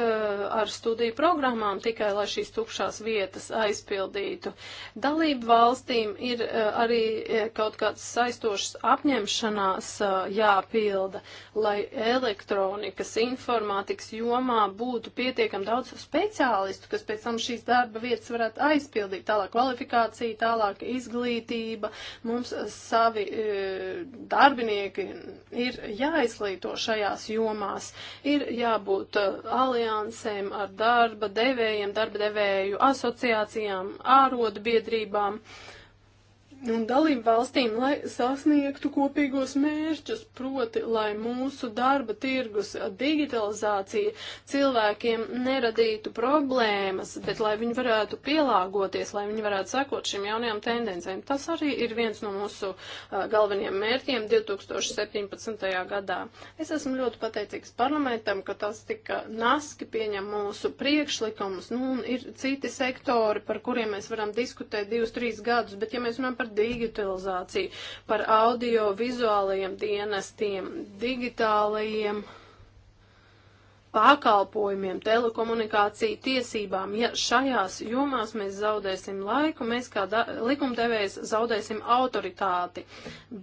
ar studiju programmām tikai, lai šīs tukšās vietas aizpildītu. Dalību valstīm ir eh, arī eh, kaut kāds saistošs apņemšanās jāpilda, lai elektronikas, informātikas jomā būtu pietiekam daudz speciālistu, kas pēc tam šīs darba vietas varētu aizpildīt. Tālāk kvalifikācija, tālāk izglītība. Mums savi darbinieki ir jāizglīto šajās jomās Ir jābūt uh, aliansēm ar darba devējiem, darba devēju asociācijām, ārodu biedrībām. Uh, un dalību valstīm, lai sasniegtu kopīgos mērķus, proti, lai mūsu darba tirgus digitalizācija cilvēkiem neradītu problēmas, bet lai viņi varētu pielāgoties, lai viņi varētu sekot šīm jaunajām tendencēm. Tas arī ir viens no mūsu uh, galvenajiem mērķiem 2017. gadā. Es esmu ļoti pateicīgs parlamentam, ka tas tika naski pieņem mūsu priekšlikumus, nu, un ir citi sektori, par kuriem mēs varam diskutēt divus, trīs gadus, bet ja mēs runājam par digitalizāciju, par audio vizuālajiem dienestiem, digitālajiem pakalpojumiem, telekomunikāciju tiesībām. Ja šajās jomās mēs zaudēsim laiku, mēs kā da, likumdevējs zaudēsim autoritāti,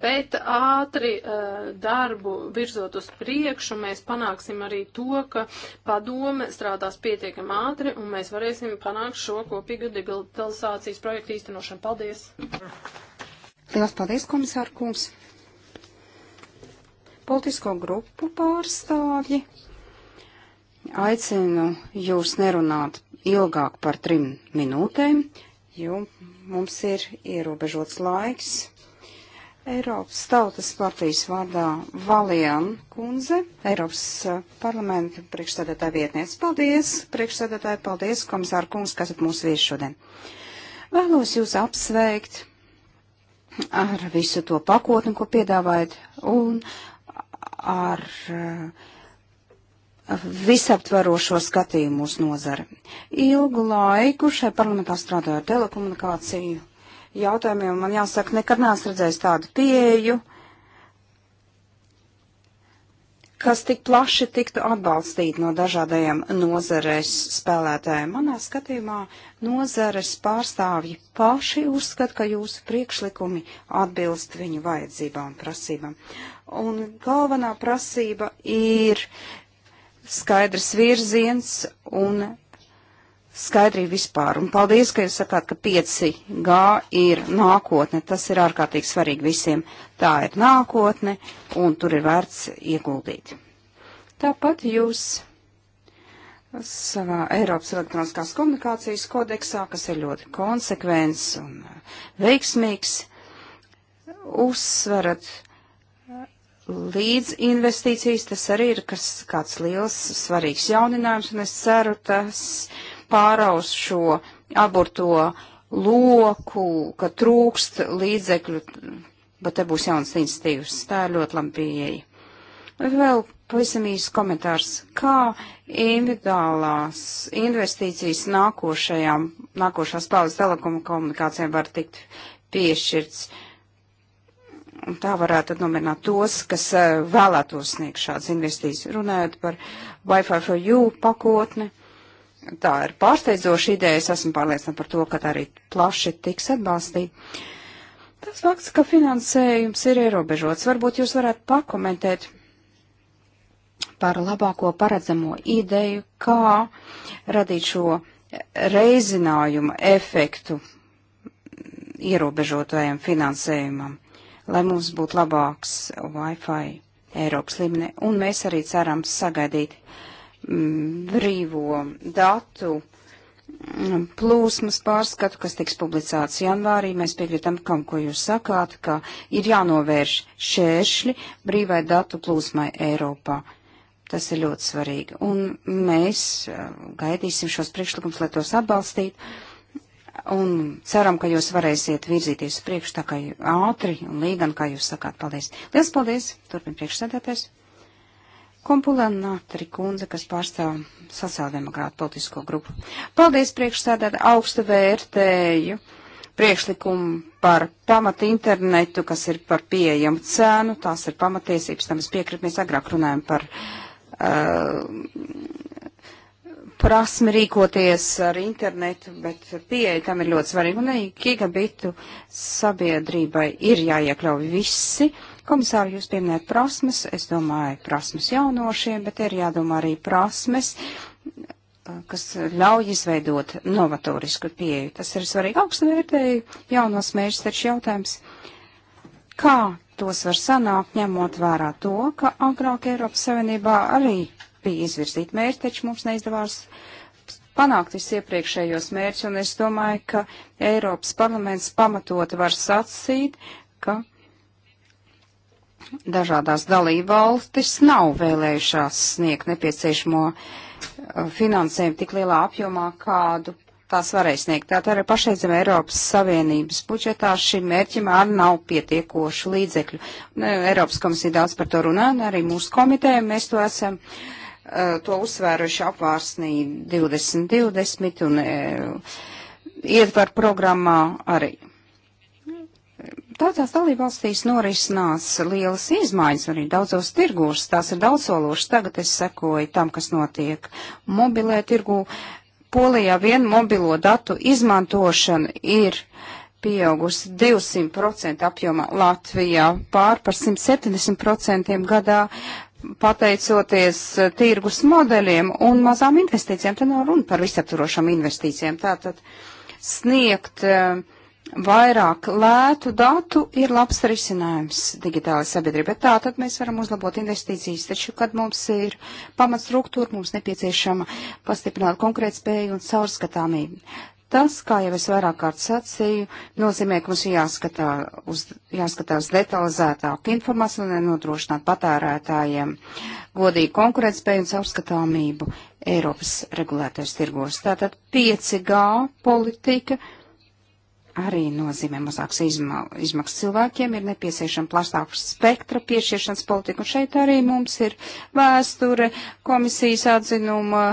bet ātri uh, darbu virzot uz priekšu, mēs panāksim arī to, ka padome strādās pietiekam ātri un mēs varēsim panākt šo kopīgu digitalizācijas projektu īstenošanu. Paldies! Lielas paldies, komisār kungs! Politisko grupu pārstāvji aicinu jūs nerunāt ilgāk par trim minūtēm, jo mums ir ierobežots laiks. Eiropas Tautas partijas vārdā Valijam Kunze, Eiropas eh, parlamenta priekšstādātāja vietniece. Paldies, priekšstādātāja, paldies, komisāra kungs, kas esat mūsu viesi šodien. Vēlos jūs apsveikt ar visu to pakotni, ko piedāvājat, un ar uh, visaptvarošo skatījumu uz nozari. Ilgu laiku šai parlamentā strādāju ar telekomunikāciju jautājumiem, man jāsaka, nekad neesmu redzējis tādu pieeju, kas tik plaši tiktu atbalstīt no dažādajiem nozares spēlētājiem. Manā skatījumā nozares pārstāvji paši uzskata, ka jūsu priekšlikumi atbilst viņu vajadzībām un prasībām. Un galvenā prasība ir skaidrs virziens un skaidrība vispār. Un paldies, ka jūs sakāt, ka 5G ir nākotne. Tas ir ārkārtīgi svarīgi visiem. Tā ir nākotne un tur ir vērts ieguldīt. Tāpat jūs savā Eiropas elektroniskās komunikācijas kodeksā, kas ir ļoti konsekvents un veiksmīgs, uzsverat līdz investīcijas, tas arī ir kas, kāds liels, svarīgs jauninājums, un es ceru, tas pāraus šo aburto loku, ka trūkst līdzekļu, bet te būs jauns institīvs. Tā ir ļoti labi pieeja. Vēl pavisam īsts komentārs. Kā individuālās investīcijas nākošajām, nākošās paudzes telekomunikācijām var tikt piešķirts? Uh, Un tā varētu nominēt tos, kas eh, vēlētos sniegt šādas investīcijas. Runājot par Wi-Fi for You pakotni, tā ir pārsteidzoša ideja. Es esmu pārliecināta par to, ka tā arī plaši tiks atbalstīta. Tas fakts, ka finansējums ir ierobežots, varbūt jūs varētu pakomentēt par labāko paredzamo ideju, kā radīt šo reizinājumu efektu ierobežotajam finansējumam lai mums būtu labāks Wi-Fi Eiropas līmenī. Un mēs arī ceram sagaidīt mm, brīvo datu mm, plūsmas pārskatu, kas tiks publicēts janvārī. Mēs piekritam, kam, ko jūs sakāt, ka ir jānovērš šēršļi brīvai datu plūsmai Eiropā. Tas ir ļoti svarīgi. Un mēs eh, gaidīsim šos priekšlikumus, lai tos atbalstītu un ceram, ka jūs varēsiet virzīties priekš tā kā ātri un līgani, kā jūs sakāt. Paldies! Liels paldies! Turpin priekšsēdētājs! Kompulēna Trikundze, kas pārstāv sociāldemokrātu politisko grupu. Paldies priekšsēdētāji, augstu vērtēju priekšlikumu par pamatu internetu, kas ir par pieejamu cenu, tās ir pamatiesības, tam es piekrītu, mēs agrāk runājam par uh, prasmi rīkoties ar internetu, bet pieeja tam ir ļoti svarīga. Un ne, gigabitu sabiedrībai ir jāiekļauj visi. Komisāri, jūs pieminējat prasmes, es domāju, prasmes jaunošiem, bet ir jādomā arī prasmes, kas ļauj izveidot novatorisku pieeju. Tas ir svarīgi augstu vērtēju jaunos mērķus, taču jautājums, kā tos var sanākt, ņemot vērā to, ka agrāk Eiropas Savienībā arī bija izvirzīti mērķi, taču mums neizdevās panākt visus iepriekšējos mērķus, un es domāju, ka Eiropas parlaments pamatoti var sacīt, ka dažādās dalībvalstis nav vēlējušās sniegt nepieciešamo uh, finansējumu tik lielā apjomā, kādu tās varēja sniegt. Tātad arī pašreizam Eiropas Savienības budžetā šim mērķim arī nav pietiekoši līdzekļu. Uh, Eiropas komisija daudz par to runā, un arī mūsu komitē mēs to esam uh, Eh, to uzsvēruši apvārsnī 2020 un eh, ietver programmā arī. Tādās dalībvalstīs norisinās lielas izmaiņas arī daudzos tirgūs. Tās ir daudzsološas. Tagad es sekoju tam, kas notiek mobilē tirgū. Polijā vien mobilo datu izmantošana ir pieaugusi 200% apjomā Latvijā, pār par 170% gadā. Uh, pateicoties eh, tirgus modeļiem un mazām investīcijām. Te nav runa par visaptvarošām investīcijām. Tātad sniegt eh, vairāk lētu datu ir labs risinājums digitālajai sabiedrībai. Tātad mēs varam uzlabot investīcijas, taču, kad mums ir pamatstruktūra, mums nepieciešama pastiprināt konkrētspēju un caurskatāmību. Tas, kā jau es vairāk kārt sacīju, nozīmē, ka mums jāskatā uz, jāskatās detalizētāk informācija un nodrošināt patērētājiem godīgu konkurētspēju un savskatāmību Eiropas regulētais tirgos. Tātad 5G politika arī nozīmē mazāks izma izmaksas cilvēkiem, ir nepieciešama plašāka spektra piešķiršanas politika, un šeit arī mums ir vēsture, komisijas atzinuma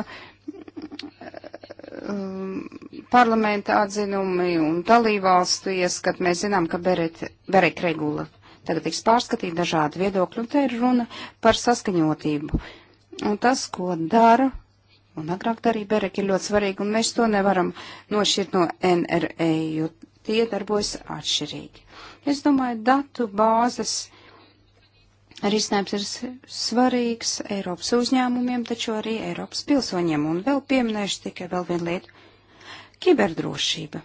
um, parlamenta atzinumi un dalībvalstu ieskat, mēs zinām, ka Beret, Beret regula tagad tiks pārskatīt dažādi viedokļi, un te ir runa par saskaņotību. Un tas, ko dara, un agrāk darīja Berek, ir ļoti svarīgi, un mēs to nevaram nošķirt no NRA, e, jo tie darbojas atšķirīgi. Es domāju, datu bāzes risinājums ir svarīgs Eiropas uzņēmumiem, taču arī Eiropas pilsoņiem. Un vēl pieminēšu tikai vēl vienu lietu - kiberdrošība.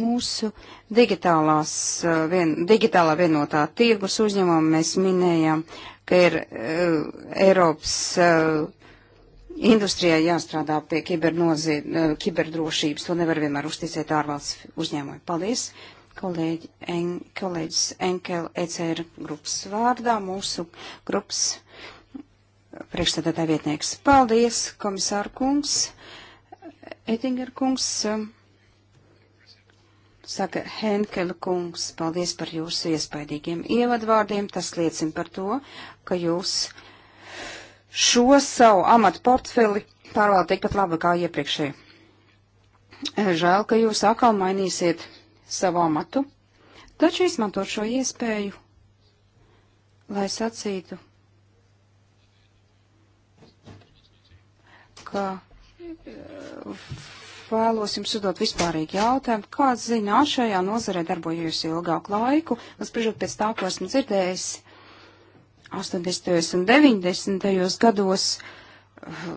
Mūsu digitālās, eh, vien, digitālā vienotā tirgus uzņēmumā mēs minējām, ka ir uh, Eiropas uh, eh, industrijai jāstrādā pie kibernozie, uh, kiberdrošības. To nevar vienmēr uzticēt ārvalsts uzņēmumi. Paldies! kolēģi, en, kolēģis Enkel ECR grupas vārdā, mūsu grupas priekšstādātā vietnieks. Paldies, komisāra kungs, Ettinger kungs, um, saka Henkela kungs, paldies par jūsu iespaidīgiem ievadvārdiem. Tas liecina par to, ka jūs šo savu amatu portfeli pārvaldāt tikpat labi kā iepriekšēji. Žēl, ka jūs atkal mainīsiet savu amatu, taču izmantot šo iespēju, lai sacītu, ka eh, vēlos jums uzdot vispārīgi jautājumu, kāds zinā šajā nozarē darbojos ilgāku laiku, un spriežot pēc tā, ko esmu dzirdējis 80. un 90. gados, eh,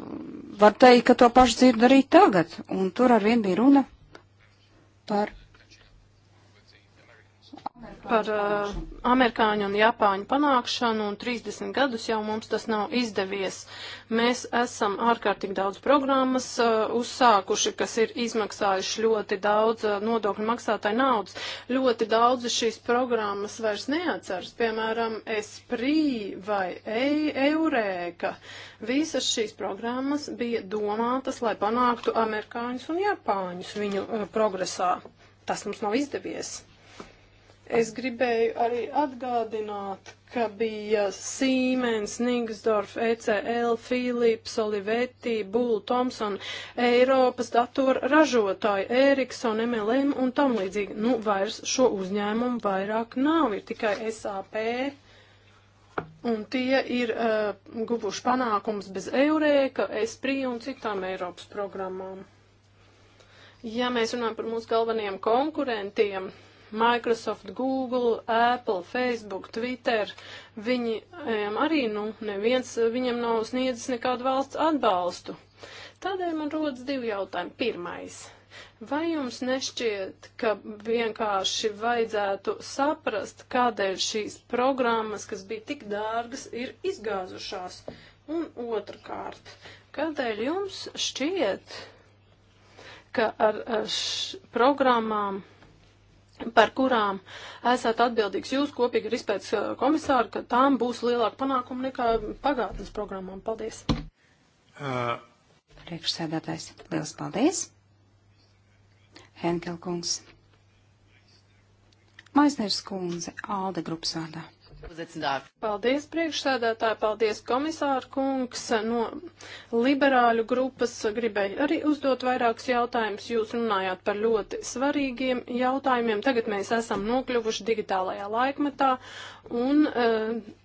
var teikt, ka to pašu dzirdu arī tagad, un tur arvien bija runa par par uh, amerikāņu un japāņu panākšanu, un 30 gadus jau mums tas nav izdevies. Mēs esam ārkārtīgi daudz programmas uh, uzsākuši, kas ir izmaksājuši ļoti daudz uh, nodokļu maksātāju naudas. Ļoti daudzi šīs programmas vairs neatceras, piemēram, SPRI vai e Eureka. Visas šīs programmas bija domātas, lai panāktu amerikāņus un japāņus viņu uh, progresā. Tas mums nav izdevies. Es gribēju arī atgādināt, ka bija Siemens, Nigsdorf, ECL, Philips, Olivetti, Bull, Thomson, Eiropas datora ražotāji, Ericsson, MLM un tam līdzīgi. Nu, vairs šo uzņēmumu vairāk nav, ir tikai SAP. Un tie ir uh, guvuši panākums bez Eureka, ESPRI un citām Eiropas programmām. Ja mēs runājam par mūsu galvenajiem konkurentiem, Microsoft, Google, Apple, Facebook, Twitter, viņiem arī, nu, neviens viņam nav sniedzis nekādu valsts atbalstu. Tādēļ man rodas divi jautājumi. Pirmais. Vai jums nešķiet, ka vienkārši vajadzētu saprast, kādēļ šīs programmas, kas bija tik dārgas, ir izgāzušās? Un otrkārt, kādēļ jums šķiet, ka ar, ar programmām par kurām esat atbildīgs jūs kopīgi ar izpētes uh, komisāru, ka tām būs lielāka panākuma nekā pagātnes programmām. Paldies! Uh. Priekšsēdētājs, liels paldies! Henkel kungs. Maisners kundze, Alde grupas vārdā. Paldies, priekšsēdētāji, paldies, komisāra kungs. No liberāļu grupas gribēju arī uzdot vairākus jautājumus. Jūs runājāt par ļoti svarīgiem jautājumiem. Tagad mēs esam nokļuvuši digitālajā laikmetā un. Uh,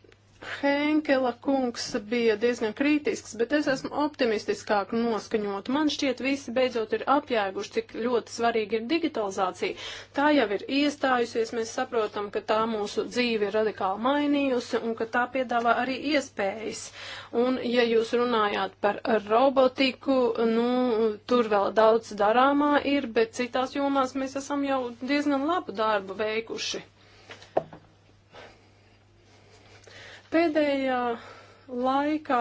Henkela kungs bija diezgan kritisks, bet es esmu optimistiskāk noskaņot. Man šķiet, visi beidzot ir apjēguši, cik ļoti svarīga ir digitalizācija. Tā jau ir iestājusies, mēs saprotam, ka tā mūsu dzīve ir radikāli mainījusi un ka tā piedāvā arī iespējas. Un, ja jūs runājāt par robotiku, nu, tur vēl daudz darāmā ir, bet citās jomās mēs esam jau diezgan labu darbu veikuši. Pēdējā laikā,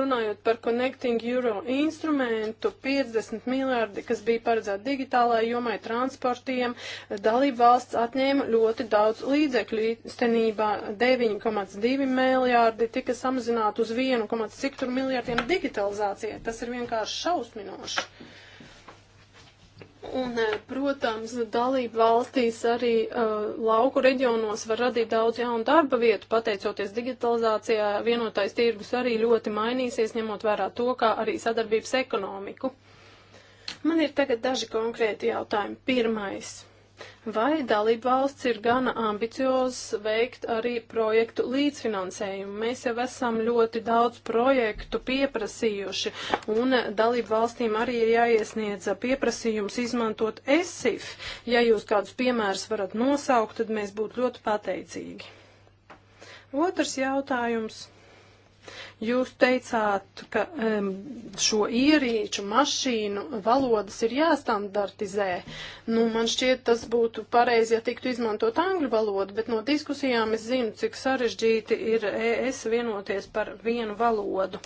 runājot par Connecting Euro instrumentu, 50 miljārdi, kas bija paredzēti digitālajai jomai, transportiem, dalību valsts atņēma ļoti daudz līdzekļu. Īstenībā 9,2 miljārdi tika samazināti uz 1, cik tur miljārdiem digitalizācijai. Tas ir vienkārši šausminoši. Un, e, protams, dalība valstīs arī uh, lauku reģionos var radīt daudz jaunu darba vietu, pateicoties digitalizācijā, vienotais tirgus arī ļoti mainīsies, ņemot vērā to, kā arī sadarbības ekonomiku. Man ir tagad daži konkrēti jautājumi. Pirmais. Vai dalība valsts ir gana ambiciozs veikt arī projektu līdzfinansējumu? Mēs jau esam ļoti daudz projektu pieprasījuši, un dalību valstīm arī ir jāiesniedz pieprasījums izmantot ESIF. Ja jūs kādus piemērus varat nosaukt, tad mēs būtu ļoti pateicīgi. Otrs jautājums Jūs teicāt, ka um, šo ierīču mašīnu valodas ir jāstandartizē. Nu, man šķiet, tas būtu pareizi, ja tiktu izmantot angļu valodu, bet no diskusijām es zinu, cik sarežģīti ir ES vienoties par vienu valodu.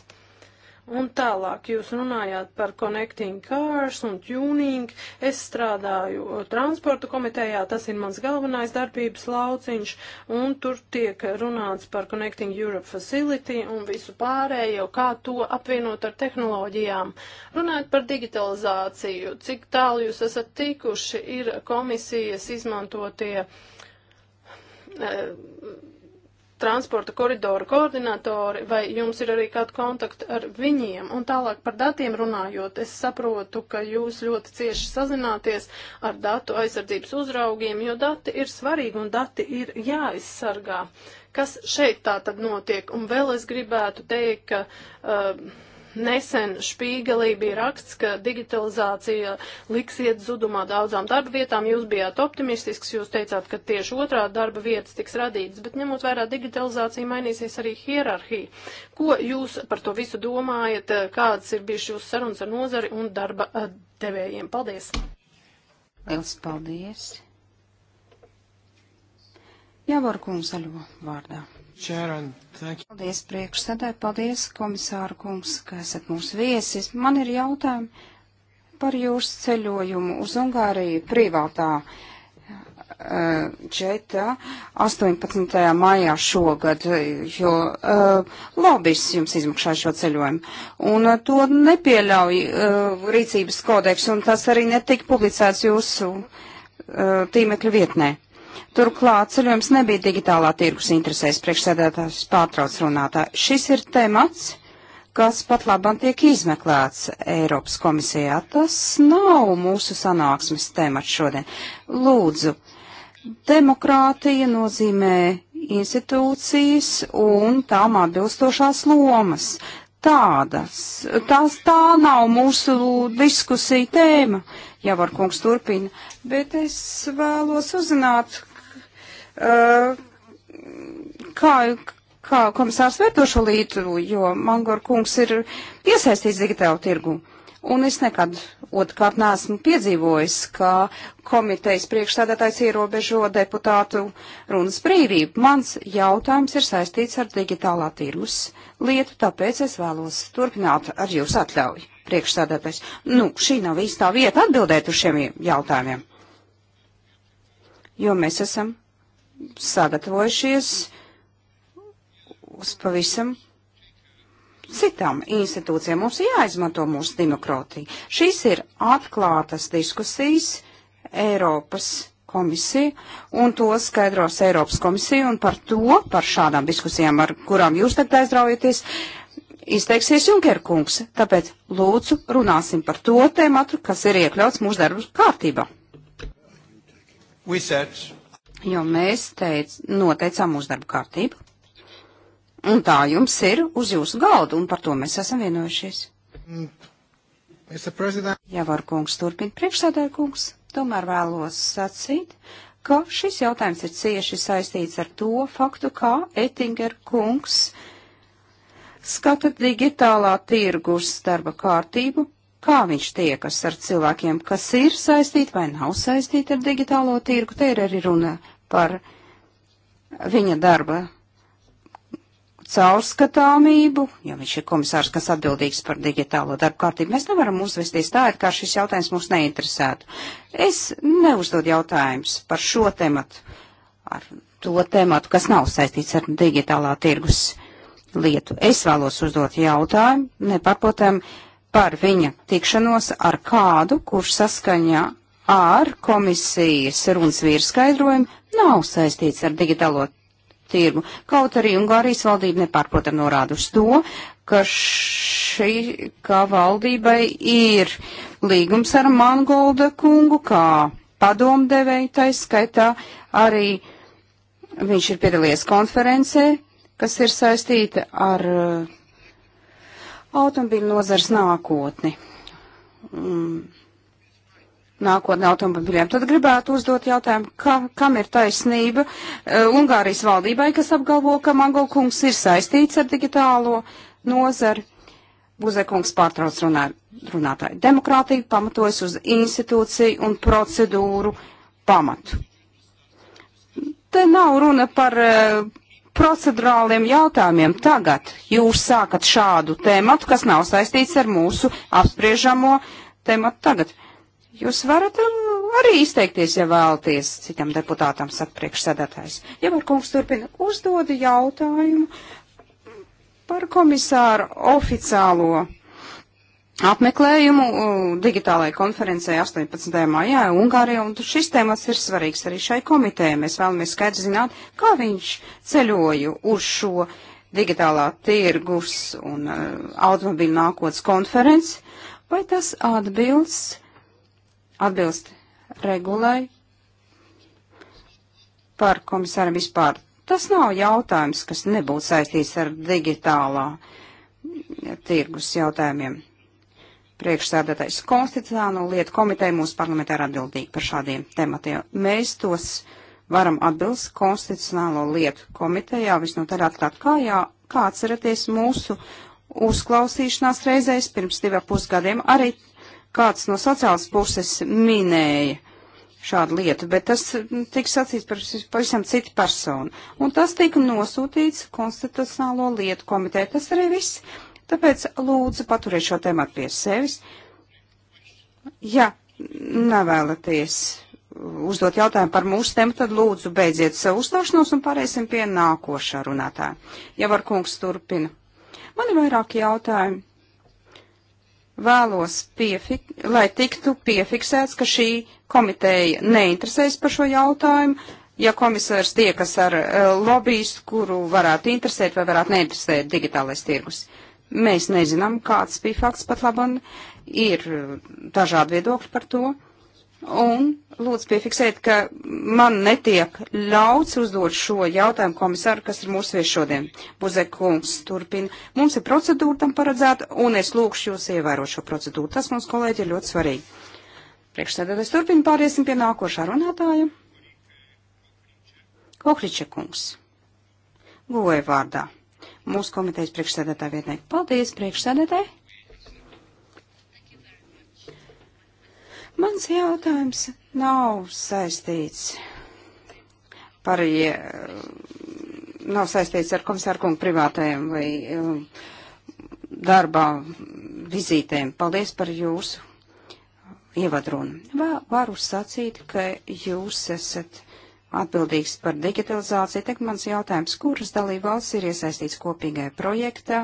Un tālāk jūs runājāt par Connecting Cars un Tuning. Es strādāju transporta komitejā, tas ir mans galvenais darbības lauciņš, un tur tiek runāts par Connecting Europe Facility un visu pārējo, kā to apvienot ar tehnoloģijām. Runājot par digitalizāciju, cik tālu jūs esat tikuši, ir komisijas izmantotie. Uh, transporta koridoru koordinatori, vai jums ir arī kāda kontakta ar viņiem? Un tālāk par datiem runājot, es saprotu, ka jūs ļoti cieši sazināties ar datu aizsardzības uzraugiem, jo dati ir svarīgi un dati ir jāaizsargā. Kas šeit tā tad notiek? Un vēl es gribētu teikt, ka. Uh, Nesen Špīgelī bija raksts, ka digitalizācija liks iet zudumā daudzām darba vietām. Jūs bijāt optimistisks, jūs teicāt, ka tieši otrā darba vietas tiks radītas, bet ņemot vērā digitalizāciju mainīsies arī hierarhija. Ko jūs par to visu domājat, kādas ir bijušas jūsu sarunas ar nozari un darba eh, devējiem? Paldies! Liels paldies! Jāvar kungs zaļo vārdā. Sharon, paldies priekšsēdē, paldies komisāru kungs, ka esat mūsu viesis. Man ir jautājumi par jūsu ceļojumu uz Ungāriju privātā eh, četā 18. maijā šogad, jo uh, eh, lobis jums izmaksā šo ceļojumu. Un uh, to nepieļauj uh, rīcības kodeks, un tas arī netika publicēts jūsu tīmekļa vietnē. Turklāt ceļojums nebija digitālā tirgus interesēs priekšsēdētājs pārtrauc runātā. Šis ir temats, kas pat labam tiek izmeklēts Eiropas komisijā. Tas nav mūsu sanāksmes temats šodien. Lūdzu, demokrātija nozīmē institūcijas un tām atbilstošās lomas. Tādas, tās tā nav mūsu diskusija tēma. Uh, Javor kungs turpina, bet es vēlos uzzināt, kā, kā komisārs vērto šo līdru, jo Mangor kungs ir iesaistīts digitālu tirgu. Un es nekad otrkārt neesmu piedzīvojis, ka komitejas priekšstādātājs ierobežo deputātu runas brīvību. Mans jautājums ir saistīts ar digitālā tirgus lietu, tāpēc es vēlos turpināt ar jūsu atļauju priekšstādātais. Nu, šī nav īstā vieta atbildēt uz šiem jautājumiem, jo mēs esam sagatavojušies uz pavisam citām institūcijām. Mums jāizmanto mūsu demokrātija. Šīs ir atklātas diskusijas Eiropas komisija, un to skaidros Eiropas komisija, un par to, par šādām diskusijām, ar kurām jūs tagad aizraujaties, uh, izteiksies Junkerkungs, tāpēc lūdzu runāsim par to tēmatu, kas ir iekļauts mūsu darbu kārtībā. Jo mēs teic, noteicām mūsu darbu kārtību. Un tā jums ir uz jūsu galdu, un par to mēs esam vienojušies. Ja var kungs turpina priekšsēdētāju kungs, tomēr vēlos sacīt, ka šis jautājums ir cieši saistīts ar to faktu, kā Ettinger kungs uh, skata digitālā tirgus darba kārtību, kā viņš tiekas ar cilvēkiem, kas ir saistīti vai nav saistīti ar digitālo tirgu. Te ir arī runa par viņa darba caurskatāmību, jo viņš ir komisārs, kas atbildīgs par digitālo darbu kārtību. Mēs nevaram uzvesties tā, it kā šis jautājums mūs neinteresētu. Es neuzdod jautājums par šo tematu, ar to tematu, kas nav saistīts ar digitālā tirgus lietu. Es vēlos uzdot jautājumu nepapotam par viņa tikšanos ar kādu, kurš saskaņā ar komisijas runas vīru skaidrojumu nav saistīts ar digitālo tirgu. Kaut arī Ungārijas valdība nepārprotam norādusi to, ka šī, kā valdībai ir līgums ar Mangolda kungu, kā padomdevēja, tā skaitā arī viņš ir piedalījies konferencē, kas ir saistīta ar eh, automobīļu nozars nākotni. Nākotnē automobiļiem. Tad gribētu uzdot jautājumu, ka, kam ir taisnība eh, Ungārijas valdībai, kas apgalvo, ka Mangolkungs ir saistīts ar digitālo nozari. Buzekungs pārtrauc runā, runātāju. Demokrātija pamatojas uz institūciju un procedūru pamatu. Te nav runa par eh, procedurāliem jautājumiem tagad jūs sākat šādu tēmatu, kas nav saistīts ar mūsu apspriežamo tēmatu tagad. Jūs varat um, arī izteikties, ja vēlaties, citam deputātam saka priekšsēdētājs. Ja var kungs turpina, uzdodi jautājumu par komisāru oficiālo apmeklējumu digitālajai konferencē 18. maijā Ungārijā, un šis temats ir svarīgs arī šai komitē. Mēs vēlamies skaidri zināt, kā viņš ceļoju uz šo digitālā tirgus un uh, automobīļu nākotnes konferenci, vai tas atbilst, atbilst regulai par komisāru vispār. Tas nav jautājums, kas nebūtu saistīts ar digitālā tirgus jautājumiem priekšsēdētais konstitucionālo lietu komiteja mūsu parlamentā ir atbildīga par šādiem tematiem. Mēs tos varam atbilst konstitucionālo lietu komitejā, visnotaļ atklāt kājā, kā atceraties mūsu uzklausīšanās reizēs pirms divā pusgadiem. Arī kāds no sociālas puses minēja šādu lietu, bet tas tika sacīts par pavisam citu personu. Un tas tika nosūtīts konstitucionālo lietu komiteju. Tas arī viss Tāpēc lūdzu paturiet šo tematu pie sevis. Ja nevēlaties uzdot jautājumu par mūsu tēmu, tad lūdzu beidziet savu uzstāšanos un pārēsim pie nākošā runātāja. Ja var kungs turpina. Man ir vairāki jautājumi. Vēlos, piefik lai tiktu piefiksēts, ka šī komiteja neinteresējas par šo jautājumu, ja komisārs tiekas ar uh, lobbyistu, kuru varētu interesēt vai varētu neinteresēt digitālais tirgus. Uh, Mēs nezinām, kāds bija fakts pat labam, ir uh, dažādi viedokļi par to. Un lūdzu piefiksēt, ka man netiek ļauts uzdot šo jautājumu komisāru, kas ir mūsu viesi šodien. Buzekungs turpina. Mums ir procedūra tam paredzēta, un es lūkšu jūs ievērot šo procedūru. Tas mums, kolēģi, ir ļoti svarīgi. Priekšsēdētājs turpina, pāriesim pie nākošā runātāja. Kokričekungs. Guvēja vārdā mūsu komitejas priekšsēdētāja vietnē. Paldies, priekšsēdētāji! Mans jautājums nav saistīts par, nav saistīts ar komisāru kungu privātajiem vai um, darbā vizītēm. Paldies par jūsu ievadrunu. Varu sacīt, ka jūs esat atbildīgs par digitalizāciju, tad mans jautājums, kuras dalība valsts ir iesaistīts kopīgajā projektā?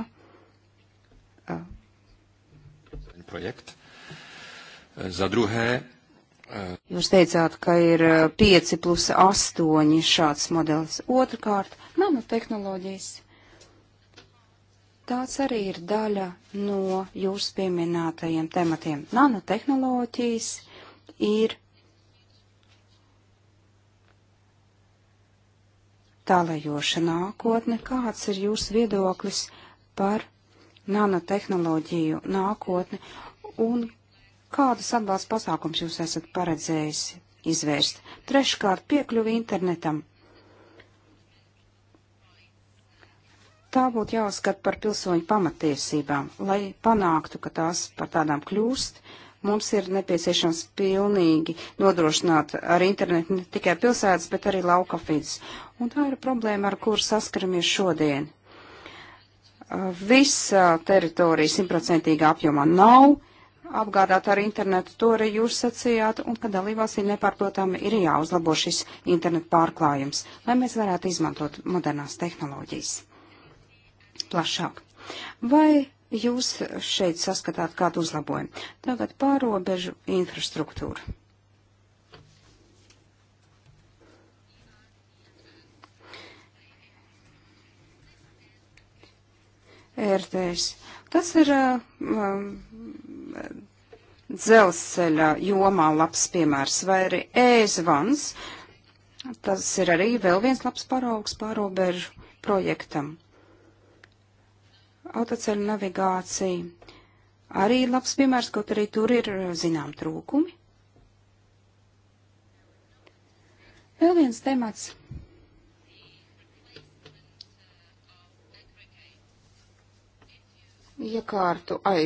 Projekt. Za druhé. Jūs teicāt, ka ir 5 plus 8 šāds modelis. Otrakārt, nanotehnoloģijas. Tāds arī ir daļa no jūsu pieminētajiem tematiem. Nanotehnoloģijas ir tālajoša nākotne. Kāds ir jūsu viedoklis par nanotehnoloģiju nākotni un kādas atbalsta pasākums jūs esat paredzējis izvērst? Treškārt, piekļuvi internetam. Tā būtu jāuzskata par pilsoņu pamatiesībām, lai panāktu, ka tās par tādām kļūst. Uh, Mums ir nepieciešams pilnīgi nodrošināt ar internetu ne tikai pilsētas, bet arī lauka vidus. Un tā ir problēma, ar kur saskaramies šodien. Uh, visa teritorija simtprocentīgā apjomā nav apgādāt ar internetu, to arī jūs sacījāt, un ka dalībvalstī nepārprotami ir jāuzlabo šis internetu pārklājums, lai mēs varētu izmantot modernās tehnoloģijas plašāk. Vai jūs šeit saskatāt kādu uzlabojumu. Tagad pārobežu infrastruktūra. RTS. Tas ir um, dzelzceļa jomā labs piemērs, vai arī ēzvans. E Tas ir arī vēl viens labs paraugs pārobežu projektam autoceļu navigācija arī ir labs piemērs, kaut arī tur ir eh, zinām trūkumi. Vēl viens temats. Iekārtu ai,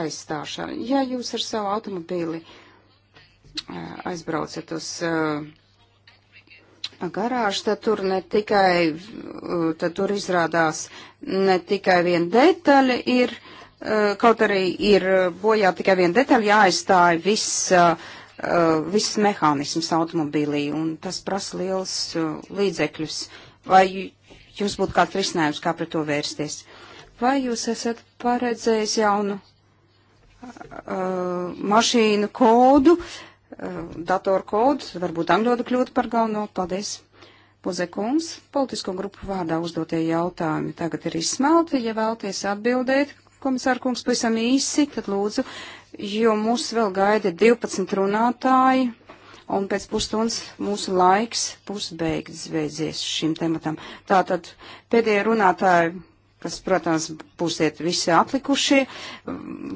aizstāšana. Ja jūs ar savu automobīli eh, aizbraucat uz uh, garāžu, tad tur ne tikai, uh, tad tur izrādās ne tikai viena detaļa ir, uh, kaut arī ir uh, bojā tikai viena detaļa, jāaizstāja viss, viss mehānisms automobīlī, un tas prasa liels līdzekļus. Vai jums būtu kāds risinājums, kā pret to vērsties? Vai jūs esat paredzējis jaunu uh, mašīnu kodu? Uh, Um, datoru kodus, varbūt angļodu kļūt par galveno. Paldies! Puzekums, politisko grupu vārdā uzdotie jautājumi tagad ir izsmelti. Ja vēlties atbildēt, komisāra kungs, pavisam īsi, tad lūdzu, jo mūs vēl gaida 12 runātāji, un pēc pusstundas mūsu laiks pusbeigts zveidzies šim tematam. Tātad pēdējie runātāji kas, protams, būsiet visi atlikušie,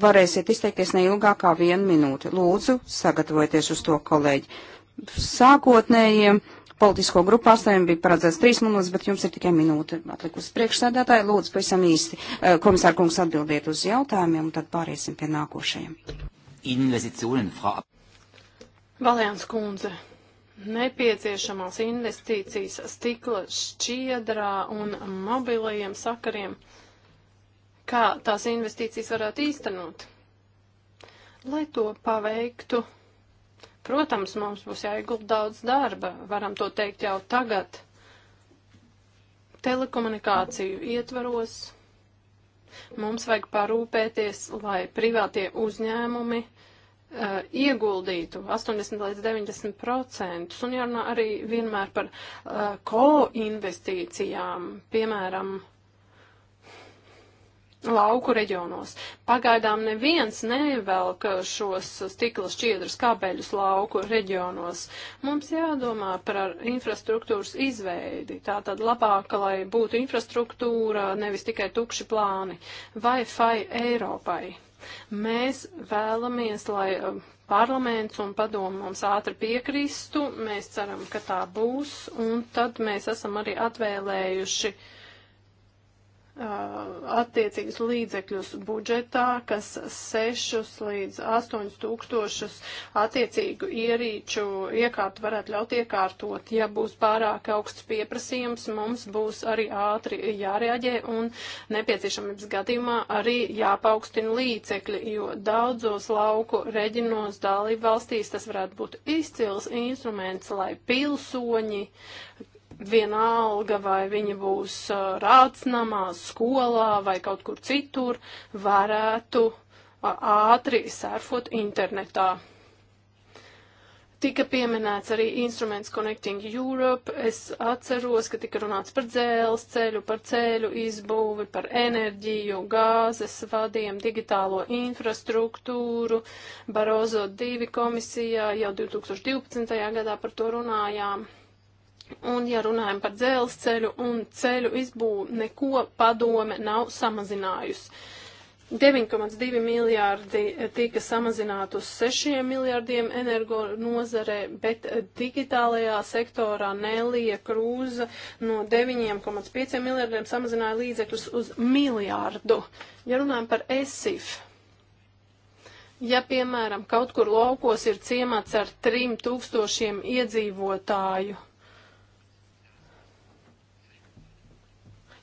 varēsiet izteikties neilgāk kā vienu minūti. Lūdzu, sagatavojieties uz to, kolēģi. Sākotnējiem politisko grupu pārstāvjiem bija paredzēts trīs minūtes, bet jums ir tikai minūte atlikusi priekšsēdētāji. Lūdzu, pavisam īsti, eh, komisāra kungs, atbildiet uz jautājumiem, un tad pāriesim pie nākošajiem. Valjāns kundze, nepieciešamās investīcijas stikla šķiedrā un mobilajiem sakariem, kā tās investīcijas varētu īstenot. Lai to paveiktu, protams, mums būs jāiegulda daudz darba, varam to teikt jau tagad, telekomunikāciju ietvaros. Mums vajag parūpēties, lai privātie uzņēmumi Eh, ieguldītu 80 līdz 90 procentus un jārunā arī vienmēr par uh, koinvestīcijām, piemēram, lauku reģionos. Pagaidām neviens nevelk šos stikla šķiedrus kabeļus lauku reģionos. Mums jādomā par infrastruktūras izveidi. Tā tad labāk, lai būtu infrastruktūra, nevis tikai tukši plāni. Vai-fi Eiropai. Mēs vēlamies, lai uh, parlaments un padomu mums ātri piekristu, mēs ceram, ka tā būs, un tad mēs esam arī atvēlējuši uh, Uh, attiecīgus līdzekļus budžetā, kas 6 līdz 8 tūkstošus attiecīgu ierīču iekārtu varētu ļaut iekārtot. Ja būs pārāk augsts pieprasījums, mums būs arī ātri jārēģē un nepieciešamības gadījumā arī jāpaukstina līdzekļi, jo daudzos lauku reģionos dalību valstīs tas varētu būt izcils instruments, lai pilsoņi, vienalga, vai viņi būs rādsnamā, skolā vai kaut kur citur, varētu ātri sērfot internetā. Tika pieminēts arī instruments Connecting Europe. Es atceros, ka tika runāts par dzēles ceļu, par ceļu izbūvi, par enerģiju, gāzes vadiem, digitālo infrastruktūru. Barozo 2 komisijā jau 2012. gadā par to runājām. Un, ja runājam par dzelzceļu un ceļu izbūvi, neko padome nav samazinājusi. 9,2 miljārdi tika samazināti uz 6 miljārdiem energo nozarē, bet digitālajā sektorā Nelija Krūza no 9,5 miljārdiem samazināja līdzekļus uz miljārdu. Ja runājam par ESIF, ja, piemēram, kaut kur laukos ir ciemats ar 3000 iedzīvotāju,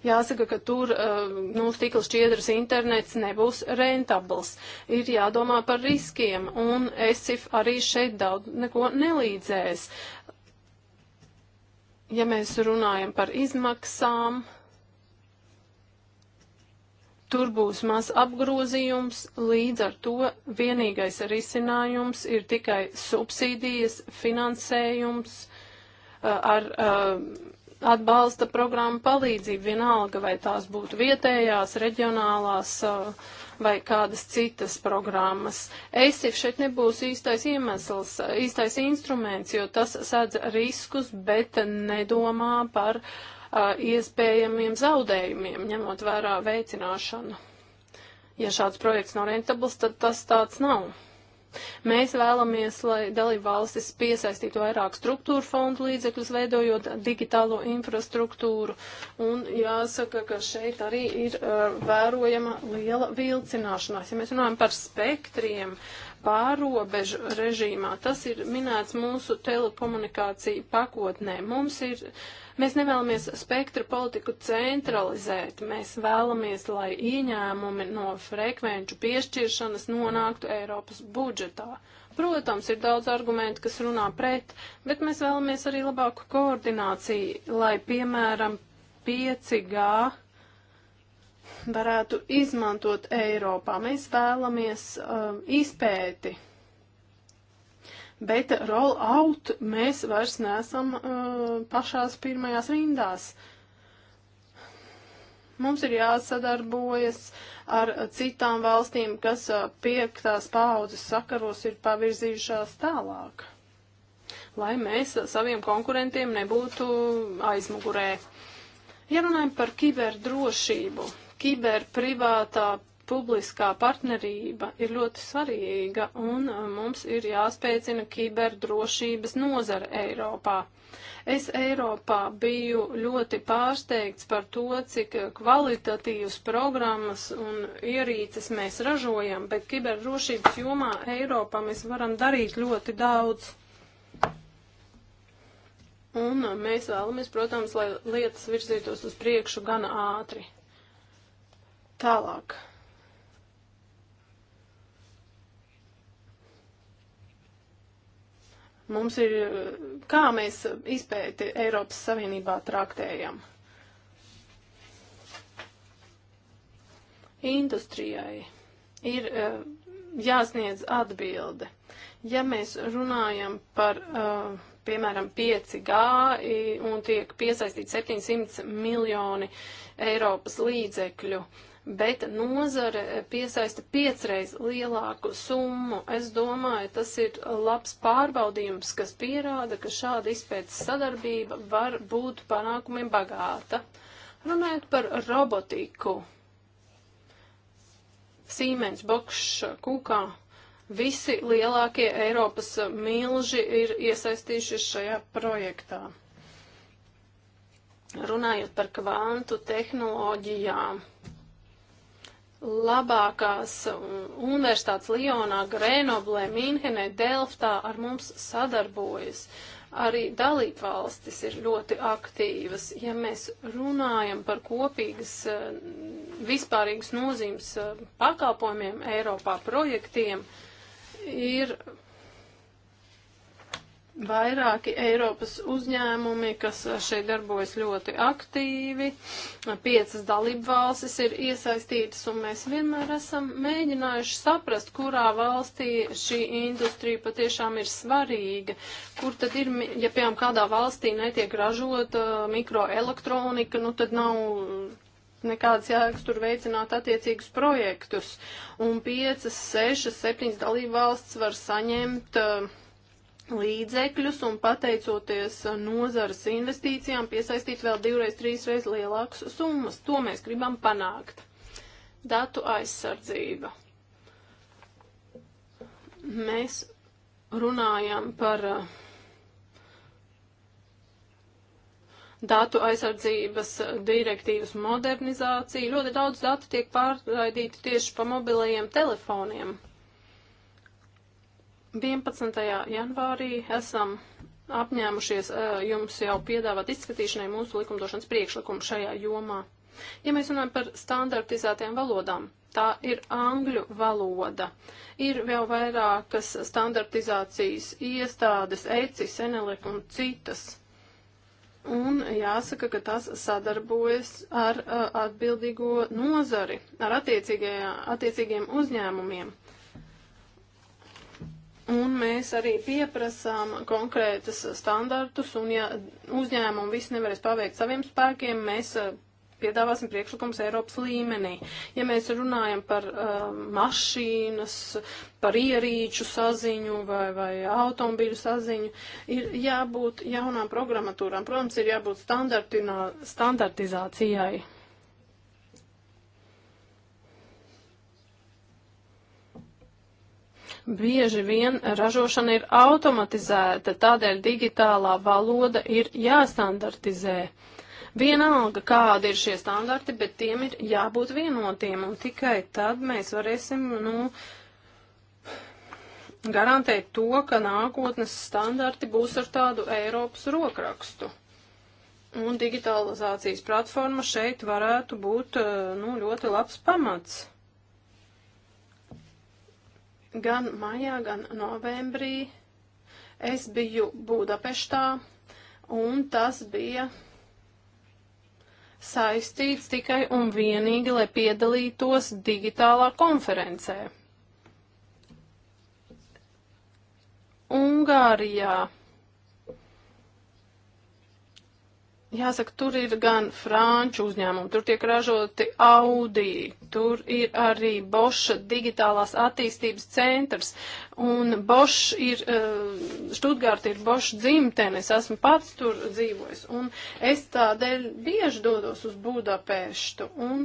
Jāsaka, ka tur uh, nu, stikla šķiedras internets nebūs rentabls. Ir jādomā par riskiem, un ESIF arī šeit daudz neko nelīdzēs. Ja mēs runājam par izmaksām, tur būs maz apgrozījums, līdz ar to vienīgais risinājums ir tikai subsīdijas finansējums uh, ar, ar uh, atbalsta programma palīdzību, vienalga vai tās būtu vietējās, reģionālās vai kādas citas programmas. ESIF šeit nebūs īstais iemesls, īstais instruments, jo tas sēdz riskus, bet nedomā par uh, iespējamiem zaudējumiem, ņemot vērā veicināšanu. Ja šāds projekts nav rentabls, tad tas tāds nav. Mēs vēlamies, lai dalību valstis piesaistītu vairāk struktūru fondu līdzekļus, veidojot digitālo infrastruktūru. Un jāsaka, ka šeit arī ir uh, vērojama liela vilcināšanās. Ja mēs runājam par spektriem, pārobežu režīmā, tas ir minēts mūsu telekomunikāciju pakotnē. Mums ir uh, Mēs nevēlamies spektra politiku centralizēt, mēs vēlamies, lai ieņēmumi no frekvenču piešķiršanas nonāktu Eiropas budžetā. Protams, ir daudz argumentu, kas runā pret, bet mēs vēlamies arī labāku koordināciju, lai, piemēram, 5G varētu izmantot Eiropā. Mēs vēlamies um, izpēti bet roll out mēs vairs nesam uh, pašās pirmajās rindās. Mums ir jāsadarbojas ar citām valstīm, kas uh, piektās paaudzes sakaros ir pavirzījušās tālāk, lai mēs saviem konkurentiem nebūtu aizmugurē. Ja runājam par kiberdrošību, kiberprivātā publiskā partnerība ir ļoti svarīga un uh, mums ir jāspēcina kiberdrošības nozara Eiropā. Es Eiropā biju ļoti pārsteigts par to, cik kvalitatīvas programmas un ierīces mēs ražojam, bet kiberdrošības jomā Eiropā mēs varam darīt ļoti daudz. Un uh, mēs vēlamies, protams, lai lietas virzītos uz priekšu gan ātri. Tālāk. Mums ir, kā mēs izpēti Eiropas Savienībā traktējam. Industrijai ir eh, jāsniedz atbilde. Ja mēs runājam par, eh, piemēram, 5G un tiek piesaistīti 700 miljoni Eiropas līdzekļu, uh, bet nozare piesaista piecreiz lielāku summu. Es domāju, tas ir labs pārbaudījums, kas pierāda, ka šāda izpētes sadarbība var būt panākumiem bagāta. Runājot par robotiku, Siemens, Bokša, Kukā, visi lielākie Eiropas milži ir iesaistījušies šajā projektā. Runājot par kvantu tehnoloģijām, labākās um, universitātes Lionā, Grenoblē, Mīnhenē, Delftā ar mums sadarbojas. Arī dalībvalstis ir ļoti aktīvas. Ja mēs runājam par kopīgas uh, vispārīgas nozīmes uh, pakalpojumiem Eiropā projektiem, ir vairāki Eiropas uzņēmumi, kas šeit darbojas ļoti aktīvi, piecas dalību valstis ir iesaistītas, un mēs vienmēr esam mēģinājuši saprast, kurā valstī šī industrija patiešām ir svarīga, kur tad ir, ja piemēram kādā valstī netiek ražota uh, mikroelektronika, nu tad nav uh, nekādas jēgas tur veicināt attiecīgus projektus, un piecas, sešas, septiņas dalību valsts var saņemt uh, līdzekļus un pateicoties nozaras investīcijām piesaistīt vēl divreiz, trīsreiz lielākas summas. To mēs gribam panākt. Datu aizsardzība. Mēs runājam par uh, datu aizsardzības direktīvas modernizāciju. Ļoti daudz datu tiek pārraidīti tieši pa mobilajiem telefoniem. 11. janvārī esam apņēmušies eh, jums jau piedāvāt izskatīšanai mūsu likumdošanas priekšlikumu šajā jomā. Ja mēs runājam par standartizētiem valodām, tā ir angļu valoda. Ir vēl vairākas standartizācijas iestādes, ECIS, ENELEK un citas. Un jāsaka, ka tas sadarbojas ar, ar eh, atbildīgo nozari, ar attiecīgajiem uzņēmumiem. Un mēs arī pieprasām konkrētas standartus, un ja uzņēmumi viss nevarēs paveikt saviem spēkiem, mēs uh, piedāvāsim priekšlikums Eiropas līmenī. Ja mēs runājam par uh, mašīnas, par ierīču saziņu vai, vai automobīļu saziņu, ir jābūt jaunām programmatūrām. Protams, ir jābūt standartizācijai. bieži vien ražošana ir automatizēta, tādēļ digitālā valoda ir jāstandartizē. Vienalga, kādi ir šie standarti, bet tiem ir jābūt vienotiem, un tikai tad mēs varēsim, nu, garantēt to, ka nākotnes standarti būs ar tādu Eiropas rokrakstu. Un digitalizācijas platforma šeit varētu būt eh, nu, ļoti labs pamats. Gan maijā, gan novembrī es biju Budapeštā, un tas bija saistīts tikai un vienīgi, lai piedalītos digitālā konferencē. Ungārijā Jāsaka, tur ir gan franču uzņēmumi, tur tiek ražoti Audi, tur ir arī Boša digitālās attīstības centrs, un Boš ir, Študgārta eh, ir Boša dzimtene, es esmu pats tur dzīvojis, un es tādēļ bieži dodos uz Budapeštu, un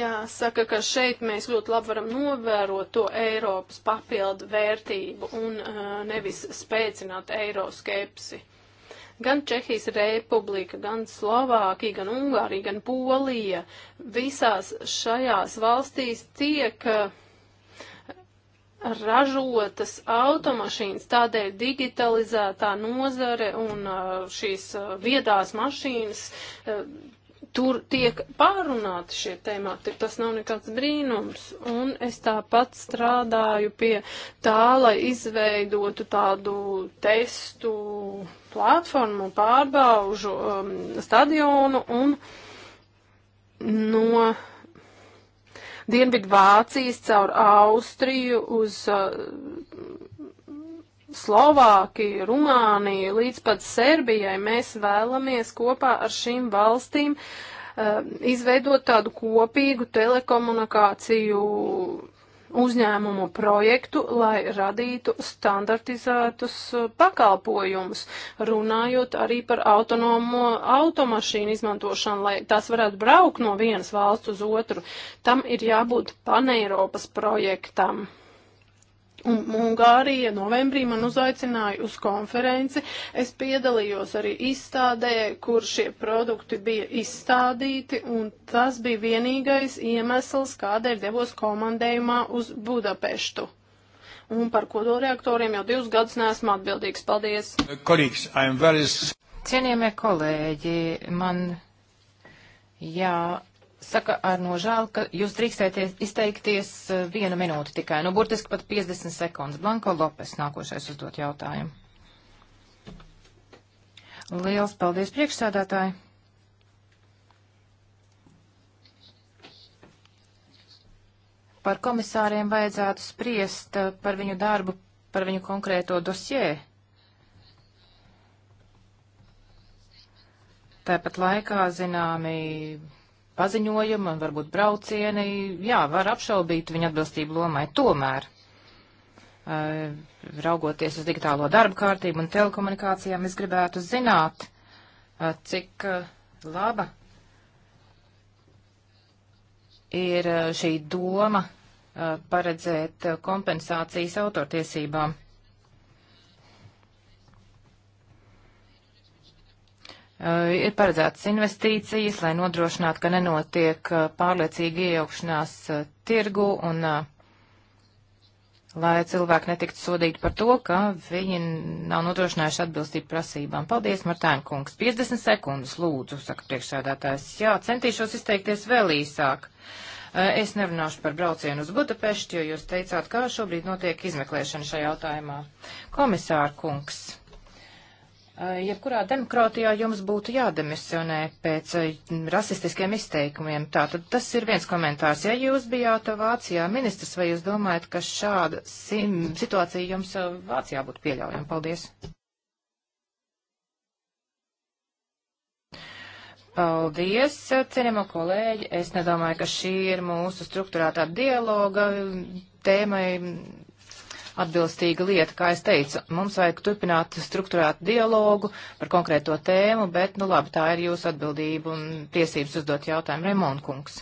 jāsaka, ka šeit mēs ļoti labi varam novērot to Eiropas papildu vērtību un eh, nevis spēcināt eiroskepsi. Gan Čehijas republika, gan Slovākija, gan Ungārija, gan Polija visās šajās valstīs tiek eh, ražotas automašīnas, tādēļ digitalizētā nozare un eh, šīs eh, viedās mašīnas, tur tiek pārunāti šie temati, tas nav nekāds brīnums. Un es tāpat strādāju pie tā, lai izveidotu tādu testu platformu, pārbaužu um, stadionu un no Dienvidu Vācijas caur Austriju uz uh, Slovākiju, Rumāniju līdz pat Serbijai mēs vēlamies kopā ar šīm valstīm uh, izveidot tādu kopīgu telekomunikāciju uzņēmumu projektu, lai radītu standartizētus uh, pakalpojumus, runājot arī par autonomo automašīnu izmantošanu, lai tās varētu braukt no vienas valsts uz otru. Tam ir jābūt paneiropas projektam. Un Ungārija novembrī man uzaicināja uz konferenci. Es piedalījos arī izstādē, kur šie produkti bija izstādīti, un tas bija vienīgais iemesls, kādēļ devos komandējumā uz Budapeštu. Un par kodolreaktoriem jau divus gadus neesmu atbildīgs. Paldies! Kolīgs, very... Cienījamie kolēģi, man jā saka ar nožēlu, ka jūs drīkstēties izteikties eh, vienu minūti tikai, nu, burtiski pat 50 sekundes. Blanko Lopes nākošais uzdot jautājumu. Liels paldies priekšsādātāji. Par komisāriem vajadzētu spriest eh, par viņu darbu, par viņu konkrēto dosjē. Tāpat laikā zināmi paziņojumi un varbūt braucieni, jā, var apšaubīt viņa atbilstību lomai. Tomēr, eh, raugoties uz digitālo darbu kārtību un telekomunikācijām, es gribētu zināt, eh, cik eh, laba ir šī doma paredzēt kompensācijas autortiesībām. Eh, ir paredzētas investīcijas, lai nodrošinātu, ka nenotiek eh, pārliecīga iejaukšanās eh, tirgu un lai cilvēki netiktu sodīti par to, ka viņi nav nodrošinājuši atbilstību prasībām. Paldies, Martēna kungs. 50 sekundes, lūdzu, saka priekšsēdētājs. Jā, centīšos izteikties vēl īsāk. Es nerunāšu par braucienu uz Budapešti, jo jūs teicāt, kā šobrīd notiek izmeklēšana šajā jautājumā. Komisāra kungs. Eh, jebkurā demokrātijā jums būtu jādemisionē pēc eh, rasistiskiem izteikumiem. Tātad tas ir viens komentārs. Ja jūs bijāt Vācijā ministrs, vai jūs domājat, ka šāda situācija jums eh, Vācijā būtu pieļaujama? Paldies! Paldies, cienījamo kolēģi. Es nedomāju, ka šī ir mūsu struktūrētā dialoga tēmai atbilstīga lieta. Kā es teicu, mums vajag turpināt struktūrēt dialogu par konkrēto tēmu, bet, nu labi, tā ir jūsu atbildība un tiesības uzdot jautājumu Remon kungs.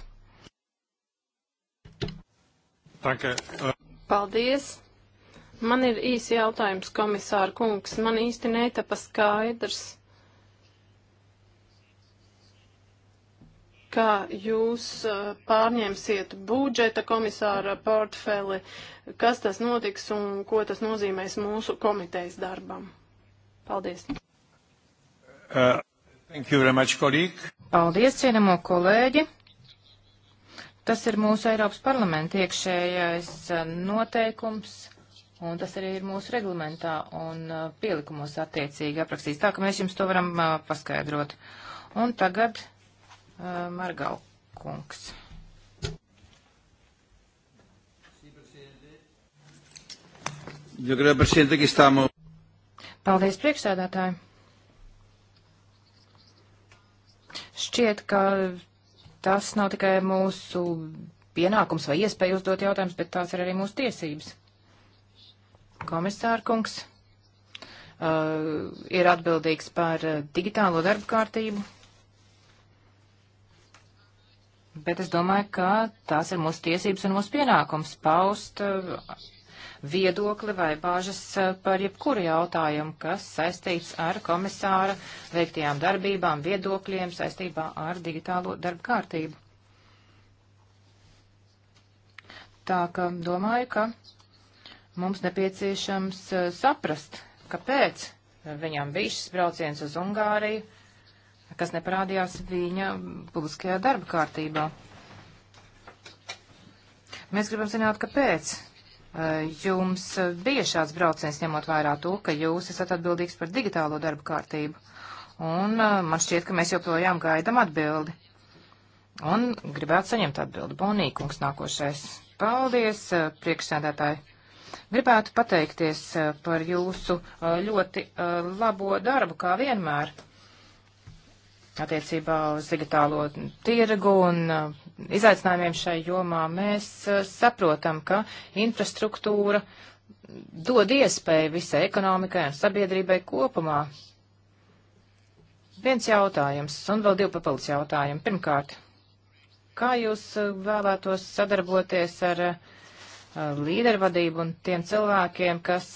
Uh, Paldies! Man ir īsi jautājums, komisāra kungs. Man īsti netapa skaidrs kā jūs uh, pārņemsiet budžeta komisāra portfeli, kas tas notiks un ko tas nozīmēs mūsu komitejas darbam. Paldies. Uh, thank you very much, colleague. Paldies, cienamo kolēģi. Tas ir mūsu Eiropas parlamenta iekšējais uh, noteikums, un tas arī ir mūsu reglamentā un uh, pielikumos attiecīgi aprakstīts. Tā ka mēs jums to varam paskaidrot. Un tagad Uh, Margau kungs. Paldies, priekšsēdētāji. Šķiet, ka tas nav tikai mūsu pienākums vai iespēja uzdot jautājumus, bet tās ir arī mūsu tiesības. Komisārkungs uh, ir atbildīgs par uh, digitālo darbu kārtību bet es domāju, ka tās ir mūsu tiesības un mūsu pienākums paust uh, viedokli vai bāžas uh, par jebkuru jautājumu, kas saistīts ar komisāra veiktajām darbībām, viedokļiem saistībā ar digitālo darbu kārtību. Tā ka domāju, ka mums nepieciešams uh, saprast, kāpēc viņam bija šis brauciens uz Ungāriju tas neparādījās viņa publiskajā darba kārtībā. Mēs gribam zināt, kāpēc. E, jums bija šāds brauciens, ņemot vairāk to, ka jūs esat atbildīgs par digitālo darba kārtību. Un e, man šķiet, ka mēs joprojām gaidam atbildi. Un gribētu saņemt atbildi. Bonīkungs nākošais. Paldies, e, priekšsēdētāji. Gribētu pateikties par jūsu ļoti labo darbu, kā vienmēr attiecībā uz digitālo tirgu un uh, izaicinājumiem šai jomā. Mēs uh, saprotam, ka infrastruktūra dod iespēju visai ekonomikai un sabiedrībai kopumā. Viens jautājums un vēl divi papildus jautājumi. Pirmkārt, kā jūs uh, vēlētos sadarboties ar līdervadību un tiem cilvēkiem, kas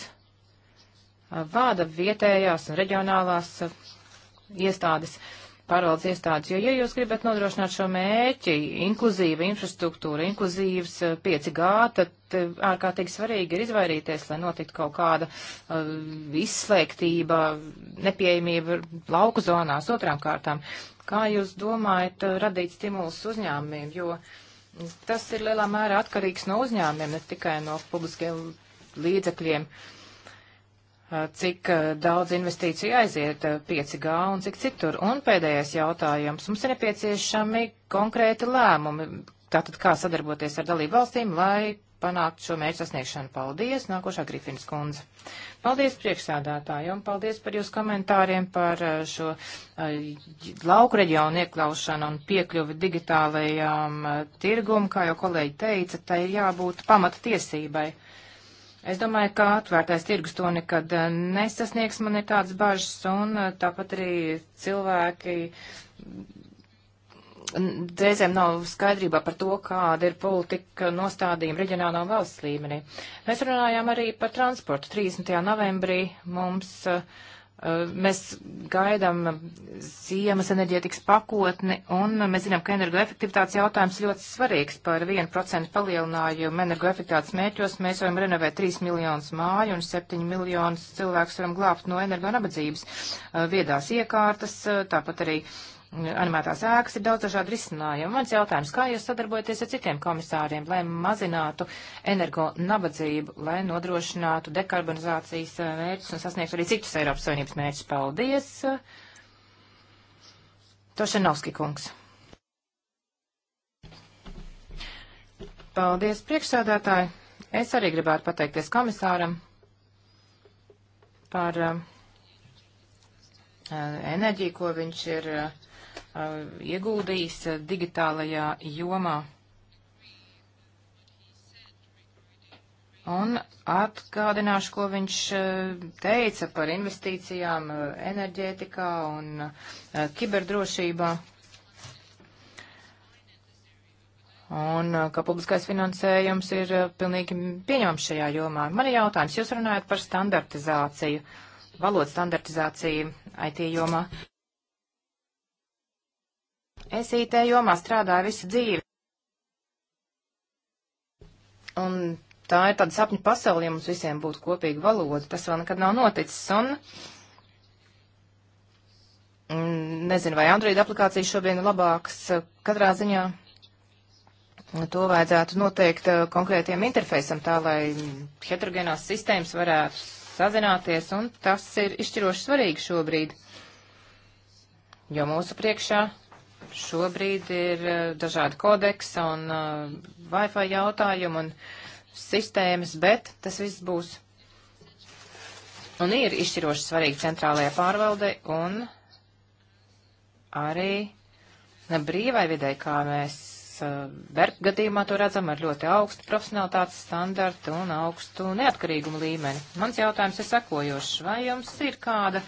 vāda vietējās un reģionālās iestādes? Uh, pārvaldes iestādes. Jo, ja jūs gribat nodrošināt šo mēķi, inkluzīva infrastruktūra, inkluzīvs 5G, eh, tad eh, ārkārtīgi svarīgi ir izvairīties, lai notiktu kaut kāda uh, izslēgtība, nepieejamība lauku zonās otrām kārtām. Kā jūs domājat radīt stimulus uzņēmumiem? Jo tas ir lielā mērā atkarīgs no uzņēmumiem, ne tikai no publiskiem līdzekļiem. Uh, cik daudz investīciju aiziet 5G un cik citur. Un pēdējais jautājums. Mums ir nepieciešami konkrēti lēmumi. Tātad kā sadarboties ar dalību valstīm, lai panāktu šo mērķu sasniegšanu. Paldies, nākošā Grifins kundze. Paldies priekšsādātāju un paldies par jūsu komentāriem par šo lauku reģionu iekļaušanu un piekļuvi digitālajām tirgumu. Kā jau kolēģi teica, tai ir jābūt pamata tiesībai. Es domāju, ka atvērtais tirgus to nekad eh, nesasniegs, man ir tāds bažas, un eh, tāpat arī cilvēki reizēm nav skaidrībā par to, kāda ir politika nostādījuma reģionālā un valsts līmenī. Mēs runājām arī par transportu. 30. novembrī mums uh, Eh, mēs gaidām ziemas enerģētikas pakotni, un mēs zinām, ka energoefektivitātes jautājums ļoti svarīgs. Par 1% palielinājumu energoefektivitātes mērķos mēs varam renovēt 3 miljonus māju un 7 miljonus cilvēkus varam glābt no energonabadzības. Eh, viedās iekārtas, eh, tāpat arī uh, animētās ēkas ir daudz dažādu risinājumu. Mans jautājums, kā jūs sadarbojaties ar citiem komisāriem, lai mazinātu energo nabadzību, lai nodrošinātu dekarbonizācijas eh, mērķus un sasniegtu arī citus Eiropas Savienības mērķus? Paldies! Tošenovski kungs. Paldies, priekšsēdētāji. Es arī gribētu pateikties komisāram par uh, enerģiju, ko viņš ir uh, Uh, ieguldījis uh, digitālajā jomā. Un atgādināšu, ko viņš uh, teica par investīcijām enerģētikā un kiberdrošībā. Un ka publiskais finansējums ir pilnīgi pieņemams šajā jomā. Man ir jautājums, jūs runājat par standartizāciju, valodas standartizāciju IT jomā. Es IT jomā strādāju visu dzīvi. Un tā ir tāda sapņu pasaule, ja mums visiem būtu kopīga valoda. Tas vēl nekad nav noticis. Un Nezinu, vai Android aplikācijas šobrien ir labākas. Katrā ziņā to vajadzētu noteikt uh, konkrētiem interfejsam, tā lai heterogēnās sistēmas varētu sazināties, un tas ir izšķiroši svarīgi šobrīd, jo mūsu priekšā Šobrīd ir eh, dažādi kodeksa un uh, Wi-Fi jautājumi un sistēmas, bet tas viss būs un ir izšķiroši svarīgi centrālajā pārvaldē un arī brīvai vidē, kā mēs eh, Berta gadījumā to redzam ar ļoti augstu profesionālitātes standartu un augstu neatkarīgumu līmeni. Mans jautājums ir sekojošs. Vai jums ir kāda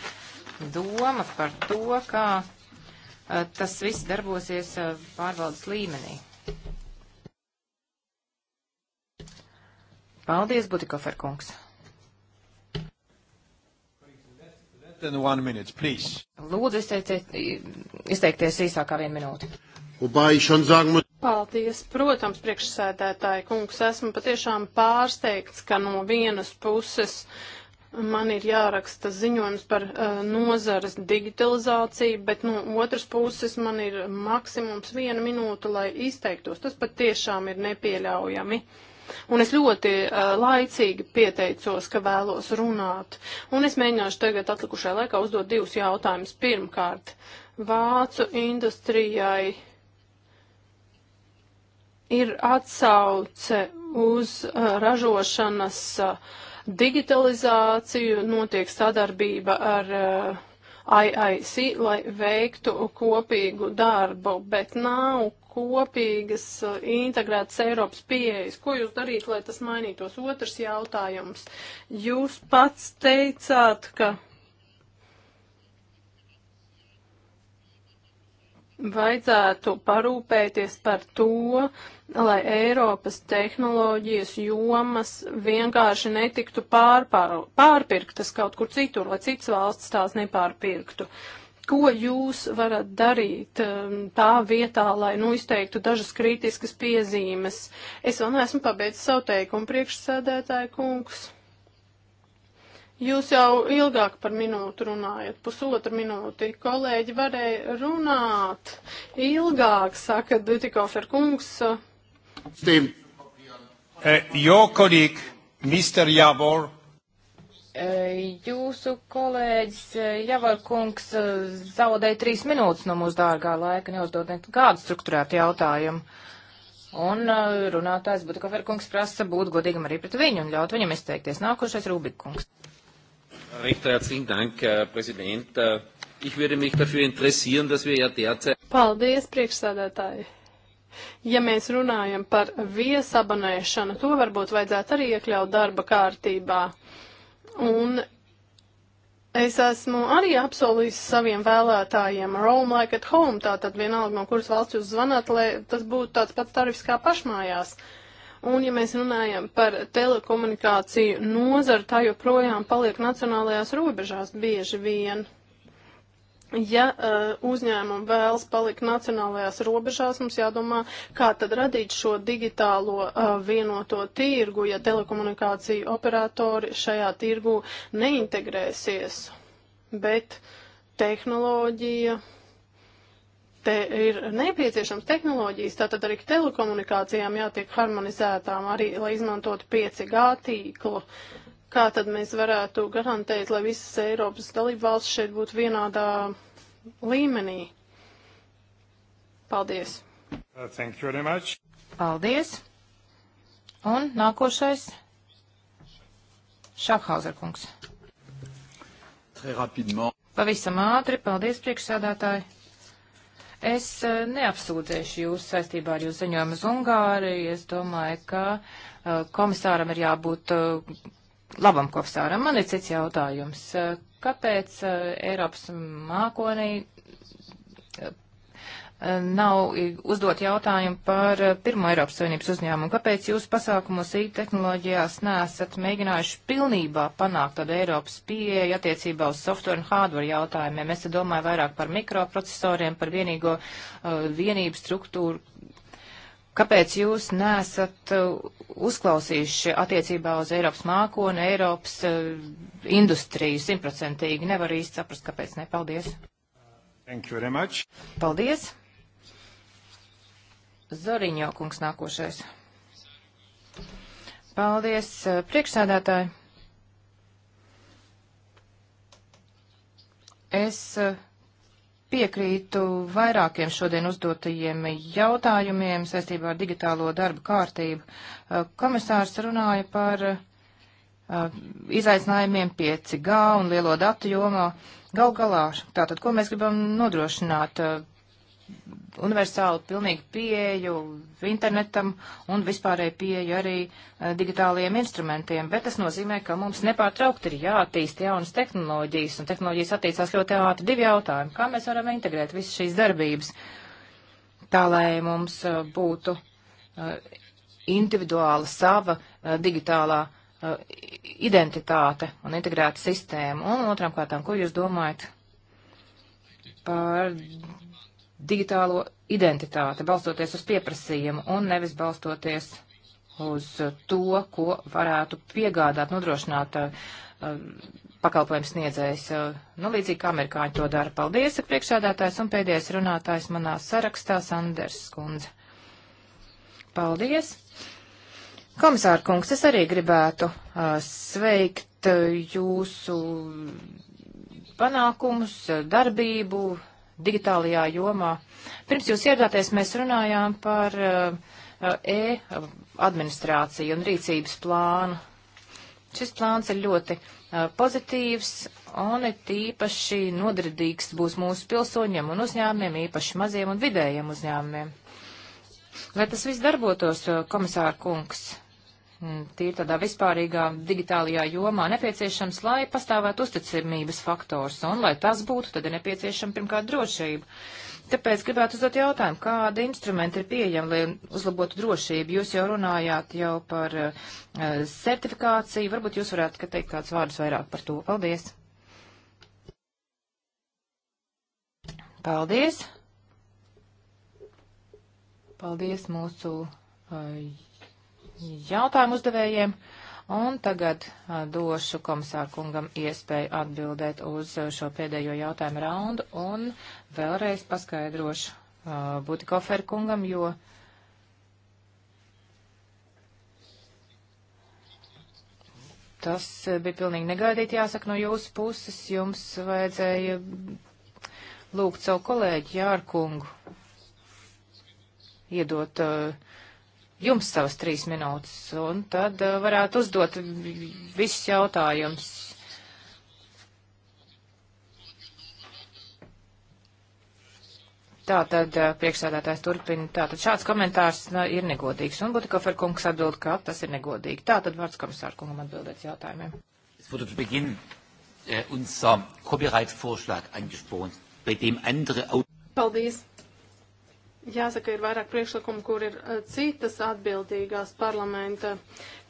doma par to, kā Eh, tas viss darbosies eh, pārvaldes līmenī. Paldies, Butikofer kungs. Minute, Lūdzu, izteiciet, izteikties īsākā vienu minūti. Paldies, protams, priekšsēdētāji kungs, esmu patiešām pārsteigts, ka no vienas puses uh, man ir jāraksta ziņojums par uh, nozares digitalizāciju, bet no otras puses man ir maksimums viena minūte, lai izteiktos. Tas pat tiešām ir nepieļaujami. Un es ļoti uh, laicīgi pieteicos, ka vēlos runāt. Un es mēģināšu tagad atlikušajā laikā uzdot divus jautājumus. Pirmkārt, Vācu industrijai ir atsauce uz uh, ražošanas uh, digitalizāciju, notiek sadarbība ar uh, eh, IIC, lai veiktu kopīgu darbu, bet nav kopīgas eh, integrētas Eiropas pieejas. Ko jūs darīt, lai tas mainītos? Otrs jautājums. Jūs pats teicāt, ka vajadzētu parūpēties par to, lai Eiropas tehnoloģijas jomas vienkārši netiktu pārpār, pārpirktas kaut kur citur, lai citas valsts tās nepārpirktu. Ko jūs varat darīt um, tā vietā, lai nu izteiktu dažas kritiskas piezīmes? Es vēl neesmu pabeidzis savu teikumu priekšsēdētāju kungs. Jūs jau ilgāk par minūtu runājat, pusotru minūti. Kolēģi varēja runāt ilgāk, saka Dutikofer kungs. Stim. Uh, jo kolīgi, Mr. Javor. Uh, jūsu kolēģis e, Javor kungs uh, zaudēja trīs minūtes no mūsu dārgā laika, neuzdod nekādu struktūrētu jautājumu. Un runātājs Butikofer kungs prasa būt godīgam arī pret viņu un ļaut viņam izteikties. Nākošais Rubikungs. Recht herzlichen Dank, Herr Präsident. Äh, ich würde mich dafür interessieren, dass wir ja derzeit. Paldies, priekšsādātāji! Ja mēs runājam par viesabonēšanu, to varbūt vajadzētu arī iekļaut darba kārtībā. Un es esmu arī apsolījis saviem vēlētājiem Rome like at home, tātad vienalga no kuras valsts jūs zvanāt, lai tas būtu tāds pats tarifs kā pašmājās. Uh, Un, ja mēs runājam par telekomunikāciju nozaru, tā joprojām paliek nacionālajās robežās bieži vien. Ja uh, uzņēmumi vēlas palikt nacionālajās robežās, mums jādomā, kā tad radīt šo digitālo uh, vienoto tirgu, ja telekomunikāciju operatori šajā tirgu neintegrēsies. Bet tehnoloģija. Uh, te ir nepieciešams tehnoloģijas, tātad arī telekomunikācijām jātiek harmonizētām, arī lai izmantotu 5G tīklu. Kā tad mēs varētu garantēt, lai visas Eiropas dalība valsts šeit būtu vienādā līmenī? Paldies! Uh, thank you very much! Paldies! Un nākošais Šafhauser kungs. Pavisam ātri, paldies priekšsēdētāji. Es eh, neapsūdzēšu jūs saistībā ar jūsu ziņojumu uz Ungāriju. Es domāju, ka eh, komisāram ir jābūt eh, labam komisāram. Man ir cits jautājums. Kāpēc Eiropas mākonī nav uzdot jautājumu par eh, pirmo Eiropas Savienības uzņēmumu. Kāpēc jūs pasākumos IT tehnoloģijās nesat mēģinājuši pilnībā panākt tādu Eiropas pieeju attiecībā uz software un hardware jautājumiem? Es domāju vairāk par mikroprocesoriem, par vienīgo uh, eh, vienību struktūru, Kāpēc jūs nesat eh, uzklausījuši attiecībā uz Eiropas mākonu, Eiropas industriju simtprocentīgi? Nevar īsti saprast, kāpēc ne. Paldies. Thank you very much. Paldies. Zoriņo kungs nākošais. Paldies, priekšsēdētāji. Es piekrītu vairākiem šodien uzdotajiem jautājumiem saistībā ar digitālo darbu kārtību. Komisārs runāja par izaicinājumiem 5G un lielo datu jomā. Gal galā, tātad, ko mēs gribam nodrošināt? universālu pilnīgu pieeju internetam un vispārēju pieeju arī eh, digitālajiem instrumentiem, bet tas nozīmē, ka mums nepārtraukti ir jāattīst jaunas tehnoloģijas, un tehnoloģijas attīstās ļoti ātri. Divi jautājumi, kā mēs varam integrēt visas šīs darbības, tā lai mums eh, būtu eh, individuāla sava digitālā identitāte un integrēta sistēma. Un otram kārtām, ko jūs domājat par digitālo identitāti, balstoties uz pieprasījumu un nevis balstoties uz to, ko varētu piegādāt, nodrošināt uh, uh pakalpojums sniedzējs. Uh, nu, līdzīgi kā amerikāņi to dara. Paldies, priekšādātājs un pēdējais runātājs manā sarakstā Sanders Skundze. Paldies! Komisāra kungs, es arī gribētu uh, sveikt uh, jūsu panākumus, uh, darbību, digitālajā jomā. Pirms jūs ieradāties, mēs runājām par uh, uh, e-administrāciju un rīcības plānu. Šis plāns ir ļoti uh, pozitīvs un ir tīpaši nodredīgs būs mūsu pilsoņiem un uzņēmumiem, īpaši maziem un vidējiem uzņēmumiem. Lai tas viss darbotos, komisāra kungs, Mm, tīri tādā vispārīgā digitālajā jomā nepieciešams, lai pastāvētu uzticamības faktors, un lai tas būtu, tad ir nepieciešama pirmkārt drošība. Tāpēc gribētu uzdot jautājumu, kādi instrumenti ir pieejami, lai uzlabotu drošību. Jūs jau runājāt jau par uh, certifikāciju, varbūt jūs varētu ka teikt kāds vārdus vairāk par to. Paldies! Paldies! Paldies mūsu uh, jautājumu uzdevējiem. Un tagad a, došu komisāru kungam iespēju atbildēt uz šo pēdējo jautājumu raundu un vēlreiz paskaidrošu Butikoferu kungam, jo tas bija pilnīgi negaidīti jāsaka no jūsu puses. Jums vajadzēja lūgt savu kolēģi Jārkungu iedot uh, jums savas trīs minūtes, un tad uh, varētu uzdot visus jautājumus. Tātad uh, priekšsēdētājs turpina. Tātad šāds komentārs uh, ir negodīgs. Un Butikofer kungs atbild, ka tas ir negodīgi. Tātad vārds komisāra kungam atbildēt jautājumiem. Es būtu begin äh, unser Copyright-Vorschlag angesprochen, bei dem andere Paldies. Jāsaka, ir vairāk priekšlikumu, kur ir eh, citas atbildīgās parlamenta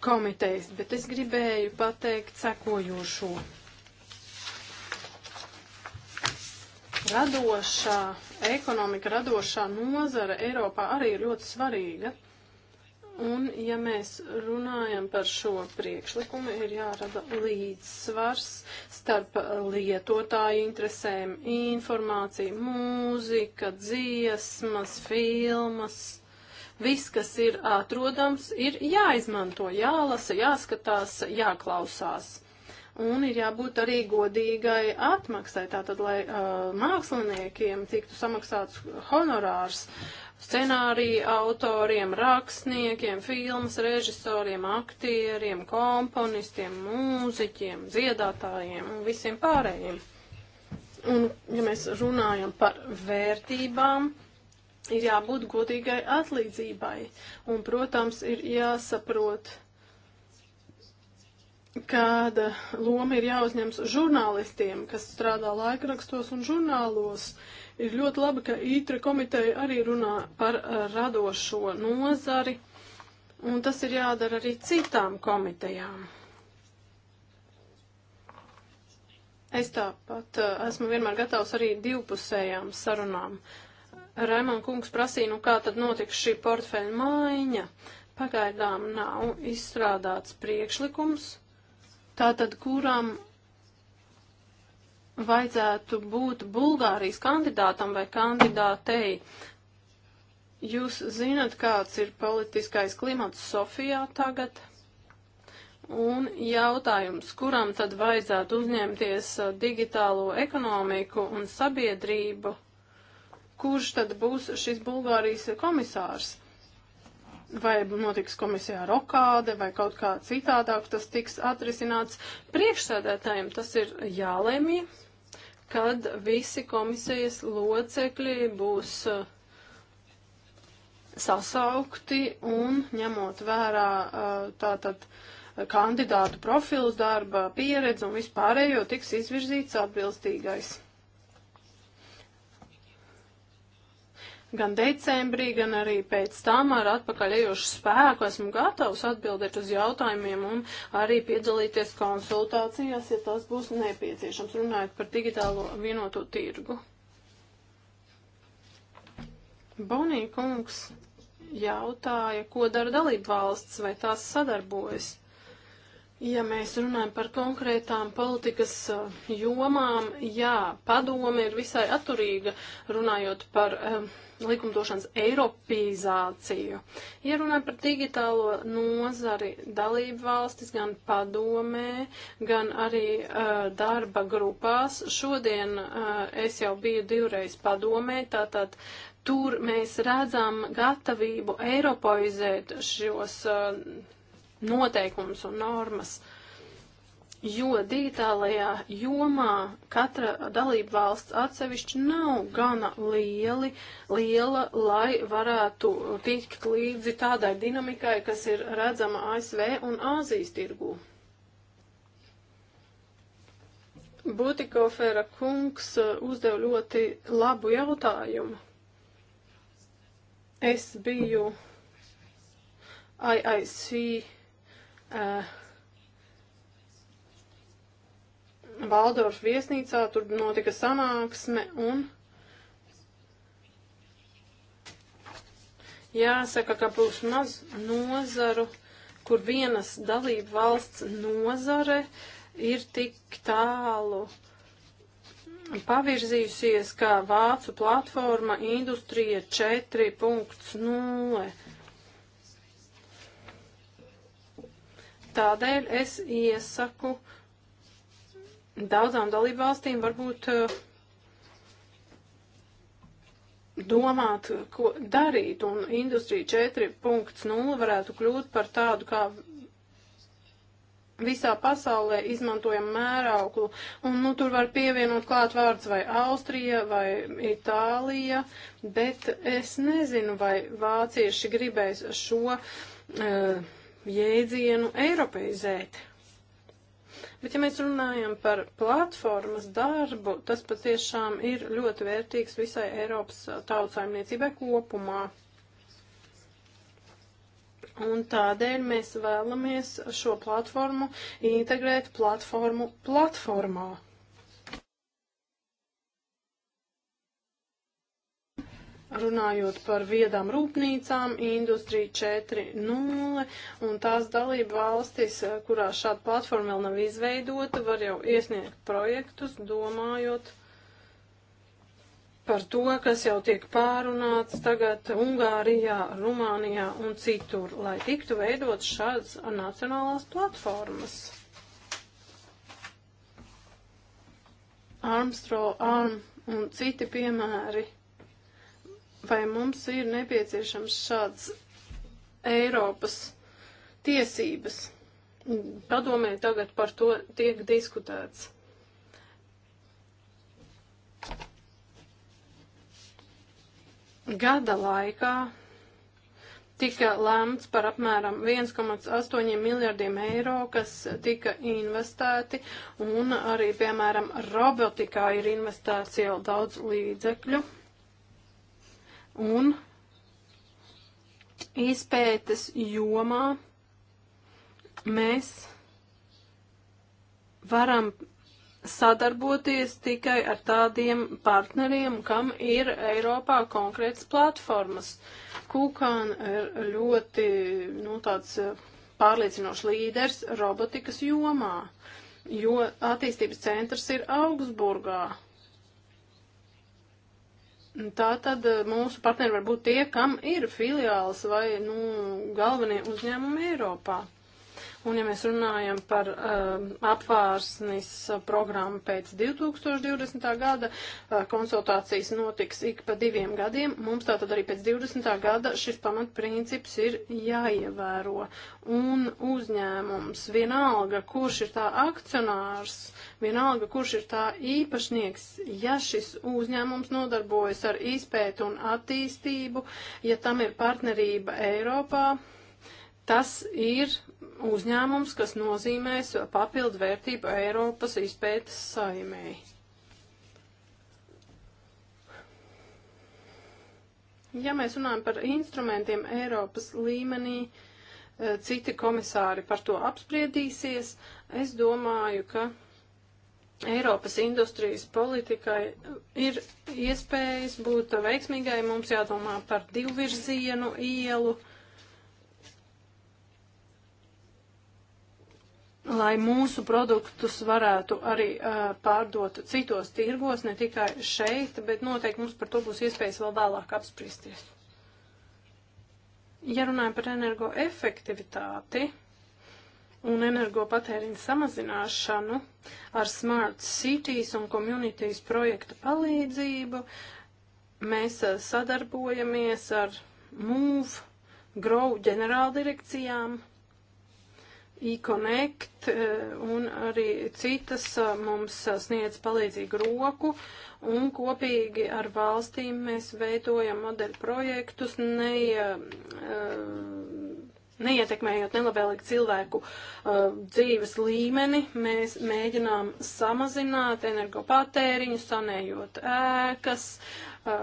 komitejas, bet es gribēju pateikt sekojošo. Radošā ekonomika, radošā nozara Eiropā arī ir ļoti svarīga. Un, ja mēs runājam par šo priekšlikumu, ir jārada līdzsvars starp lietotāju interesēm, informāciju, mūzika, dziesmas, filmas. Viss, kas ir atrodams, ir jāizmanto, jālasa, jāskatās, jāklausās. Un ir jābūt arī godīgai atmaksai, tātad, lai uh, māksliniekiem tiktu samaksāts honorārs. Uh, scenāriju autoriem, rakstniekiem, filmas režisoriem, aktieriem, komponistiem, mūziķiem, dziedātājiem un visiem pārējiem. Un, ja mēs runājam par vērtībām, ir jābūt godīgai atlīdzībai. Un, protams, ir jāsaprot, kāda loma ir jāuzņems žurnālistiem, kas strādā laikrakstos un žurnālos. Uh, Ir ļoti labi, ka ITRA e komiteja arī runā par eh, radošo nozari, un tas ir jādara arī citām komitejām. Es tāpat eh, esmu vienmēr gatavs arī divpusējām sarunām. Raimond kungs prasīja, nu kā tad notiks šī portfeļa maiņa. Pagaidām nav izstrādāts priekšlikums, tātad kuram vajadzētu būt Bulgārijas kandidātam vai kandidātei. Jūs zinat, kāds ir politiskais klimats Sofijā tagad? Un jautājums, kuram tad vajadzētu uzņemties uh, digitālo ekonomiku un sabiedrību, kurš tad būs šis Bulgārijas komisārs? vai notiks komisijā rokāde, vai kaut kā citādāk tas tiks atrisināts. Priekšsēdētājiem tas ir jālēmī, kad visi komisijas locekļi būs uh, sasaukti un ņemot vērā uh, tātad uh, kandidātu profils, darba pieredze un vispārējo tiks izvirzīts atbilstīgais gan decembrī, gan arī pēc tam ar atpakaļējošu spēku esmu gatavs atbildēt uz jautājumiem un arī piedalīties konsultācijās, ja tas būs nepieciešams, runājot par digitālo vienoto tirgu. Bonī kungs jautāja, ko dara dalību valsts, vai tās sadarbojas. Ja mēs runājam par konkrētām politikas eh, jomām, jā, padome ir visai atturīga runājot par um, likumdošanas eiropizāciju. Ja runājam par digitālo nozari, dalību valstis gan padomē, gan arī uh, darba grupās. Šodien uh, es jau biju divreiz padomē, tātad tur mēs redzam gatavību eiropoizēt šos. Uh, noteikumus un normas. Jo digitālajā jomā katra dalība valsts atsevišķi nav gana lieli, liela, lai varētu tikt līdzi tādai dinamikai, kas ir redzama ASV un Āzijas tirgū. Butikofera kungs uh, uzdev ļoti labu jautājumu. Es biju IIC uh, eh, Valdorf viesnīcā, tur notika sanāksme un. Jāsaka, ka būs maz nozaru, kur vienas dalība valsts nozare ir tik tālu pavirzījusies, kā Vācu platforma Industrija 4.0 Tādēļ es iesaku daudzām dalībvalstīm varbūt eh, domāt, ko darīt, un industrija 4.0 varētu kļūt par tādu kā visā pasaulē izmantojam mērauklu, un nu, tur var pievienot klāt vārds vai Austrija vai Itālija, bet es nezinu, vai vācieši gribēs šo. Uh, jēdzienu eiropeizēt. Bet, ja mēs runājam par platformas darbu, tas patiešām ir ļoti vērtīgs visai Eiropas uh, tautsaimniecībai kopumā. Un tādēļ mēs vēlamies šo platformu integrēt platformu platformā. Runājot par viedām rūpnīcām, industrija 4.0 un tās dalība valstis, kurās šāda platforma vēl nav izveidota, var jau iesniegt projektus, domājot par to, kas jau tiek pārunāts tagad Ungārijā, Rumānijā un citur, lai tiktu veidot šādas nacionālās platformas. Armstro, Arm un citi piemēri vai mums ir nepieciešams šāds Eiropas tiesības. Padomē tagad par to tiek diskutēts. Gada laikā tika lēmts par apmēram 1,8 miljardiem eiro, kas tika investēti, un arī, piemēram, robotikā ir investēts jau daudz līdzekļu un izpētes jomā mēs varam sadarboties tikai ar tādiem partneriem, kam ir Eiropā konkrētas platformas. Kukan ir ļoti, nu, tāds eh, pārliecinošs līders robotikas jomā, jo attīstības centrs ir Augsburgā. Tā tad eh, mūsu partneri var būt tie, kam ir filiāls vai nu, galvenie uzņēmumi Eiropā. Un ja mēs runājam par um, apvārsnis programmu pēc 2020. gada, uh, konsultācijas notiks ik pa diviem gadiem. Mums tātad arī pēc 20. gada šis pamatprincips ir jāievēro. Un uzņēmums, vienalga, kurš ir tā akcionārs, vienalga, kurš ir tā īpašnieks, ja šis uzņēmums nodarbojas ar izpētu un attīstību, ja tam ir partnerība Eiropā, tas ir uzņēmums, kas nozīmēs papildu vērtību Eiropas izpētes saimēji. Ja mēs runājam par instrumentiem Eiropas līmenī, eh, citi komisāri par to apspriedīsies. Es domāju, ka Eiropas industrijas politikai ir iespējas būt veiksmīgai. Mums jādomā par divvirzienu ielu. Uh, lai mūsu produktus varētu arī uh, pārdot citos tirgos, ne tikai šeit, bet noteikti mums par to būs iespējas vēl vēlāk apspriesties. Ja runājam par energoefektivitāti un energopatēriņu samazināšanu ar Smart Cities un Communities projektu palīdzību, mēs uh, sadarbojamies ar MOVE, GROW ģenerāldirekcijām. direkcijām e-connect eh, un arī citas eh, mums sniedz palīdzīgu roku un kopīgi ar valstīm mēs veidojam modeļu projektus, ne, eh, Neietekmējot nelabvēlīgi cilvēku uh, dzīves līmeni, mēs mēģinām samazināt energopatēriņu, sanējot ēkas, uh,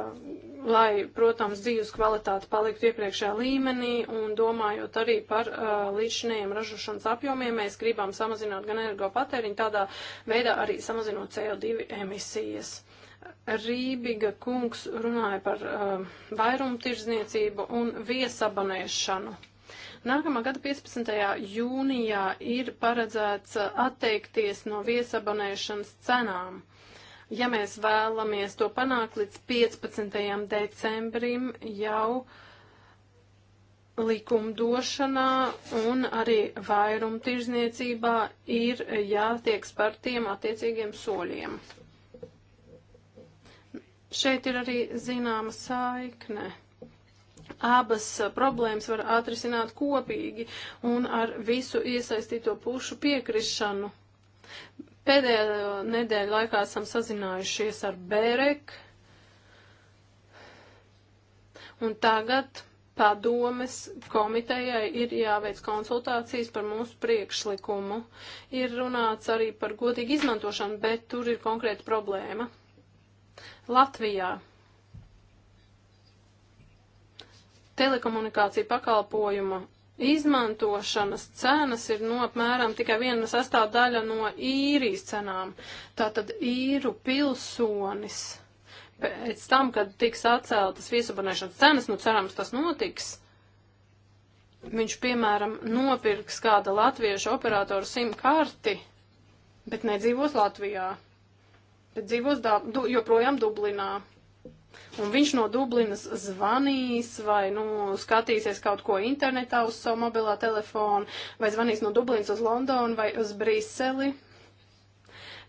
lai, protams, dzīves kvalitāte paliktu iepriekšējā līmenī un domājot arī par uh, līdzšinējiem ražošanas apjomiem, mēs gribam samazināt gan energopatēriņu, tādā veidā arī samazinot CO2 emisijas. Rībiga kungs runāja par uh, vairumtirdzniecību un viesabanēšanu Nākamā gada 15. jūnijā ir paredzēts uh, atteikties no viesabonēšanas cenām. Ja mēs vēlamies to panākt līdz 15. decembrim jau likumdošanā un arī vairumtirzniecībā ir uh, jātiek spartiem attiecīgiem soļiem. Šeit ir arī zināma saikne abas eh, problēmas var atrisināt kopīgi un ar visu iesaistīto pušu piekrišanu. Pēdējā eh, nedēļa laikā esam sazinājušies ar Bērek, un tagad padomes komitejai ir jāveic konsultācijas par mūsu priekšlikumu. Ir runāts arī par godīgu izmantošanu, bet tur ir konkrēta problēma. Latvijā telekomunikāciju pakalpojumu izmantošanas cenas ir no apmēram tikai viena sastāvdaļa no īrijas cenām. Tātad īru pilsonis pēc tam, kad tiks atceltas viesabonēšanas cenas, nu cerams tas notiks, viņš, piemēram, nopirks kāda latviešu operātora sim karti, bet nedzīvos Latvijā, bet dzīvos da, du, joprojām Dublinā un viņš no Dublinas zvanīs vai nu, skatīsies kaut ko internetā uz savu mobilā telefonu, vai zvanīs no Dublinas uz Londonu vai uz Briseli,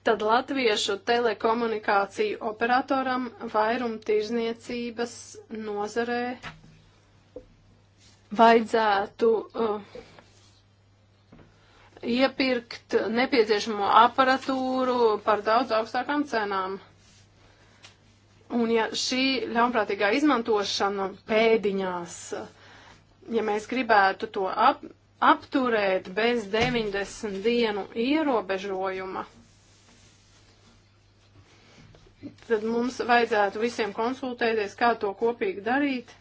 tad latviešu telekomunikāciju operatoram vairumtirzniecības nozarē vajadzētu uh, iepirkt nepieciešamo aparatūru par daudz augstākām cenām. Un ja šī ļaunprātīgā izmantošana pēdiņās, ja mēs gribētu to ap, apturēt bez 90 dienu ierobežojuma, tad mums vajadzētu visiem konsultēties, kā to kopīgi darīt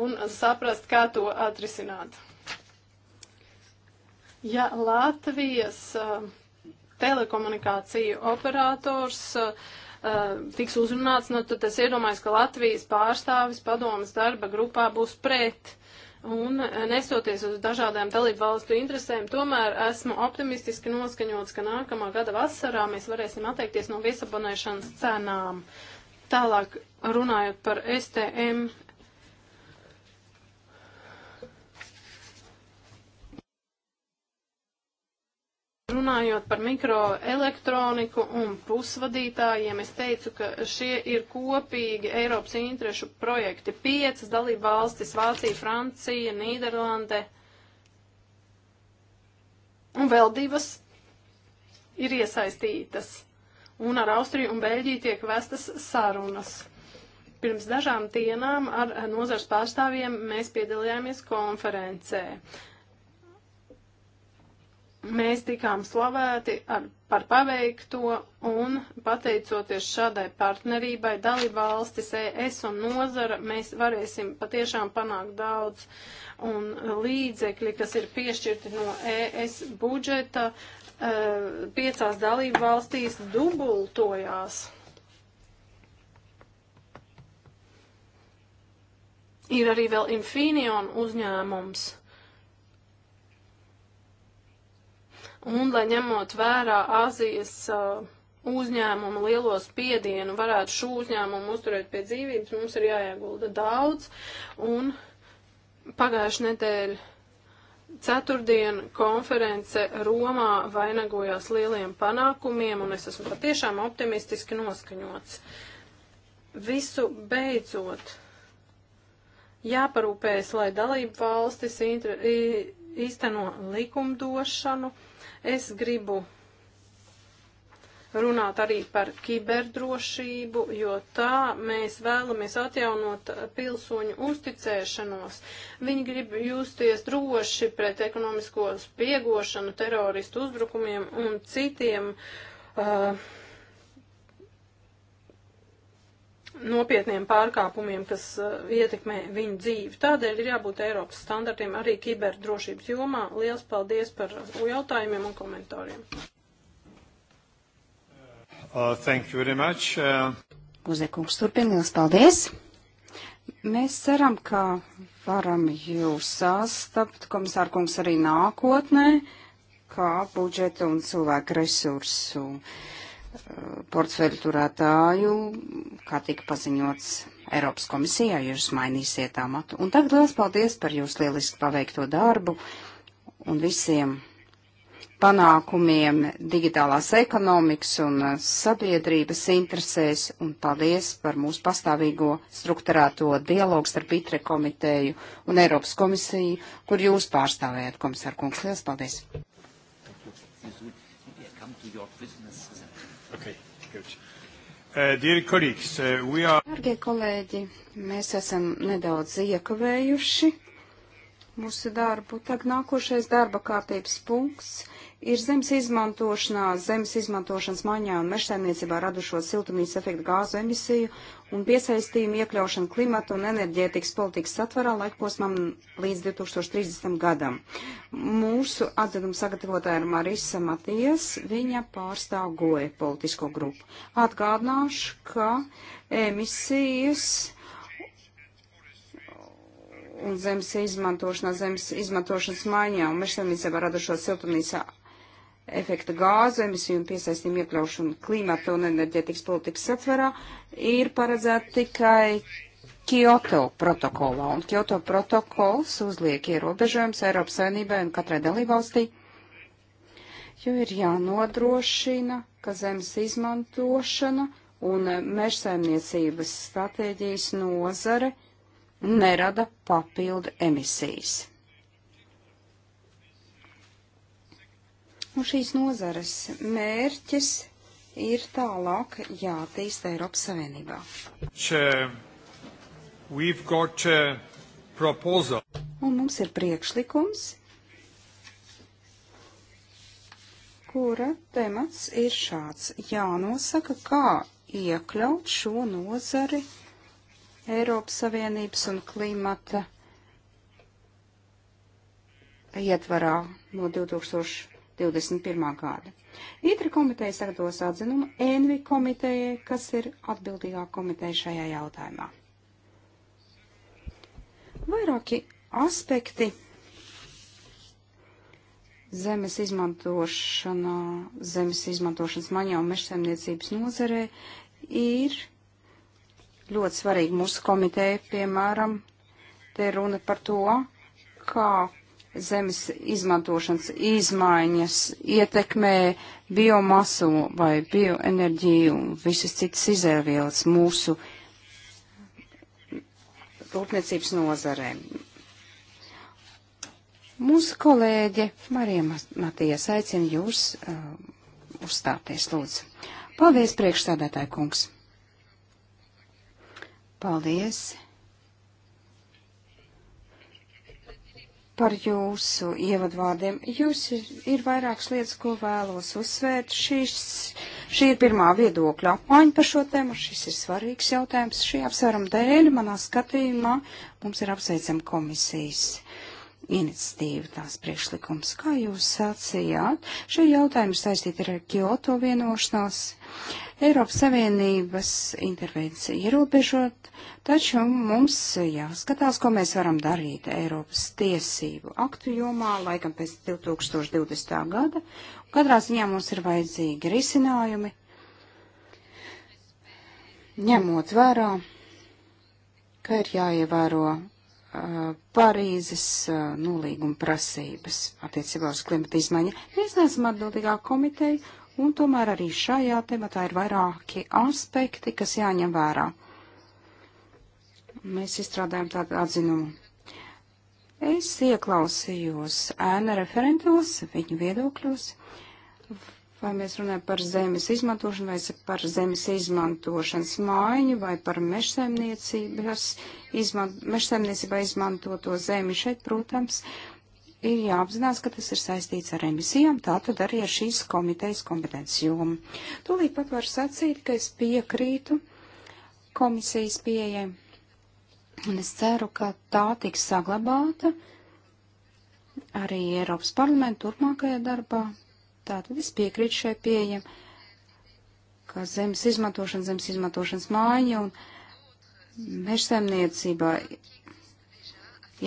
un saprast, kā to atrisināt. Ja Latvijas uh, telekomunikāciju operators uh, Uh, tiks uzrunāts, nu, tad es iedomājos, ka Latvijas pārstāvis padomas darba grupā būs pret. Un uh, nesoties uz dažādām dalību valstu interesēm, tomēr esmu optimistiski noskaņots, ka nākamā gada vasarā mēs varēsim atteikties no viesabonēšanas cenām. Tālāk runājot par STM Runājot par mikroelektroniku un pusvadītājiem, es teicu, ka šie ir kopīgi Eiropas interešu projekti. Piecas dalība valstis - Vācija, Francija, Nīderlande un vēl divas ir iesaistītas. Un ar Austriju un Beļģiju tiek vestas sarunas. Pirms dažām dienām ar nozars pārstāvjiem mēs piedalījāmies konferencē. Uh, mēs tikām slavēti ar, par paveikto un pateicoties šādai partnerībai dalībvalstis ES un nozara, mēs varēsim patiešām panākt daudz un līdzekļi, kas ir piešķirti no ES budžeta, eh, piecās dalībvalstīs dubultojās. Ir arī vēl Infineon uzņēmums. Uh, Un, lai ņemot vērā Azijas uh, uzņēmumu lielo spiedienu, varētu šo uzņēmumu uzturēt pie dzīvības, mums ir jāiegulda daudz. Un pagājuši nedēļ ceturtdien konference Romā vainagojās lieliem panākumiem, un es esmu patiešām optimistiski noskaņots. Visu beidzot jāparūpējas, lai dalību valstis īsteno likumdošanu Es gribu runāt arī par kiberdrošību, jo tā mēs vēlamies atjaunot pilsoņu uzticēšanos. Viņi grib justies droši pret ekonomisko spiegošanu, teroristu uzbrukumiem un citiem. Uh, nopietniem pārkāpumiem, kas eh, ietekmē viņu dzīvi. Tādēļ ir jābūt Eiropas standartiem arī kiberdrošības jomā. Liels paldies par jautājumiem un komentāriem. Uh, thank you very much. Uh... Uzekungs turpina, liels paldies. Mēs ceram, ka varam jūs sastapt, komisārkungs, arī nākotnē, kā budžeta un cilvēku resursu. Uh, portfeļu turētāju, kā tika paziņots Eiropas komisijā, jūs mainīsiet amatu. Un tagad liels paldies par jūsu lieliski paveikto darbu un visiem panākumiem digitālās ekonomikas un sabiedrības interesēs, un paldies par mūsu pastāvīgo strukturēto dialogu starp ITRE komiteju un Eiropas komisiju, kur jūs pārstāvējat, komisār kungs. Liels paldies! Thank you. Good. Dargie uh, uh are... kolēģi, mēs esam nedaudz iekavējuši mūsu darbu. Tagad nākošais darba kārtības punkts ir zemes izmantošanā, zemes izmantošanas maiņā un mežsaimniecībā radušo siltumnīca efektu gāzu emisiju un piesaistījumu iekļaušanu klimata un enerģētikas politikas satvarā laikposmam līdz 2030 gadam. Mūsu atzinuma sagatavotāja ir Marisa Matijas, viņa pārstāv goja politisko grupu. Atgādināšu, ka emisijas zemes izmantošanā, zemes izmantošanas maiņā un mežsaimniecībā radušo siltumnīca efekta gāzu emisiju un piesaistījumu iekļaušanu klimata un enerģētikas politikas satverā ir paredzēta tikai Kyoto protokolā. Un Kyoto protokols uzliek ierobežojums Eiropas saimnībai un katrai dalībvalstī, jo ir jānodrošina, ka zemes izmantošana un mežsaimniecības stratēģijas nozare – nerada papildu emisijas. Un šīs nozares mērķis ir tālāk jātīsta Eiropas Savienībā. Un mums ir priekšlikums, kura temats ir šāds. Jānosaka, kā iekļaut šo nozari Eiropas Savienības un klimata ietvarā no 2021. gada. Itra komiteja sagatavos atzinumu Envi komitejai, kas ir atbildīgā komiteja šajā jautājumā. Vairāki aspekti zemes izmantošanā, zemes izmantošanas maņā un mežsaimniecības nozarē ir ļoti svarīgi mūsu komiteja, piemēram, te runa par to, kā zemes izmantošanas izmaiņas ietekmē biomasu vai bioenerģiju un visas citas izēvielas mūsu rūpniecības nozarē. Mūsu kolēģe Marija Matijas aicina jūs uh, uzstāties, lūdzu. Paldies, priekšstādātāji kungs! Paldies par jūsu ievadvārdiem. Jūs ir, ir vairākas lietas, ko vēlos uzsvērt. Šis, šī ir pirmā viedokļa apmaiņa par šo tēmu. Šis ir svarīgs jautājums. Šī apsvēruma dēļ manā skatījumā mums ir apsveicama komisijas iniciatīva, tās priekšlikums. Kā jūs sacījāt, šie jautājumi saistīti ar Kyoto vienošanās, Eiropas Savienības intervencija ierobežot, taču mums jāskatās, ko mēs varam darīt Eiropas tiesību aktu jomā, laikam pēc 2020. gada. Katrā ziņā mums ir vajadzīgi risinājumi, ņemot vērā, ka ir jāievēro Parīzes nolīguma prasības attiecībā uz klimata izmaiņa. Mēs neesam atbildīgā komiteja, un tomēr arī šajā tematā ir vairāki aspekti, kas jāņem vērā. Mēs izstrādājam tādu atzinumu. Es ieklausījos ēna referentos, viņu viedokļos. Vai mēs runājam par zemes izmantošanu, vai par zemes izmantošanas mājiņu, vai par mežsaimniecības, izman, mežsaimniecībā izmantoto zemi šeit, protams, ir jāapzinās, ka tas ir saistīts ar emisijām, tā tad arī ar šīs komitejas kompetences jomu. Tūlīt pat var sacīt, ka es piekrītu komisijas pieejai, un es ceru, ka tā tiks saglabāta arī Eiropas parlamenta turpmākajā darbā, Tātad es piekrītu šai pieejam, ka zemes izmantošana, zemes izmantošanas māja un mežsaimniecībā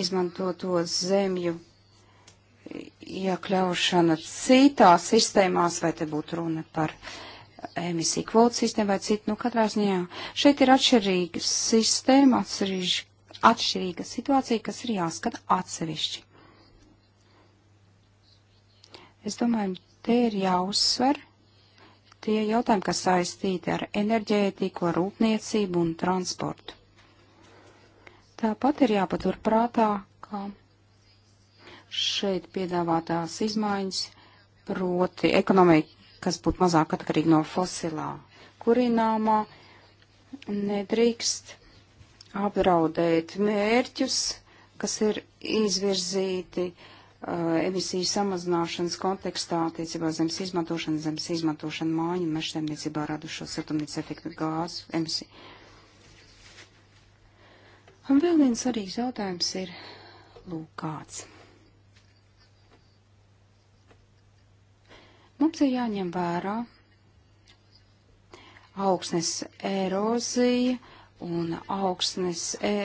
izmantoto zemju iekļaušana citās sistēmās, vai te būtu runa par emisiju kvotu sistēmu vai citu, nu katrā ziņā. Šeit ir atšķirīga sistēma, atšķirīga situācija, kas ir jāskata atsevišķi. Es domāju, Te ir jāuzsver tie jautājumi, kas saistīti ar enerģētiku, rūpniecību un transportu. Tāpat ir jāpatur prātā, ka šeit piedāvātās izmaiņas, proti ekonomika, kas būtu mazāk atkarīga no fosilā kurināmā, nedrīkst apdraudēt mērķus, kas ir izvirzīti uh, Uh, emisiju samazināšanas kontekstā, attiecībā zemes izmantošana, zemes izmantošana māju un mežsaimniecībā radušo siltumnīca efektu gāzu emisiju. Un vēl viens svarīgs jautājums ir lūk kāds. Mums ir jāņem vērā augsnes erozija un augsnes e,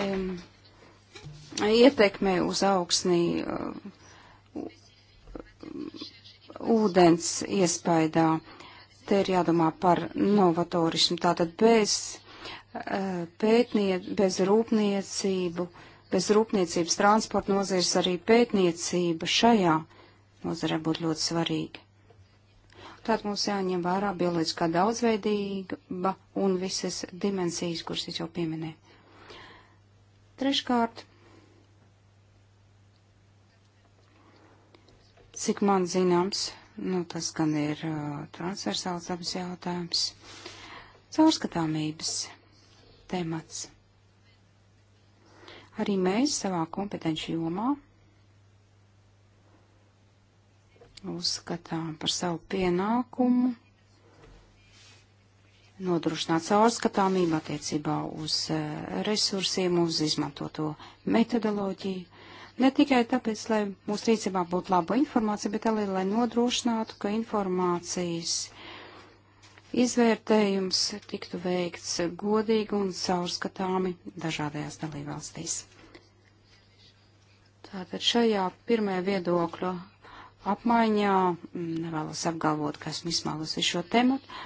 ietekme uz augsnī. Uh, ūdens iespaidā. Te ir jādomā par novatorismu, tātad bez eh, pētnie, bez rūpniecību, bez rūpniecības transporta nozīres arī pētniecība šajā nozarē būtu ļoti svarīga. Tātad mums jāņem vērā bioloģiskā daudzveidība un visas dimensijas, kuras es jau pieminēju. Treškārt, Cik man zināms, nu, tas gan ir uh, transversāls dabas jautājums. Caurskatāmības temats. Arī mēs savā kompetenci jomā uzskatām par savu pienākumu nodrošināt caurskatāmību attiecībā uz uh, resursiem, uz izmantoto metodoloģiju Ne tikai tāpēc, lai mūsu rīcībā būtu laba informācija, bet arī, lai nodrošinātu, ka informācijas izvērtējums tiktu veikts godīgi un caurskatāmi dažādajās dalībvalstīs. Tātad šajā pirmajā viedokļa apmaiņā mm, nevēlos apgalvot, ka esmu izsmēlusi šo tematu.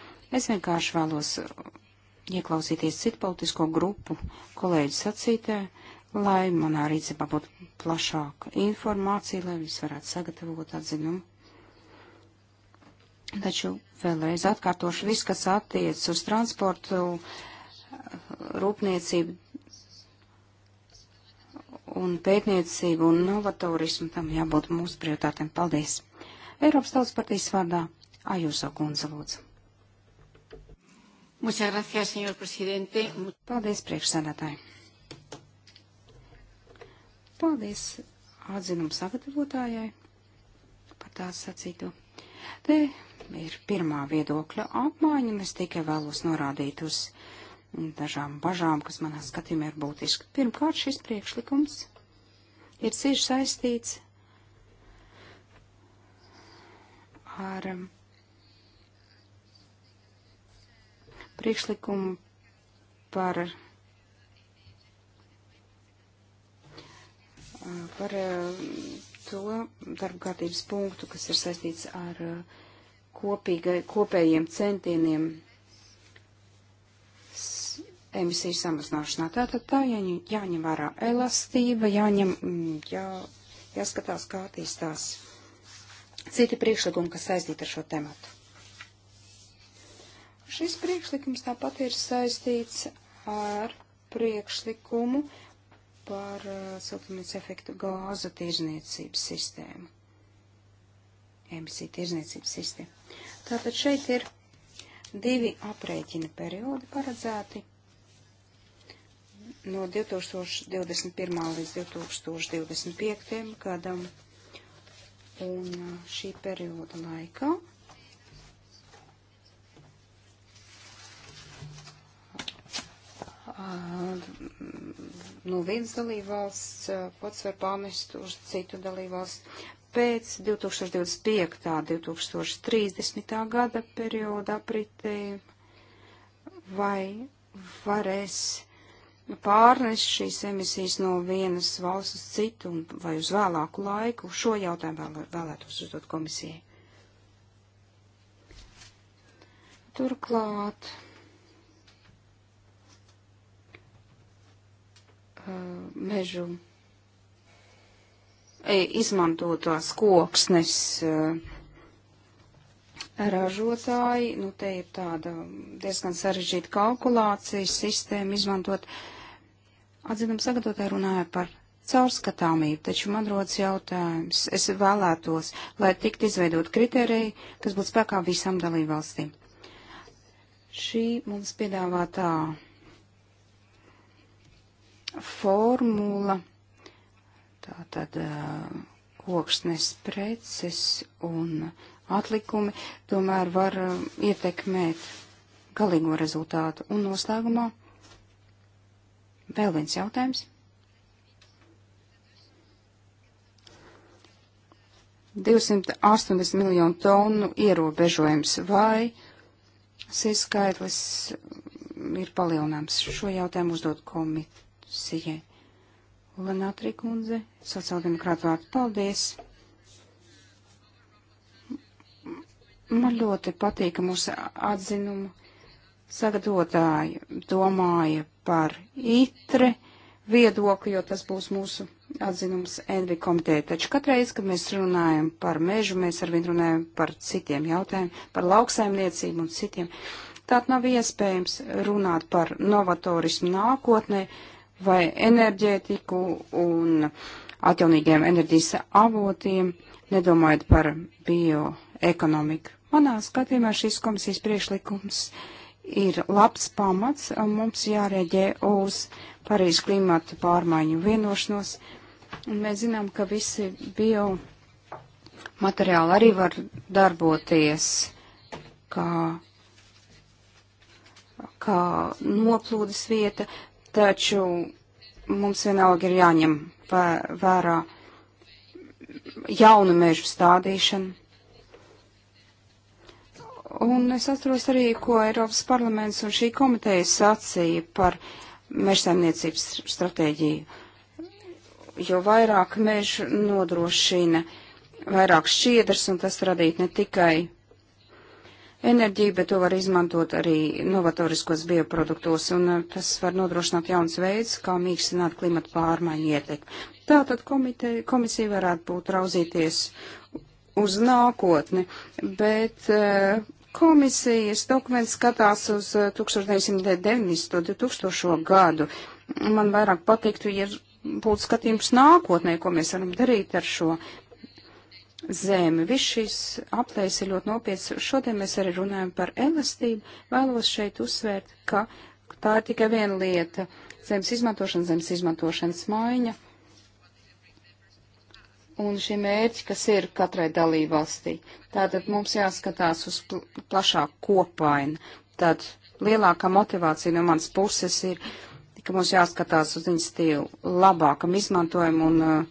Es vienkārši vēlos ieklausīties citu politisko grupu kolēģu sacītē lai manā rīcībā būtu plašāka informācija, lai jūs varētu sagatavot atzinumu. Taču vēlreiz atkārtošu, viss, kas attiec uz transportu, rūpniecību un pētniecību un novatorismu, tam jābūt mūsu prioritātēm. Paldies! Eiropas Tautas partijas vārdā Ajuso kundze lūdzu. Muchas gracias, señor presidente. Paldies, priekšsēdētāji. Paldies atzinumu sagatavotājai par tās sacīto. Te ir pirmā viedokļa apmaiņa, un es tikai vēlos norādīt uz dažām bažām, kas manā skatījumā ir būtiski. Pirmkārt, šis priekšlikums ir cieši saistīts ar um, priekšlikumu par par eh, to darba kārtības punktu, kas ir saistīts ar eh, kopīgai, kopējiem centieniem emisiju samazināšanā. Tātad tā jāņem, jāņem vērā elastība, jāņem, mm, jā, jāskatās, kā attīstās citi priekšlikumi, kas saistīti ar šo tematu. Šis priekšlikums tāpat ir saistīts ar priekšlikumu par eh, siltumnīca efektu gāzu tirzniecības sistēmu. Emisiju tirzniecības sistēmu. Tātad šeit ir divi aprēķina periodi paredzēti no 2021. līdz 2025. gadam. Un eh, šī perioda laikā no nu, vienas dalībvalsts pats var pamest uz citu dalībvalsts. Pēc 2025. 2030. gada perioda apritē vai varēs pārnest šīs emisijas no vienas valsts uz citu vai uz vēlāku laiku, šo jautājumu vēl, vēlētos uzdot komisijai. Turklāt. Uh, mežu e, izmantotās koksnes uh, ražotāji, nu te ir tāda diezgan sarežģīta kalkulācijas sistēma izmantot. Atzinam sagatavotāji runāja par caurskatāmību, taču man rodas jautājums. Es vēlētos, lai tiktu izveidot kriteriju, kas būtu spēkā visam dalībvalstīm. Šī mums piedāvātā formula, tātad koksnes preces un atlikumi, tomēr var ietekmēt galīgo rezultātu. Un noslēgumā vēl viens jautājums. 280 miljonu tonu ierobežojums vai šis skaitlis ir palielināms? Šo jautājumu uzdot komiteja. Sijai. Lanā Trikundze, sociāldemokrāta vārdu, paldies! Man ļoti patīk, ka mūsu atzinumu sagatavotāji domāja par itre viedokli, jo tas būs mūsu atzinums Envi komiteja. Taču katreiz, kad mēs runājam par mežu, mēs arvien runājam par citiem jautājumiem, par lauksaimniecību un citiem. Tātad nav iespējams runāt par novatorismu nākotnē, vai enerģētiku un atjaunīgiem enerģijas avotiem, nedomājot par bioekonomiku. Manā skatījumā šīs komisijas priekšlikums ir labs pamats, un mums jārēģē uz Parīzes klimata pārmaiņu vienošanos. Un mēs zinām, ka visi biomateriāli arī var darboties kā, kā noplūdes vieta, taču mums vienalga ir jāņem vērā jaunu mežu stādīšanu. Un es atceros arī, ko Eiropas parlaments un šī komiteja sacīja par mežsaimniecības stratēģiju. Jo vairāk mežu nodrošina, vairāk šķiedrs, un tas radīt ne tikai enerģiju, bet to var izmantot arī novatoriskos bioproduktos, un uh, tas var nodrošināt jauns veids, kā mīkstināt klimata pārmaiņu ietekmi. Tātad komite, komisija varētu būt rauzīties uz nākotni, bet uh, komisijas dokuments skatās uz 1990. Uh, 2000. gadu. Man vairāk patiktu, ja būtu skatījums nākotnē, ko mēs varam darīt ar šo zemi. Viss šis aplēs ir ļoti nopietns. Šodien mēs arī runājam par elastību. Vēlos šeit uzsvērt, ka tā ir tikai viena lieta - zemes izmantošana, zemes izmantošanas maiņa. Un šie mērķi, kas ir katrai dalībvalstī. Tātad mums jāskatās uz pl plašāku kopainu. Tad lielākā motivācija no manas puses ir, ka mums jāskatās uz viņas stīvu labākam izmantojumam un uh,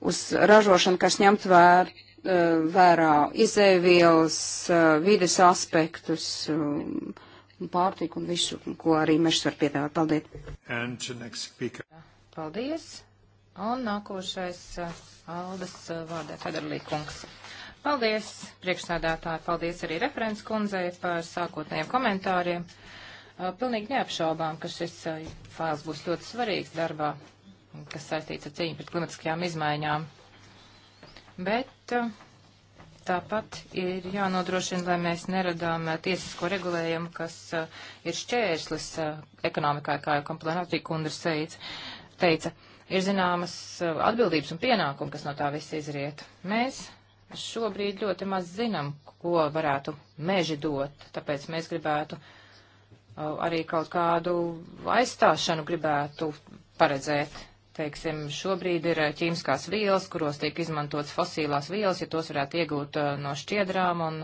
uz ražošanu, kas ņemt vēr, eh, vērā izēvielas, eh, vides aspektus, eh, pārtiku un visu, ko arī mežs var piedāvāt. Paldies! Paldies! Un nākošais Aldas vārdā Federlī kungs. Paldies, priekšsēdētāji, paldies arī referents kundzei par sākotnējiem komentāriem. Pilnīgi neapšaubām, ka šis fails būs ļoti svarīgs darbā kas saistīts ar cīņu pret klimatiskajām izmaiņām. Bet eh, tāpat ir jānodrošina, lai mēs neradām eh, tiesisko regulējumu, kas eh, ir šķērslis ekonomikai, kā jau komplēnātī kundrs teica. Ir zināmas atbildības un pienākumi, kas no tā viss izriet. Mēs šobrīd ļoti maz zinām, ko varētu meži dot, tāpēc mēs gribētu arī kaut kādu aizstāšanu gribētu paredzēt. Teiksim, šobrīd ir eh, ķīmiskās vielas, kuros tiek izmantotas fosīlās vielas, ja tos varētu iegūt eh, no šķiedrām un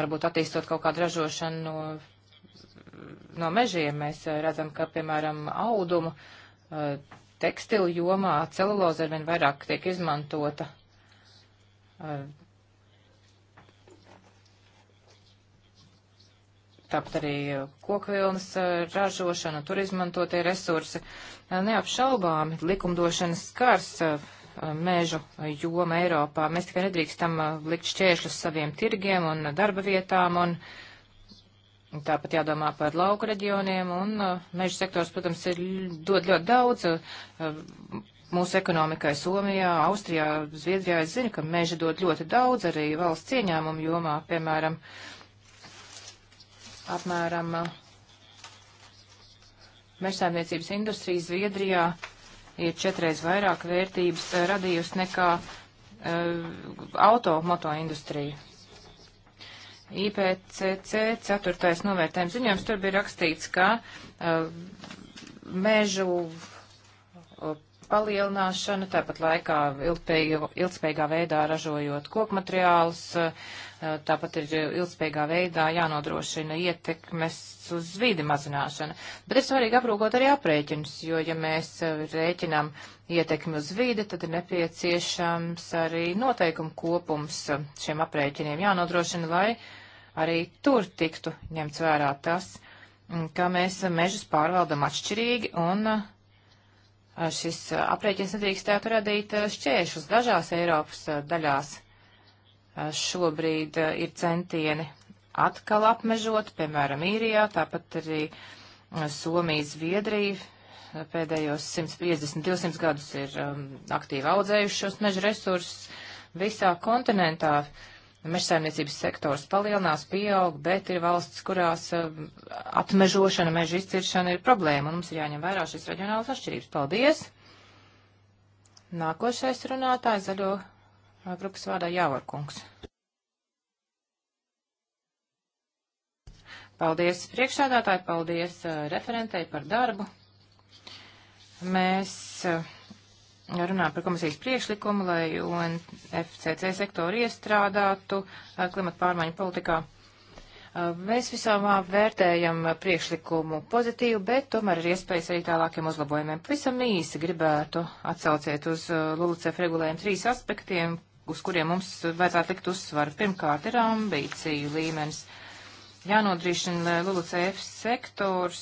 varbūt attīstot kaut kādu ražošanu no, no mežiem. Mēs eh, redzam, ka, piemēram, audumu tekstilu jomā celuloze arvien vairāk tiek izmantota tapt arī uh, kokvilnas uh, ražošana, tur izmantotie resursi. Uh, neapšaubāmi likumdošanas skars mēžu joma Eiropā. Mēs tikai nedrīkstam likt šķēršļus saviem tirgiem un darba vietām un Tāpat jādomā par lauku reģioniem, un uh, meža sektors, protams, ir dod ļoti daudz uh, mūsu ekonomikai Somijā, Austrijā, Zviedrijā. Es zinu, ka meža dod ļoti daudz arī valsts ieņēmumu jomā, piemēram, uh, apmēram eh, mežsēmniecības industrija Zviedrijā ir četreiz vairāk vērtības eh, radījusi nekā uh, eh, automoto industrija. IPCC ceturtais novērtējums ziņojums tur bija rakstīts, ka uh, mežu uh, palielināšana, tāpat laikā ilgspējīgā veidā ražojot kokmateriālus, uh, Tāpat ir ilgspējīgā veidā jānodrošina ietekmes uz vidi mazināšana. Bet ir svarīgi aprūkot arī aprēķinus, jo ja mēs eh, rēķinām ietekmi uz vidi, tad ir nepieciešams arī noteikumu kopums eh, šiem aprēķiniem jānodrošina, lai arī tur tiktu ņemts vērā tas, mm, ka mēs mežus pārvaldam atšķirīgi un eh, šis aprēķins nedrīkstētu radīt šķēršus dažās Eiropas daļās Eh, šobrīd eh, ir centieni atkal apmežot, piemēram, īrijā, tāpat arī eh, Somija, Zviedrija. Pēdējos 150-200 gadus ir um, aktīvi audzējušos meža resursus visā kontinentā. Mežsaimniecības sektors palielinās, pieaug, bet ir valsts, kurās uh, atmežošana, meža izciršana ir problēma, un mums ir jāņem vērā šīs reģionālas atšķirības. Paldies! Nākošais runātājs zaļo grupas vārdā Jāvarkungs. Paldies priekšsādātāji, paldies referentei par darbu. Mēs runājam par komisijas priekšlikumu, lai UNFCC sektoru iestrādātu klimata pārmaiņu politikā. Mēs visām vērtējam priekšlikumu pozitīvu, bet tomēr ir iespējas arī tālākiem uzlabojumiem. Pavisam īsi gribētu atsauciet uz LULUCEF regulējumu trīs aspektiem, uz kuriem mums vajadzētu likt uzsvaru. Pirmkārt, ir ambīciju līmenis. Jānodrošina LULUCF sektors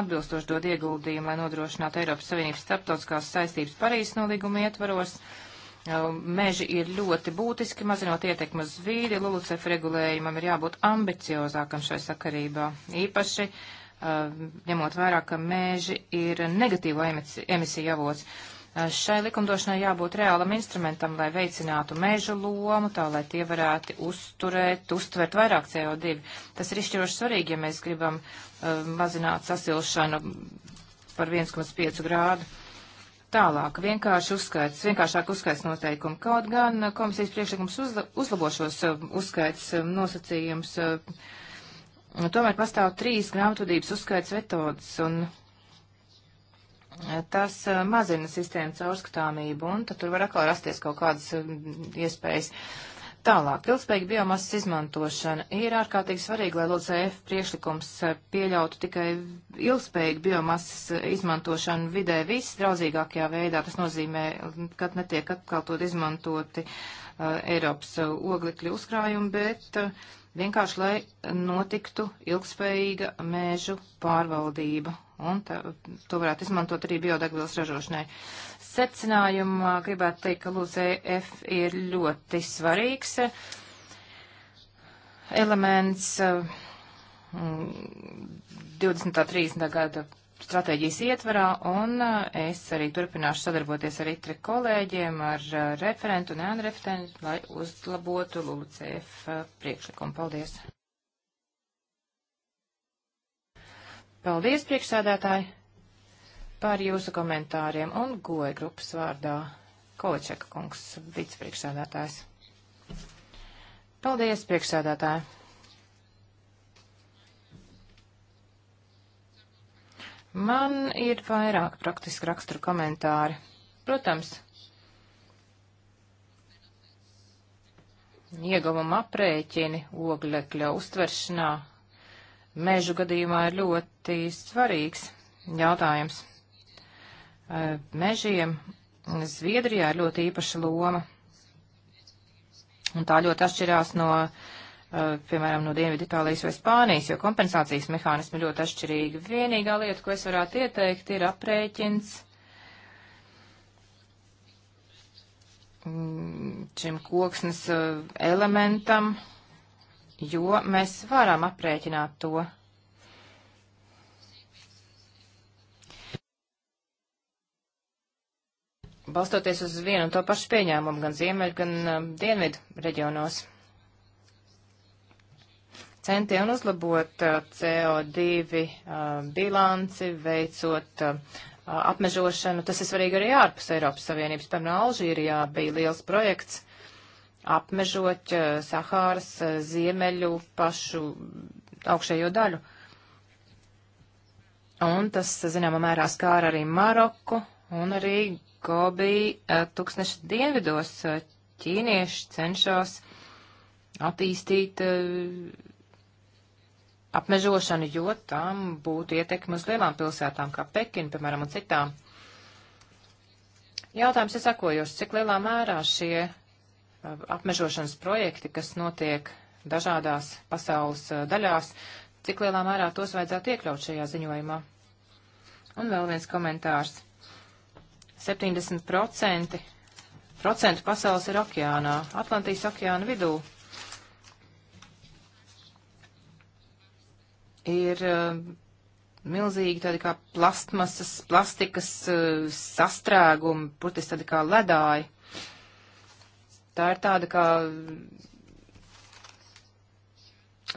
atbilstoši dod ieguldījumu, lai nodrošinātu Eiropas Savienības starptautiskās saistības Parīzes nolīguma ietvaros. Meži ir ļoti būtiski, mazinot ietekmi uz vīdi. LULUCF regulējumam ir jābūt ambiciozākam šai sakarībā. Īpaši uh, ņemot vērā, ka meži ir negatīvo emisiju avots. Emisiju Eh, šai likumdošanai jābūt reālam instrumentam, lai veicinātu mežu lomu, tā lai tie varētu uzturēt, uztvert vairāk CO2. Tas ir izšķiroši svarīgi, ja mēs gribam uh, mazināt sasilšanu par 1,5 grādu. Tālāk, vienkārši uzskaits, vienkāršāk uzskaits noteikumi. Kaut gan komisijas priekšlikums uzla, uzlabo šos eh, uzskaits nosacījums, tomēr pastāv trīs grāmatvedības uzskaits metodas, un tas eh, mazina sistēmu caurskatāmību, un tad tur var atkal rasties kaut kādas eh, iespējas. Tālāk, ilgspējīga biomasas izmantošana ir ārkārtīgi svarīga, lai LCF priekšlikums eh, pieļautu tikai ilgspējīgu biomasas izmantošanu vidē visdraudzīgākajā veidā. Tas nozīmē, kad netiek atkārtot izmantoti uh, Eiropas uh, oglikļu uzkrājumi, bet uh, vienkārši, lai notiktu ilgspējīga mēžu pārvaldība un tā, to varētu izmantot arī biodegvielas ražošanai. Secinājumā gribētu teikt, ka LUZEF ir ļoti svarīgs eh, elements 20. Eh, 30. Mm, gada stratēģijas ietvarā, un eh, es arī turpināšu sadarboties ar itri kolēģiem, ar referentu un ēnu referentu, lai uzlabotu LULCF priekšlikumu. Paldies! Paldies, priekšsēdētāji, par jūsu komentāriem un goja grupas vārdā Količeka kungs, vicepriekšsēdētājs. Paldies, priekšsēdētāji. Man ir vairāk praktiski raksturu komentāri. Protams, ieguvuma aprēķini oglekļa uztveršanā mežu gadījumā ir ļoti svarīgs jautājums. Mežiem Zviedrijā ir ļoti īpaša loma, un tā ļoti atšķirās no, piemēram, no Dienvidu Itālijas vai Spānijas, jo kompensācijas mehānismi ļoti atšķirīgi. Vienīgā lieta, ko es varētu ieteikt, ir aprēķins šim koksnes elementam, jo mēs varam aprēķināt to. Balstoties uz vienu un to pašu pieņēmumu gan ziemeļu, gan uh, dienvidu reģionos. Centieni uzlabot uh, CO2 uh, bilanci, veicot uh, apmežošanu, tas ir svarīgi arī ārpus Eiropas Savienības. Piemēram, Alžīrijā bija liels projekts apmežot eh, Sahāras eh, ziemeļu pašu augšējo daļu. Un tas, zināmā mērā, skāra arī Maroku un arī Gobi eh, tūkstneša dienvidos. Ķīnieši cenšas attīstīt apmežošanu, jo tam būtu ietekme uz lielām pilsētām, kā Pekina, piemēram, un citām. Jautājums ir sakojošs, cik lielā mērā šie apmežošanas projekti, kas notiek dažādās pasaules eh, daļās, cik lielā mērā tos vajadzētu iekļaut šajā ziņojumā. Un vēl viens komentārs. 70% procentu pasaules ir okeānā, Atlantijas okeāna vidū. Ir uh, milzīgi tādi kā plastmasas, plastikas uh, sastrēgumi, putis tādi kā ledāji. Tā ir tāda kā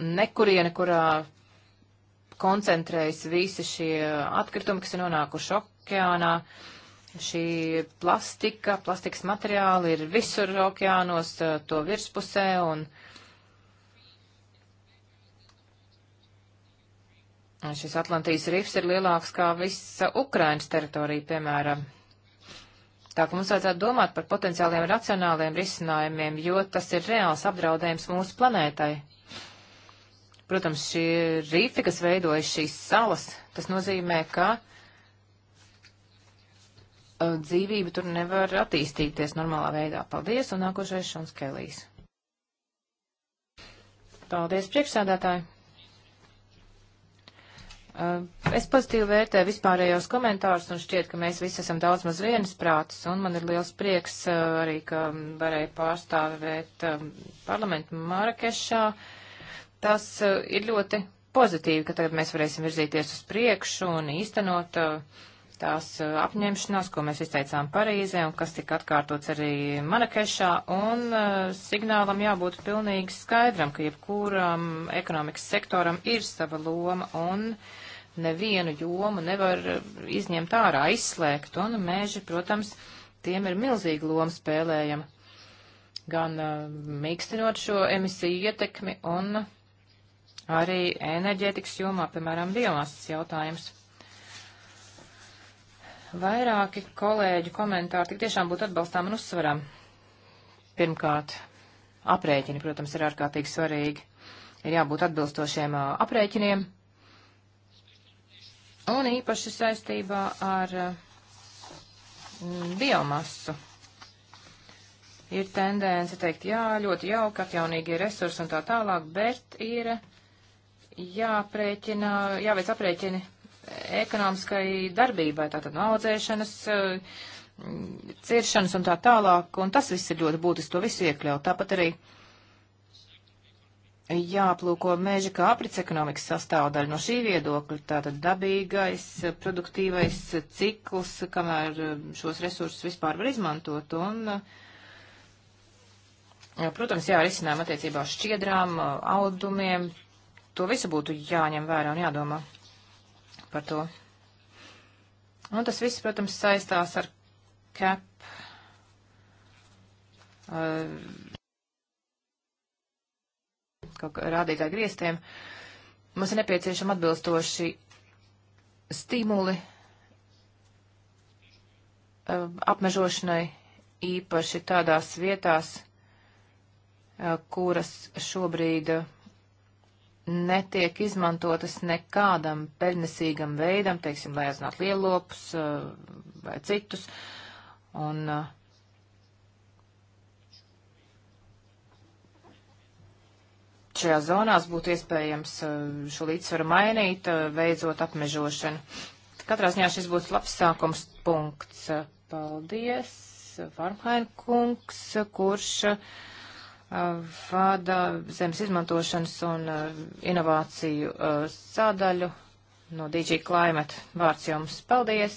nekuriena, kurā koncentrējas visi šie atkritumi, kas ir nonākuši okeānā. Šī plastika, plastikas materiāli ir visur okeānos, to virspusē un šis Atlantijas rifs ir lielāks kā visa Ukrainas teritorija, piemēram. Tā ka mums vajadzētu domāt par potenciāliem racionāliem risinājumiem, jo tas ir reāls apdraudējums mūsu planētai. Protams, šī rifi, kas veidojas šīs salas, tas nozīmē, ka uh, dzīvība tur nevar attīstīties normālā veidā. Paldies, un nākošais Šons Kelijs. Paldies, priekšsēdētāji! Uh, es pozitīvi vērtēju vispārējos komentārus un šķiet, ka mēs visi esam daudz maz viensprātis un man ir liels prieks uh, arī, ka varēju pārstāvēt um, parlamentu Marakešā. Tas uh, ir ļoti pozitīvi, ka tagad mēs varēsim virzīties uz priekšu un īstenot uh, tās eh, apņemšanās, ko mēs izteicām Parīzē un kas tika atkārtots arī Manakešā, un eh, signālam jābūt pilnīgi skaidram, ka jebkuram ekonomikas sektoram ir sava loma un nevienu jomu nevar eh, izņemt ārā, izslēgt, un mēži, protams, tiem ir milzīga loma spēlējama, gan mīkstinot šo emisiju ietekmi un arī enerģētikas jomā, piemēram, biomasas jautājums. Vairāki kolēģu komentāri tik tiešām būtu atbalstām un uzsvaram. Pirmkārt, aprēķini, protams, ir ārkārtīgi svarīgi. Ir jābūt atbilstošiem aprēķiniem. Un īpaši saistībā ar biomasu. Ir tendence teikt, jā, ļoti jauki, atjaunīgie resursi un tā tālāk, bet ir jāprēķina, jāveic aprēķini ekonomiskai darbībai, tātad no audzēšanas, eh, ciršanas un tā tālāk, un tas viss ir ļoti būtiski to visu iekļaut. Tāpat arī jāaplūko meža kā aprits ekonomikas sastāvdaļa no šī viedokļa, tātad dabīgais, produktīvais cikls, kamēr eh, šos resursus vispār var izmantot. Un, eh, protams, jā, risinājumi attiecībā uz šķiedrām, audumiem, to visu būtu jāņem vērā un jādomā par to. Un tas viss, protams, saistās ar CAP. Eh, kaut kā rādītāju griestiem. Mums ir nepieciešama atbilstoši stimuli eh, apmežošanai īpaši tādās vietās, eh, kuras šobrīd netiek izmantotas nekādam peļnesīgam veidam, teiksim, lai aizinātu lielopus eh, vai citus. Un, eh, Šajā zonās būtu iespējams eh, šo līdzsvaru mainīt, veidzot apmežošanu. Katrā ziņā šis būs labs sākums punkts. Paldies, Varmhain kungs, kurš uh, vada zemes izmantošanas un eh, inovāciju eh, sādaļu no DG Climate. Vārds jums paldies!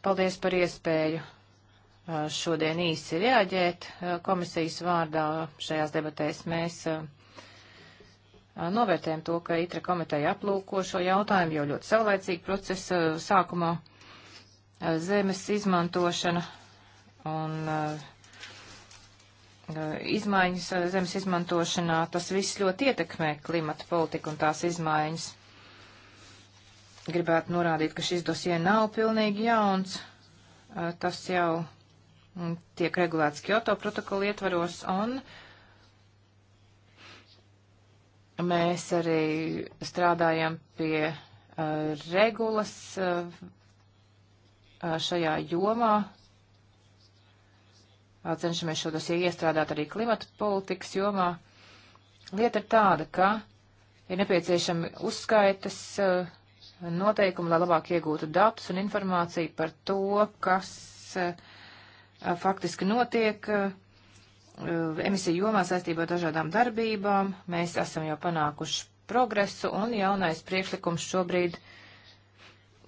Paldies par iespēju eh, šodien īsi reaģēt komisijas vārdā šajās debatēs. Mēs novērtējam to, ka ITRA komiteja aplūko šo jautājumu jau ļoti saulaicīgi procesa sākumā zemes izmantošana un uh, Eh, izmaiņas eh, zemes izmantošanā, tas viss ļoti ietekmē klimata politiku un tās izmaiņas. Gribētu norādīt, ka šis dosie nav pilnīgi jauns. Eh, tas jau mm, tiek regulēts Kyoto protokola ietvaros un mēs arī strādājam pie regulas šajā jomā, cenšamies šo dosiju iestrādāt arī klimata politikas jomā. Lieta ir tāda, ka ir nepieciešami uzskaitas eh, noteikumi, lai labāk iegūtu datus un informāciju par to, kas eh, faktiski notiek eh, emisiju jomā saistībā ar dažādām darbībām. Mēs esam jau panākuši progresu un jaunais priekšlikums šobrīd uh,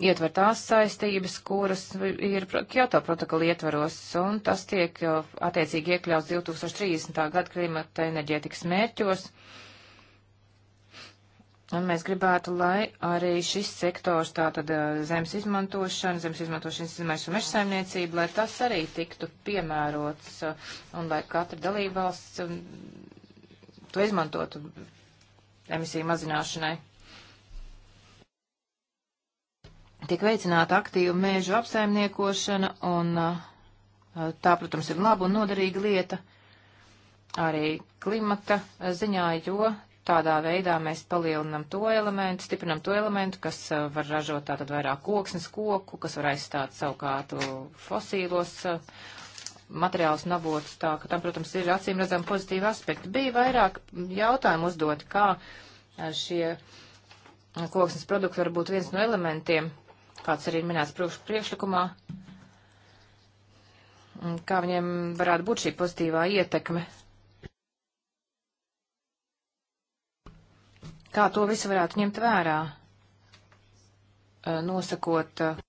ietver tās saistības, kuras ir Kyoto protokola ietvaros, un tas tiek attiecīgi iekļauts 2030. gada klimata enerģētikas mērķos. Un mēs gribētu, lai arī šis sektors, tātad eh, zemes izmantošana, zemes izmantošanas izmērs un mežsaimniecība, lai tas arī tiktu piemērots eh, un lai katra dalībvalsts mm, to izmantotu emisiju mazināšanai. tiek veicināta aktīva mēžu apsaimniekošana, un uh, tā, protams, ir laba un noderīga lieta arī klimata ziņā, jo tādā veidā mēs palielinam to elementu, stiprinam to elementu, kas uh, var ražot tātad vairāk koksnes koku, kas var aizstāt savukārt fosīlos uh, materiāls nabots, tā ka tam, protams, ir acīm redzam pozitīvi aspekti. Bija vairāk jautājumu uzdot, kā šie koksnes produkti var būt viens no elementiem kāds arī minēts priekšlikumā, kā viņiem varētu būt šī pozitīvā ietekme. Kā to visu varētu ņemt vērā, eh, nosakot eh,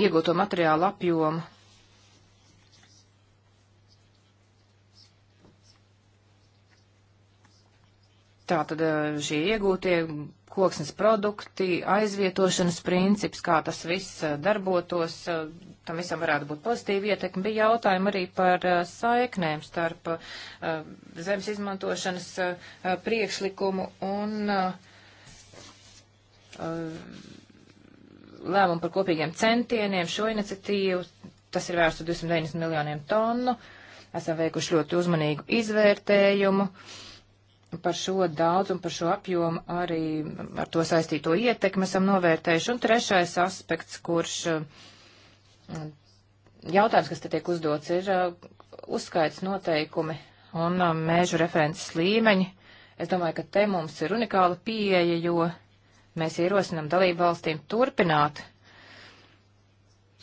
iegūto materiālu apjomu Tātad eh, šie iegūtie koksnes produkti, aizvietošanas princips, kā tas viss eh, darbotos, eh, tam visam varētu būt pozitīva ietekme. Bija jautājumi arī par saiknēm starp zemes izmantošanas priekšlikumu un lēmumu par kopīgiem centieniem šo iniciatīvu. Tas ir vērsts 290 miljoniem tonu. Esam veikuši ļoti uzmanīgu izvērtējumu. Uh, par šo daudzumu, par šo apjomu, arī ar to saistīto ietekmi esam novērtējuši. Un trešais aspekts, kurš eh, jautājums, kas te tiek uzdots, ir eh, uzskaits noteikumi un eh, mēžu references līmeņi. Es domāju, ka te mums ir unikāla pieeja, jo mēs ierosinam dalību valstīm turpināt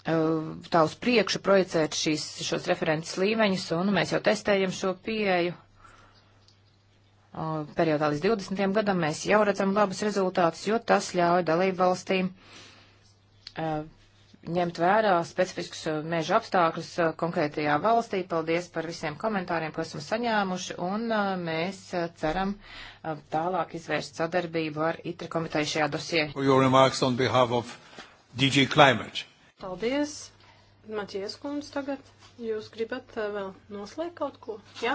tā uz priekšu projicēt šīs, šos references līmeņus, un mēs jau testējam šo pieeju periodā līdz 20. gadam mēs jau redzam labus rezultātus, jo tas ļauj dalību valstīm e, ņemt vērā specifiskus e, meža apstākļus e, konkrētajā valstī. Paldies par visiem komentāriem, ko esam saņēmuši, un mēs ceram tālāk izvērst sadarbību ar ITRA komiteju šajā dosie. Paldies, Maķieskundze tagad. Jūs gribat eh, vēl noslēgt kaut ko? Jā?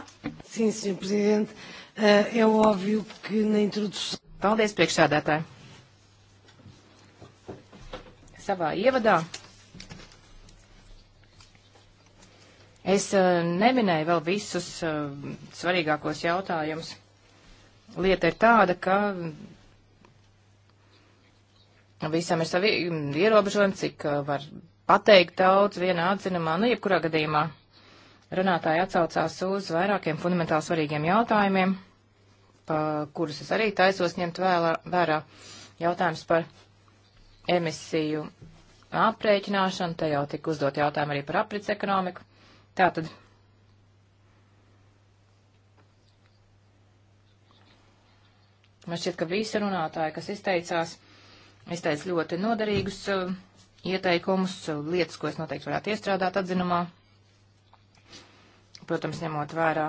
Sim, sim, prezident. Eh, é óbvio que na introdução. Paldies, priekšsādātāji. Savā ievadā es eh, neminēju vēl visus svarīgākos jautājumus. Lieta ir tāda, ka visam ir savi mm, ierobežojumi, cik var pateikt daudz vienā atzinumā, nu, jebkurā gadījumā. Runātāji atsaucās uz vairākiem fundamentāli svarīgiem jautājumiem, pa, kurus es arī taisos ņemt vēlā, vērā. Jautājums par emisiju aprēķināšanu, te jau tika uzdot jautājumu arī par aprits ekonomiku. Tātad Man šķiet, ka visi runātāji, kas izteicās, izteica ļoti noderīgus uh, ieteikumus, lietas, ko es noteikti varētu iestrādāt atzinumā. Protams, ņemot vērā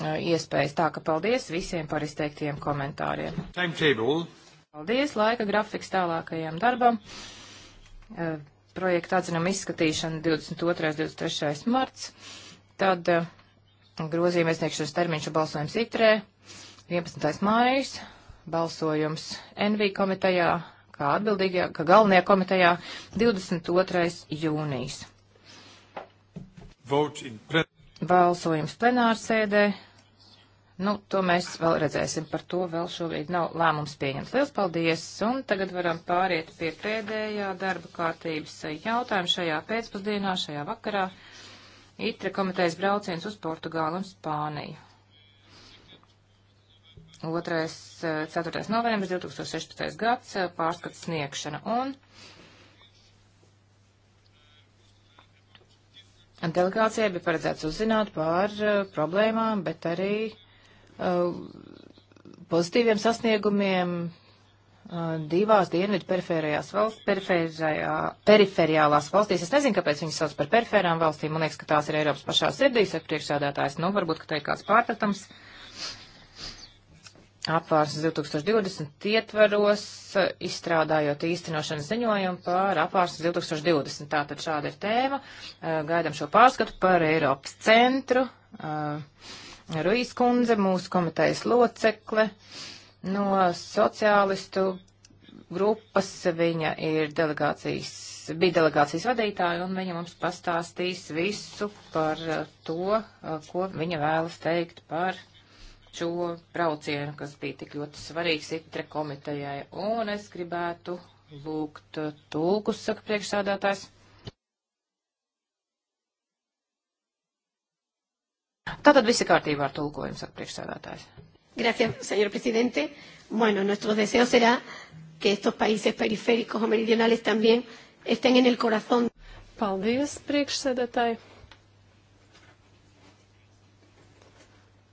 iespējas tā, ka paldies visiem par izteiktiem komentāriem. Paldies laika grafiks tālākajam darbam. Projekta atzinuma izskatīšana 22. 23. marts. Tad grozījuma iesniegšanas termiņš un balsojums itrē 11. mājas, balsojums NV komitejā kā atbildīgajā, kā galvenajā komitejā 22. jūnijas. Balsojums plenārsēdē. Nu, to mēs vēl redzēsim, par to vēl šobrīd nav lēmums pieņemts. Liels paldies, un tagad varam pāriet pie pēdējā darba kārtības jautājuma šajā pēcpusdienā, šajā vakarā. Itra komitejas brauciens uz Portugālu un Spāniju. 2. 4. Eh, novembris 2016. gads eh, pārskats sniegšana un delegācijai bija paredzēts uzzināt par eh, problēmām, bet arī uh, pozitīviem sasniegumiem uh, divās dienvidu perifērajās valsts, perifērijā, perifērijālās valstīs. Es nezinu, kāpēc viņas sauc par perifērām valstīm. Man liekas, ka tās ir Eiropas pašā sirdī, saka priekšsādātājs. Nu, varbūt, ka te ir kāds pārpratums. Uh, apvārsnes 2020 ietvaros, eh, izstrādājot īstenošanas ziņojumu par apvārsnes 2020. Tātad šāda ir tēma. Eh, Gaidam šo pārskatu par Eiropas centru. Eh, Ruijas kundze, mūsu komitejas locekle no sociālistu grupas, viņa ir delegācijas, bija delegācijas vadītāja, un viņa mums pastāstīs visu par to, ko viņa vēlas teikt par šo braucienu, kas bija tik ļoti svarīgs itre komitejai. Un es gribētu lūgt tulkus, saka priekšsādātājs. Tātad visi kārtībā ar tulkojumu, saka priekšsādātājs. Gracias, señor presidente. Bueno, nuestro deseo será que estos países periféricos o meridionales también estén en el corazón. Paldies, priekšsēdētāji.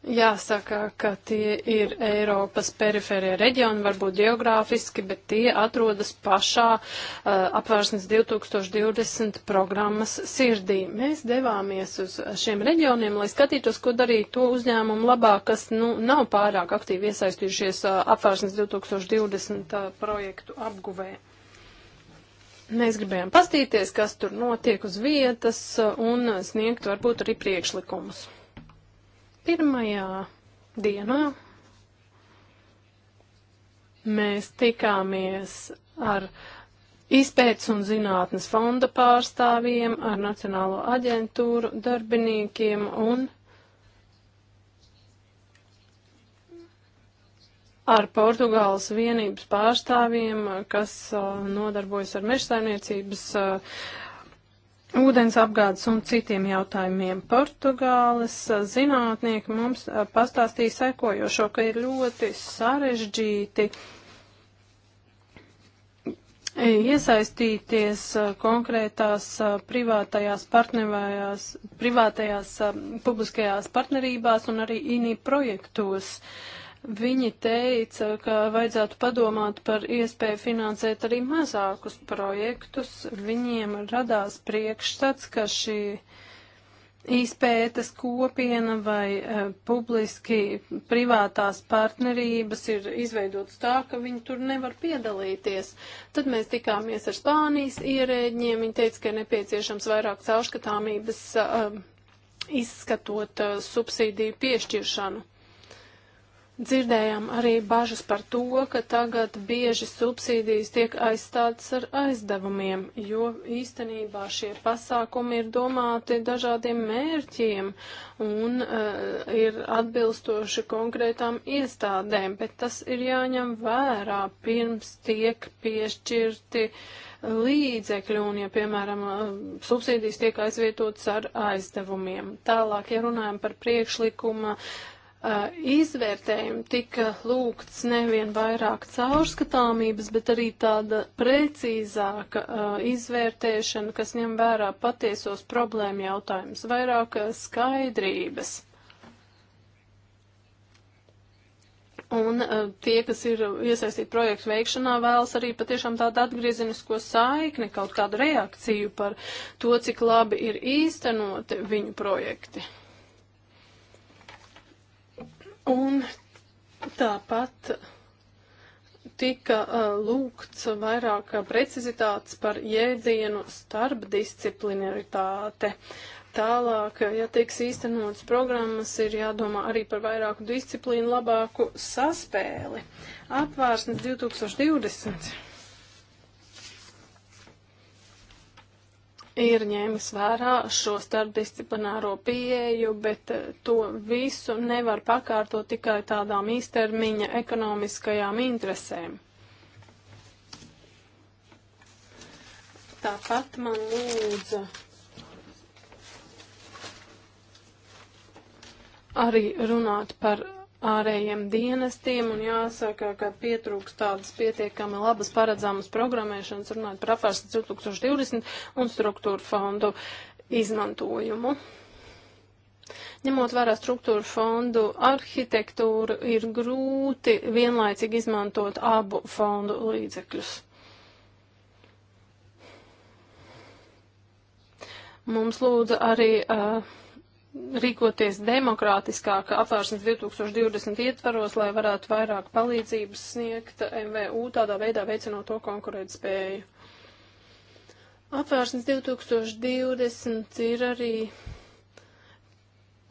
Jāsaka, ka tie ir Eiropas periferie reģioni, varbūt geogrāfiski, bet tie atrodas pašā uh, apvērsnes 2020 programmas sirdī. Mēs devāmies uz šiem reģioniem, lai skatītos, ko darīt to uzņēmumu labā, kas nu, nav pārāk aktīvi iesaistījušies uh, apvērsnes 2020 uh, projektu apguvē. Mēs gribējām pastīties, kas tur notiek uz vietas uh, un sniegt varbūt arī priekšlikumus. Pirmajā dienā mēs tikāmies ar izpētes un zinātnes fonda pārstāvjiem, ar Nacionālo aģentūru darbiniekiem un ar Portugāles vienības pārstāvjiem, kas uh, nodarbojas ar mežsaimniecības uh, ūdens apgādes un citiem jautājumiem. Portugāles zinātnieki mums pastāstīja sekojošo, ka ir ļoti sarežģīti iesaistīties konkrētās privātajās partnerībās, privātajās publiskajās partnerībās un arī INI projektos. Uh, Viņi teica, ka vajadzētu padomāt par iespēju finansēt arī mazākus projektus. Viņiem radās priekšstats, ka šī izpētes kopiena vai e, publiski privātās partnerības ir izveidotas tā, ka viņi tur nevar piedalīties. Tad mēs tikāmies ar Spānijas ierēģiem, viņi teica, ka ir nepieciešams vairāk caurskatāmības e, izskatot e, subsīdiju piešķiršanu. Dzirdējām arī bažas par to, ka tagad bieži subsīdijas tiek aizstātas ar aizdevumiem, jo īstenībā šie pasākumi ir domāti dažādiem mērķiem un uh, ir atbilstoši konkrētām iestādēm, bet tas ir jāņem vērā pirms tiek piešķirti eh, līdzekļi un, ja, piemēram, eh, subsīdijas tiek aizvietotas ar aizdevumiem. Tālāk, ja runājam par priekšlikuma uh, izvērtējumu tika lūgts nevien vairāk caurskatāmības, bet arī tāda precīzāka izvērtēšana, kas ņem vērā patiesos problēmu jautājumus, vairāk skaidrības. Un tie, kas ir iesaistīti projektu veikšanā, vēlas arī patiešām tādu atgriezinisko saikni, kaut kādu reakciju par to, cik labi ir īstenoti viņu projekti. Un tāpat tika uh, lūgts vairāk precizitātes par jēdzienu starpdisciplinaritāte. Tālāk, ja tiks īstenotas programmas, ir jādomā arī par vairāku disciplīnu labāku saspēli. Apvārsnes 2020. ir ņēmis vērā šo starpdisciplināro pieeju, bet eh, to visu nevar pakārtot tikai tādām īstermiņa ekonomiskajām interesēm. Tāpat man lūdza arī runāt par ārējiem dienestiem un jāsaka, ka pietrūks tādas pietiekami labas paredzamas programmēšanas, runājot par apvērstu 2020 un struktūru fondu izmantojumu. Ņemot vērā struktūru fondu arhitektūru, ir grūti vienlaicīgi izmantot abu fondu līdzekļus. Mums lūdza arī uh, rīkoties demokrātiskāk apvērsnes 2020 ietvaros, lai varētu vairāk palīdzības sniegt MVU, tādā veidā veicinot to konkurēt spēju. Apvērsnes 2020 ir arī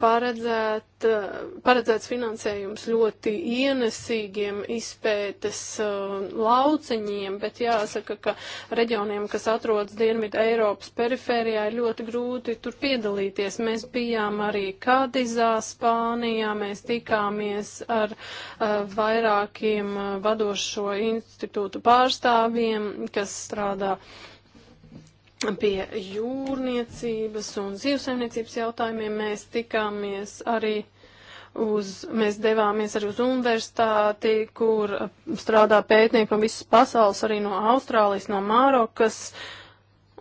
paredzēt, eh, paredzēts finansējums ļoti ienesīgiem izpētes eh, lauciņiem, bet jāsaka, ka reģioniem, kas atrodas Dienvidu Eiropas perifērijā, ir ļoti grūti tur piedalīties. Mēs bijām arī Kadizā, Spānijā, mēs tikāmies ar eh, vairākiem vadošo institūtu pārstāvjiem, kas strādā uh, pie jūrniecības un zivsaimniecības jautājumiem mēs tikāmies arī uz, mēs devāmies arī uz universitāti, kur strādā pētnieki no visas pasaules, arī no Austrālijas, no Mārokas,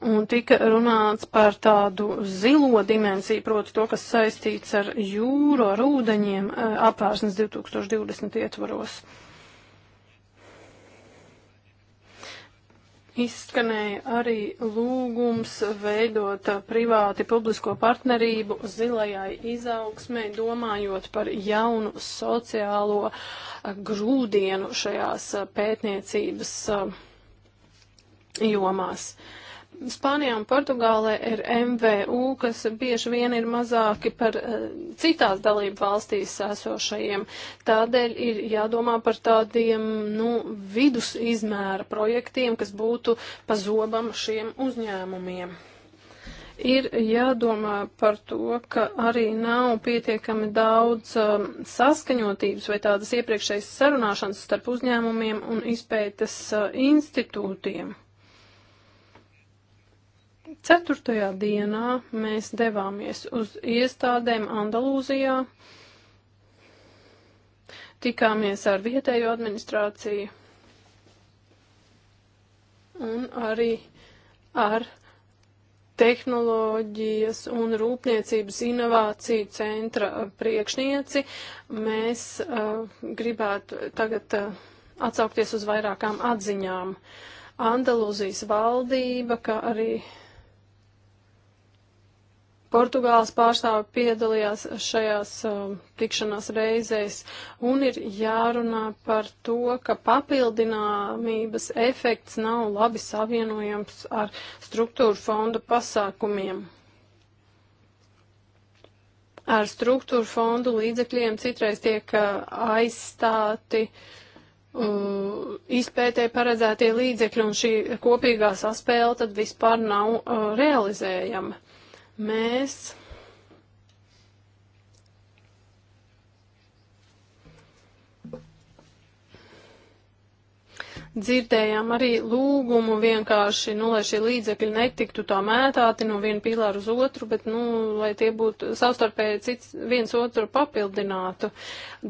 un tika runāts par tādu zilo dimensiju, proti to, kas saistīts ar jūru, ar ūdeņiem, eh, apvērsnes 2020 ietvaros. Izskanēja arī lūgums veidot privāti publisko partnerību zilajai izaugsmē, domājot par jaunu sociālo grūdienu šajās pētniecības jomās. Uh, Spānijā un Portugālē ir MVU, kas bieži vien ir mazāki par uh, citās dalību valstīs esošajiem. Tādēļ ir jādomā par tādiem nu, vidus izmēra projektiem, kas būtu pa zobam šiem uzņēmumiem. Ir jādomā par to, ka arī nav pietiekami daudz um, uh, saskaņotības vai tādas iepriekšējas sarunāšanas starp uzņēmumiem un izpētes uh, institūtiem. Ceturtajā dienā mēs devāmies uz iestādēm Andalūzijā, tikāmies ar vietējo administrāciju un arī ar tehnoloģijas un rūpniecības inovāciju centra priekšnieci. Mēs uh, gribētu tagad uh, atsaukties uz vairākām atziņām. Andalūzijas valdība, kā arī Portugāles pārstāvi piedalījās šajās uh, tikšanās reizēs un ir jārunā par to, ka papildināmības efekts nav labi savienojams ar struktūra fonda pasākumiem. Ar struktūra fondu līdzekļiem citreiz tiek uh, aizstāti uh, izpētē paredzētie līdzekļi un šī kopīgā saspēle tad vispār nav uh, realizējama. Mēs dzirdējām arī lūgumu vienkārši, nu, lai šie līdzekļi netiktu tā mētāti no viena pīlāra uz otru, bet, nu, lai tie būtu savstarpēji cits, viens otru papildinātu.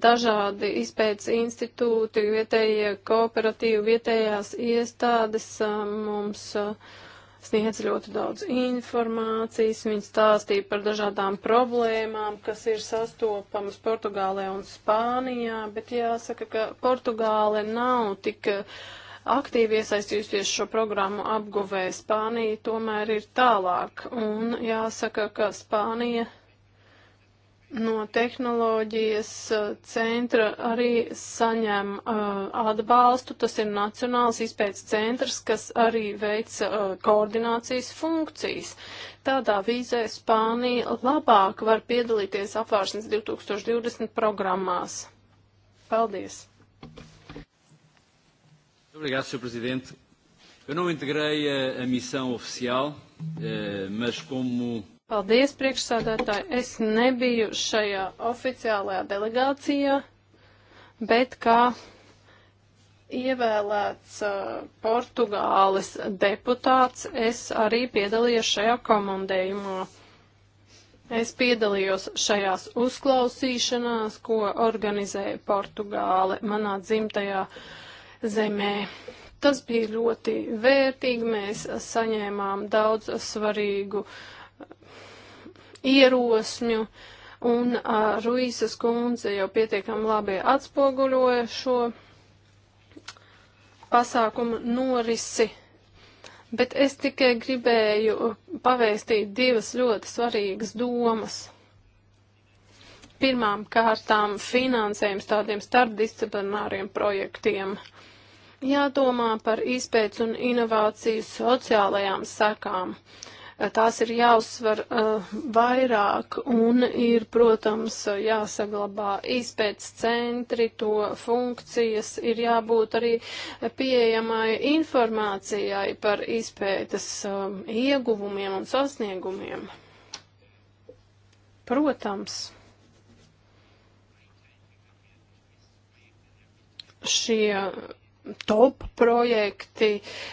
Dažādi izpētes institūti, vietējie kooperatīvi, vietējās iestādes mums. Uh, sniedz ļoti daudz informācijas, viņi stāstīja par dažādām problēmām, kas ir sastopamas Portugālē un Spānijā, bet jāsaka, ka Portugāle nav tik eh, aktīvi iesaistījusies šo programmu apguvē. Spānija tomēr ir tālāk, un jāsaka, ka Spānija no tehnoloģijas eh, centra arī saņem uh, atbalstu. Tas ir Nacionāls izpētes centrs, kas arī veic uh, koordinācijas funkcijas. Tādā vīzē Spānija labāk var piedalīties apvārsnes 2020 programmās. Paldies! Obrigado, Sr. Presidente. Eu não integrei a, a missão oficial, eh, mas como Paldies, priekšsādātāji. Es nebiju šajā oficiālajā delegācijā, bet kā ievēlēts uh, Portugāles deputāts, es arī piedalījos šajā komandējumā. Es piedalījos šajās uzklausīšanās, ko organizēja Portugāle manā dzimtajā zemē. Tas bija ļoti vērtīgi, mēs saņēmām daudz svarīgu uh, ierosmju, un uh, Ruīsas kundze jau pietiekam labi atspoguļoja šo pasākumu norisi. Bet es tikai gribēju pavēstīt divas ļoti svarīgas domas pirmām kārtām finansējums tādiem starpdisciplināriem projektiem. Jādomā par izpētes un inovāciju sociālajām sekām. Uh, tās ir jāuzsver uh, vairāk un ir, protams, jāsaglabā izpētes centri, to funkcijas, ir jābūt arī pieejamai informācijai par izpētes uh, ieguvumiem un sasniegumiem. Protams. Šie top projekti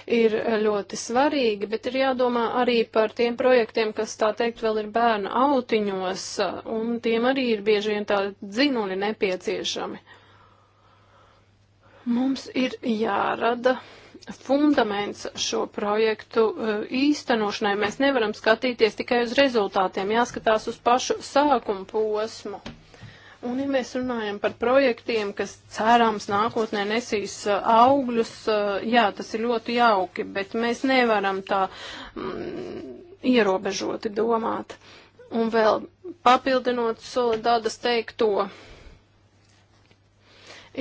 ir ļoti svarīgi, bet ir jādomā arī par tiem projektiem, kas, tā teikt, vēl ir bērnu autiņos, un tiem arī ir bieži vien tādi dzinuļi nepieciešami. Mums ir jārada fundaments šo projektu eh, īstenošanai. Mēs nevaram skatīties tikai uz rezultātiem, jāskatās uz pašu sākumu posmu. Un, ja mēs runājam par projektiem, kas cerams nākotnē nesīs uh, augļus, uh, jā, tas ir ļoti jauki, bet mēs nevaram tā mm, ierobežoti domāt. Un vēl papildinot Solidādas teikto,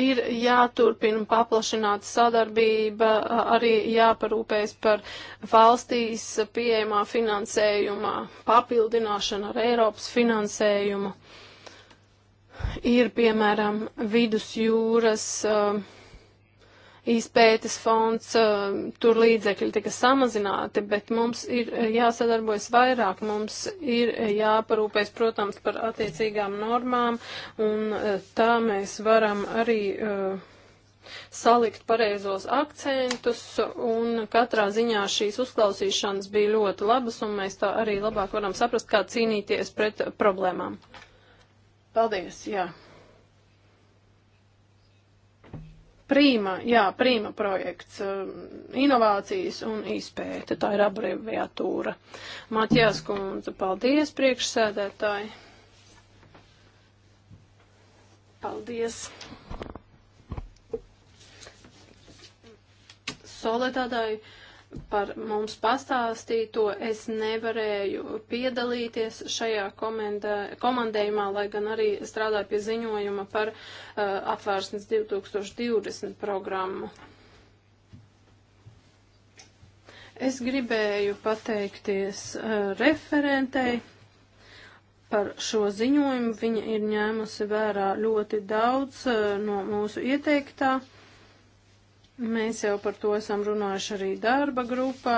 ir jāturpina paplašināt sadarbība, uh, arī jāparūpēs par valstīs pieejamā finansējuma papildināšanu ar Eiropas finansējumu. Uh, Ir, piemēram, vidusjūras uh, izpētes fonds, uh, tur līdzekļi tika samazināti, bet mums ir uh, jāsadarbojas vairāk, mums ir uh, jāparūpēs, protams, par attiecīgām normām, un uh, tā mēs varam arī uh, salikt pareizos akcentus, un katrā ziņā šīs uzklausīšanas bija ļoti labas, un mēs tā arī labāk varam saprast, kā cīnīties pret problēmām. Paldies, jā. Prīma, jā, prīma projekts, um, inovācijas un izpēte, tā ir abreviatūra. Matjās kundze, paldies priekšsēdētāji. Paldies. Solidādāji par mums pastāstīto. Es nevarēju piedalīties šajā komendē, komandējumā, lai gan arī strādāju pie ziņojuma par uh, apvērsnes 2020 programmu. Es gribēju pateikties uh, referentei par šo ziņojumu. Viņa ir ņēmusi vērā ļoti daudz uh, no mūsu ieteiktā. Uh, Mēs jau par to esam runājuši arī darba grupā.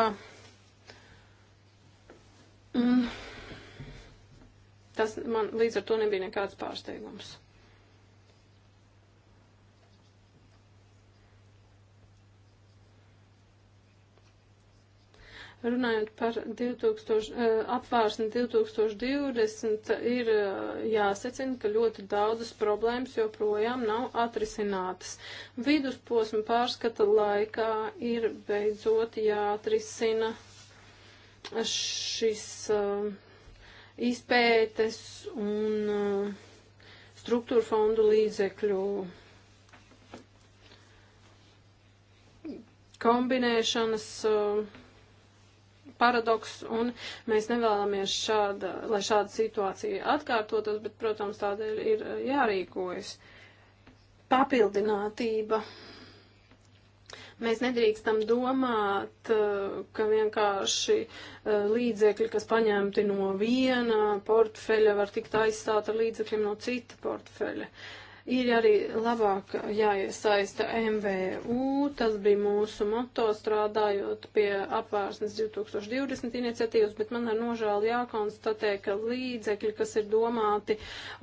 Un mm. tas man līdz ar to nebija nekāds pārsteigums. Runājot par 2000, eh, apvārsni 2020, ir eh, jāsecina, ka ļoti daudzas problēmas joprojām nav atrisinātas. Vidusposma pārskata laikā ir beidzot jāatrisina šis eh, izpētes un struktūra fondu līdzekļu kombinēšanas uh, paradoks, un mēs nevēlamies šāda, lai šāda situācija atkārtotos, bet, protams, tādēļ ir eh, jārīkojas. Papildinātība. Mēs nedrīkstam domāt, eh, ka vienkārši eh, līdzekļi, kas paņemti no viena portfeļa, var tikt aizstāta līdzekļiem no cita portfeļa. Uh, Ir arī labāk jāiesaista MVU, tas bija mūsu moto strādājot pie apvērsnes 2020 iniciatīvas, bet man ar nožēlu jākonstatē, ka līdzekļi, kas ir domāti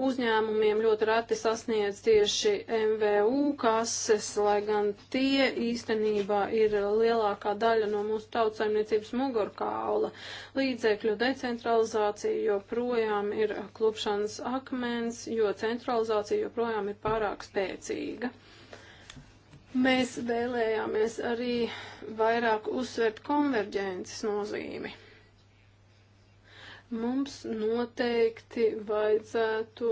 uzņēmumiem, ļoti reti sasniedz tieši MVU kases, lai gan tie īstenībā ir lielākā daļa no mūsu tautsaimniecības mugurkaula. Līdzekļu decentralizācija joprojām ir klupšanas akmens, jo centralizācija joprojām ir ir pārāk spēcīga. Mēs vēlējāmies arī vairāk uzsvērt konverģences nozīmi. Mums noteikti vajadzētu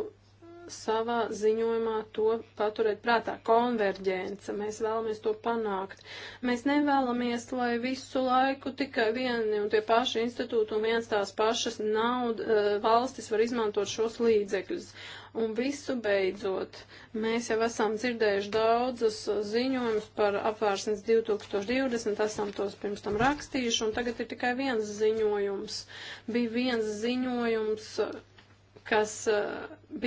savā ziņojumā to paturēt prātā. Konverģence, mēs vēlamies to panākt. Mēs nevēlamies, lai visu laiku tikai vieni un tie paši institūti un viens tās pašas nauda eh, valstis var izmantot šos līdzekļus. Un visu beidzot, mēs jau esam dzirdējuši daudzus ziņojumus par apvērsnes 2020, esam tos pirms tam rakstījuši, un tagad ir tikai viens ziņojums. Bija viens ziņojums kas eh,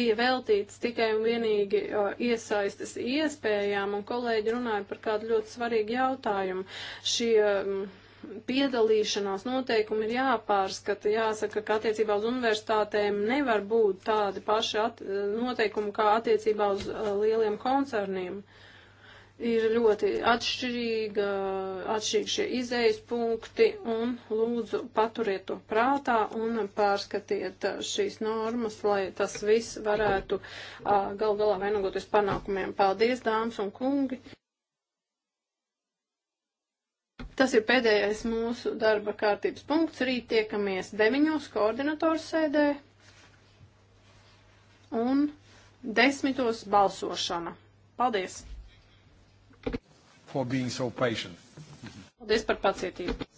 bija veltīts tikai un vienīgi eh, iesaistas iespējām, un kolēģi runāja par kādu ļoti svarīgu jautājumu. Šie mm, piedalīšanās noteikumi ir jāpārskata. Jāsaka, ka attiecībā uz universitātēm nevar būt tādi paši at, noteikumi kā attiecībā uz uh, lieliem koncerniem. Ir ļoti atšķirīga, atšķirīgi šie izējas punkti un lūdzu paturiet to prātā un pārskatiet uh, šīs normas, lai tas viss varētu uh, gal galā vainagoties panākumiem. Paldies, dāmas un kungi! Tas ir pēdējais mūsu darba kārtības punkts. Rīt tiekamies deviņos koordinatoru sēdē un desmitos balsošana. Paldies! For being so patient. Paldies par pacietību.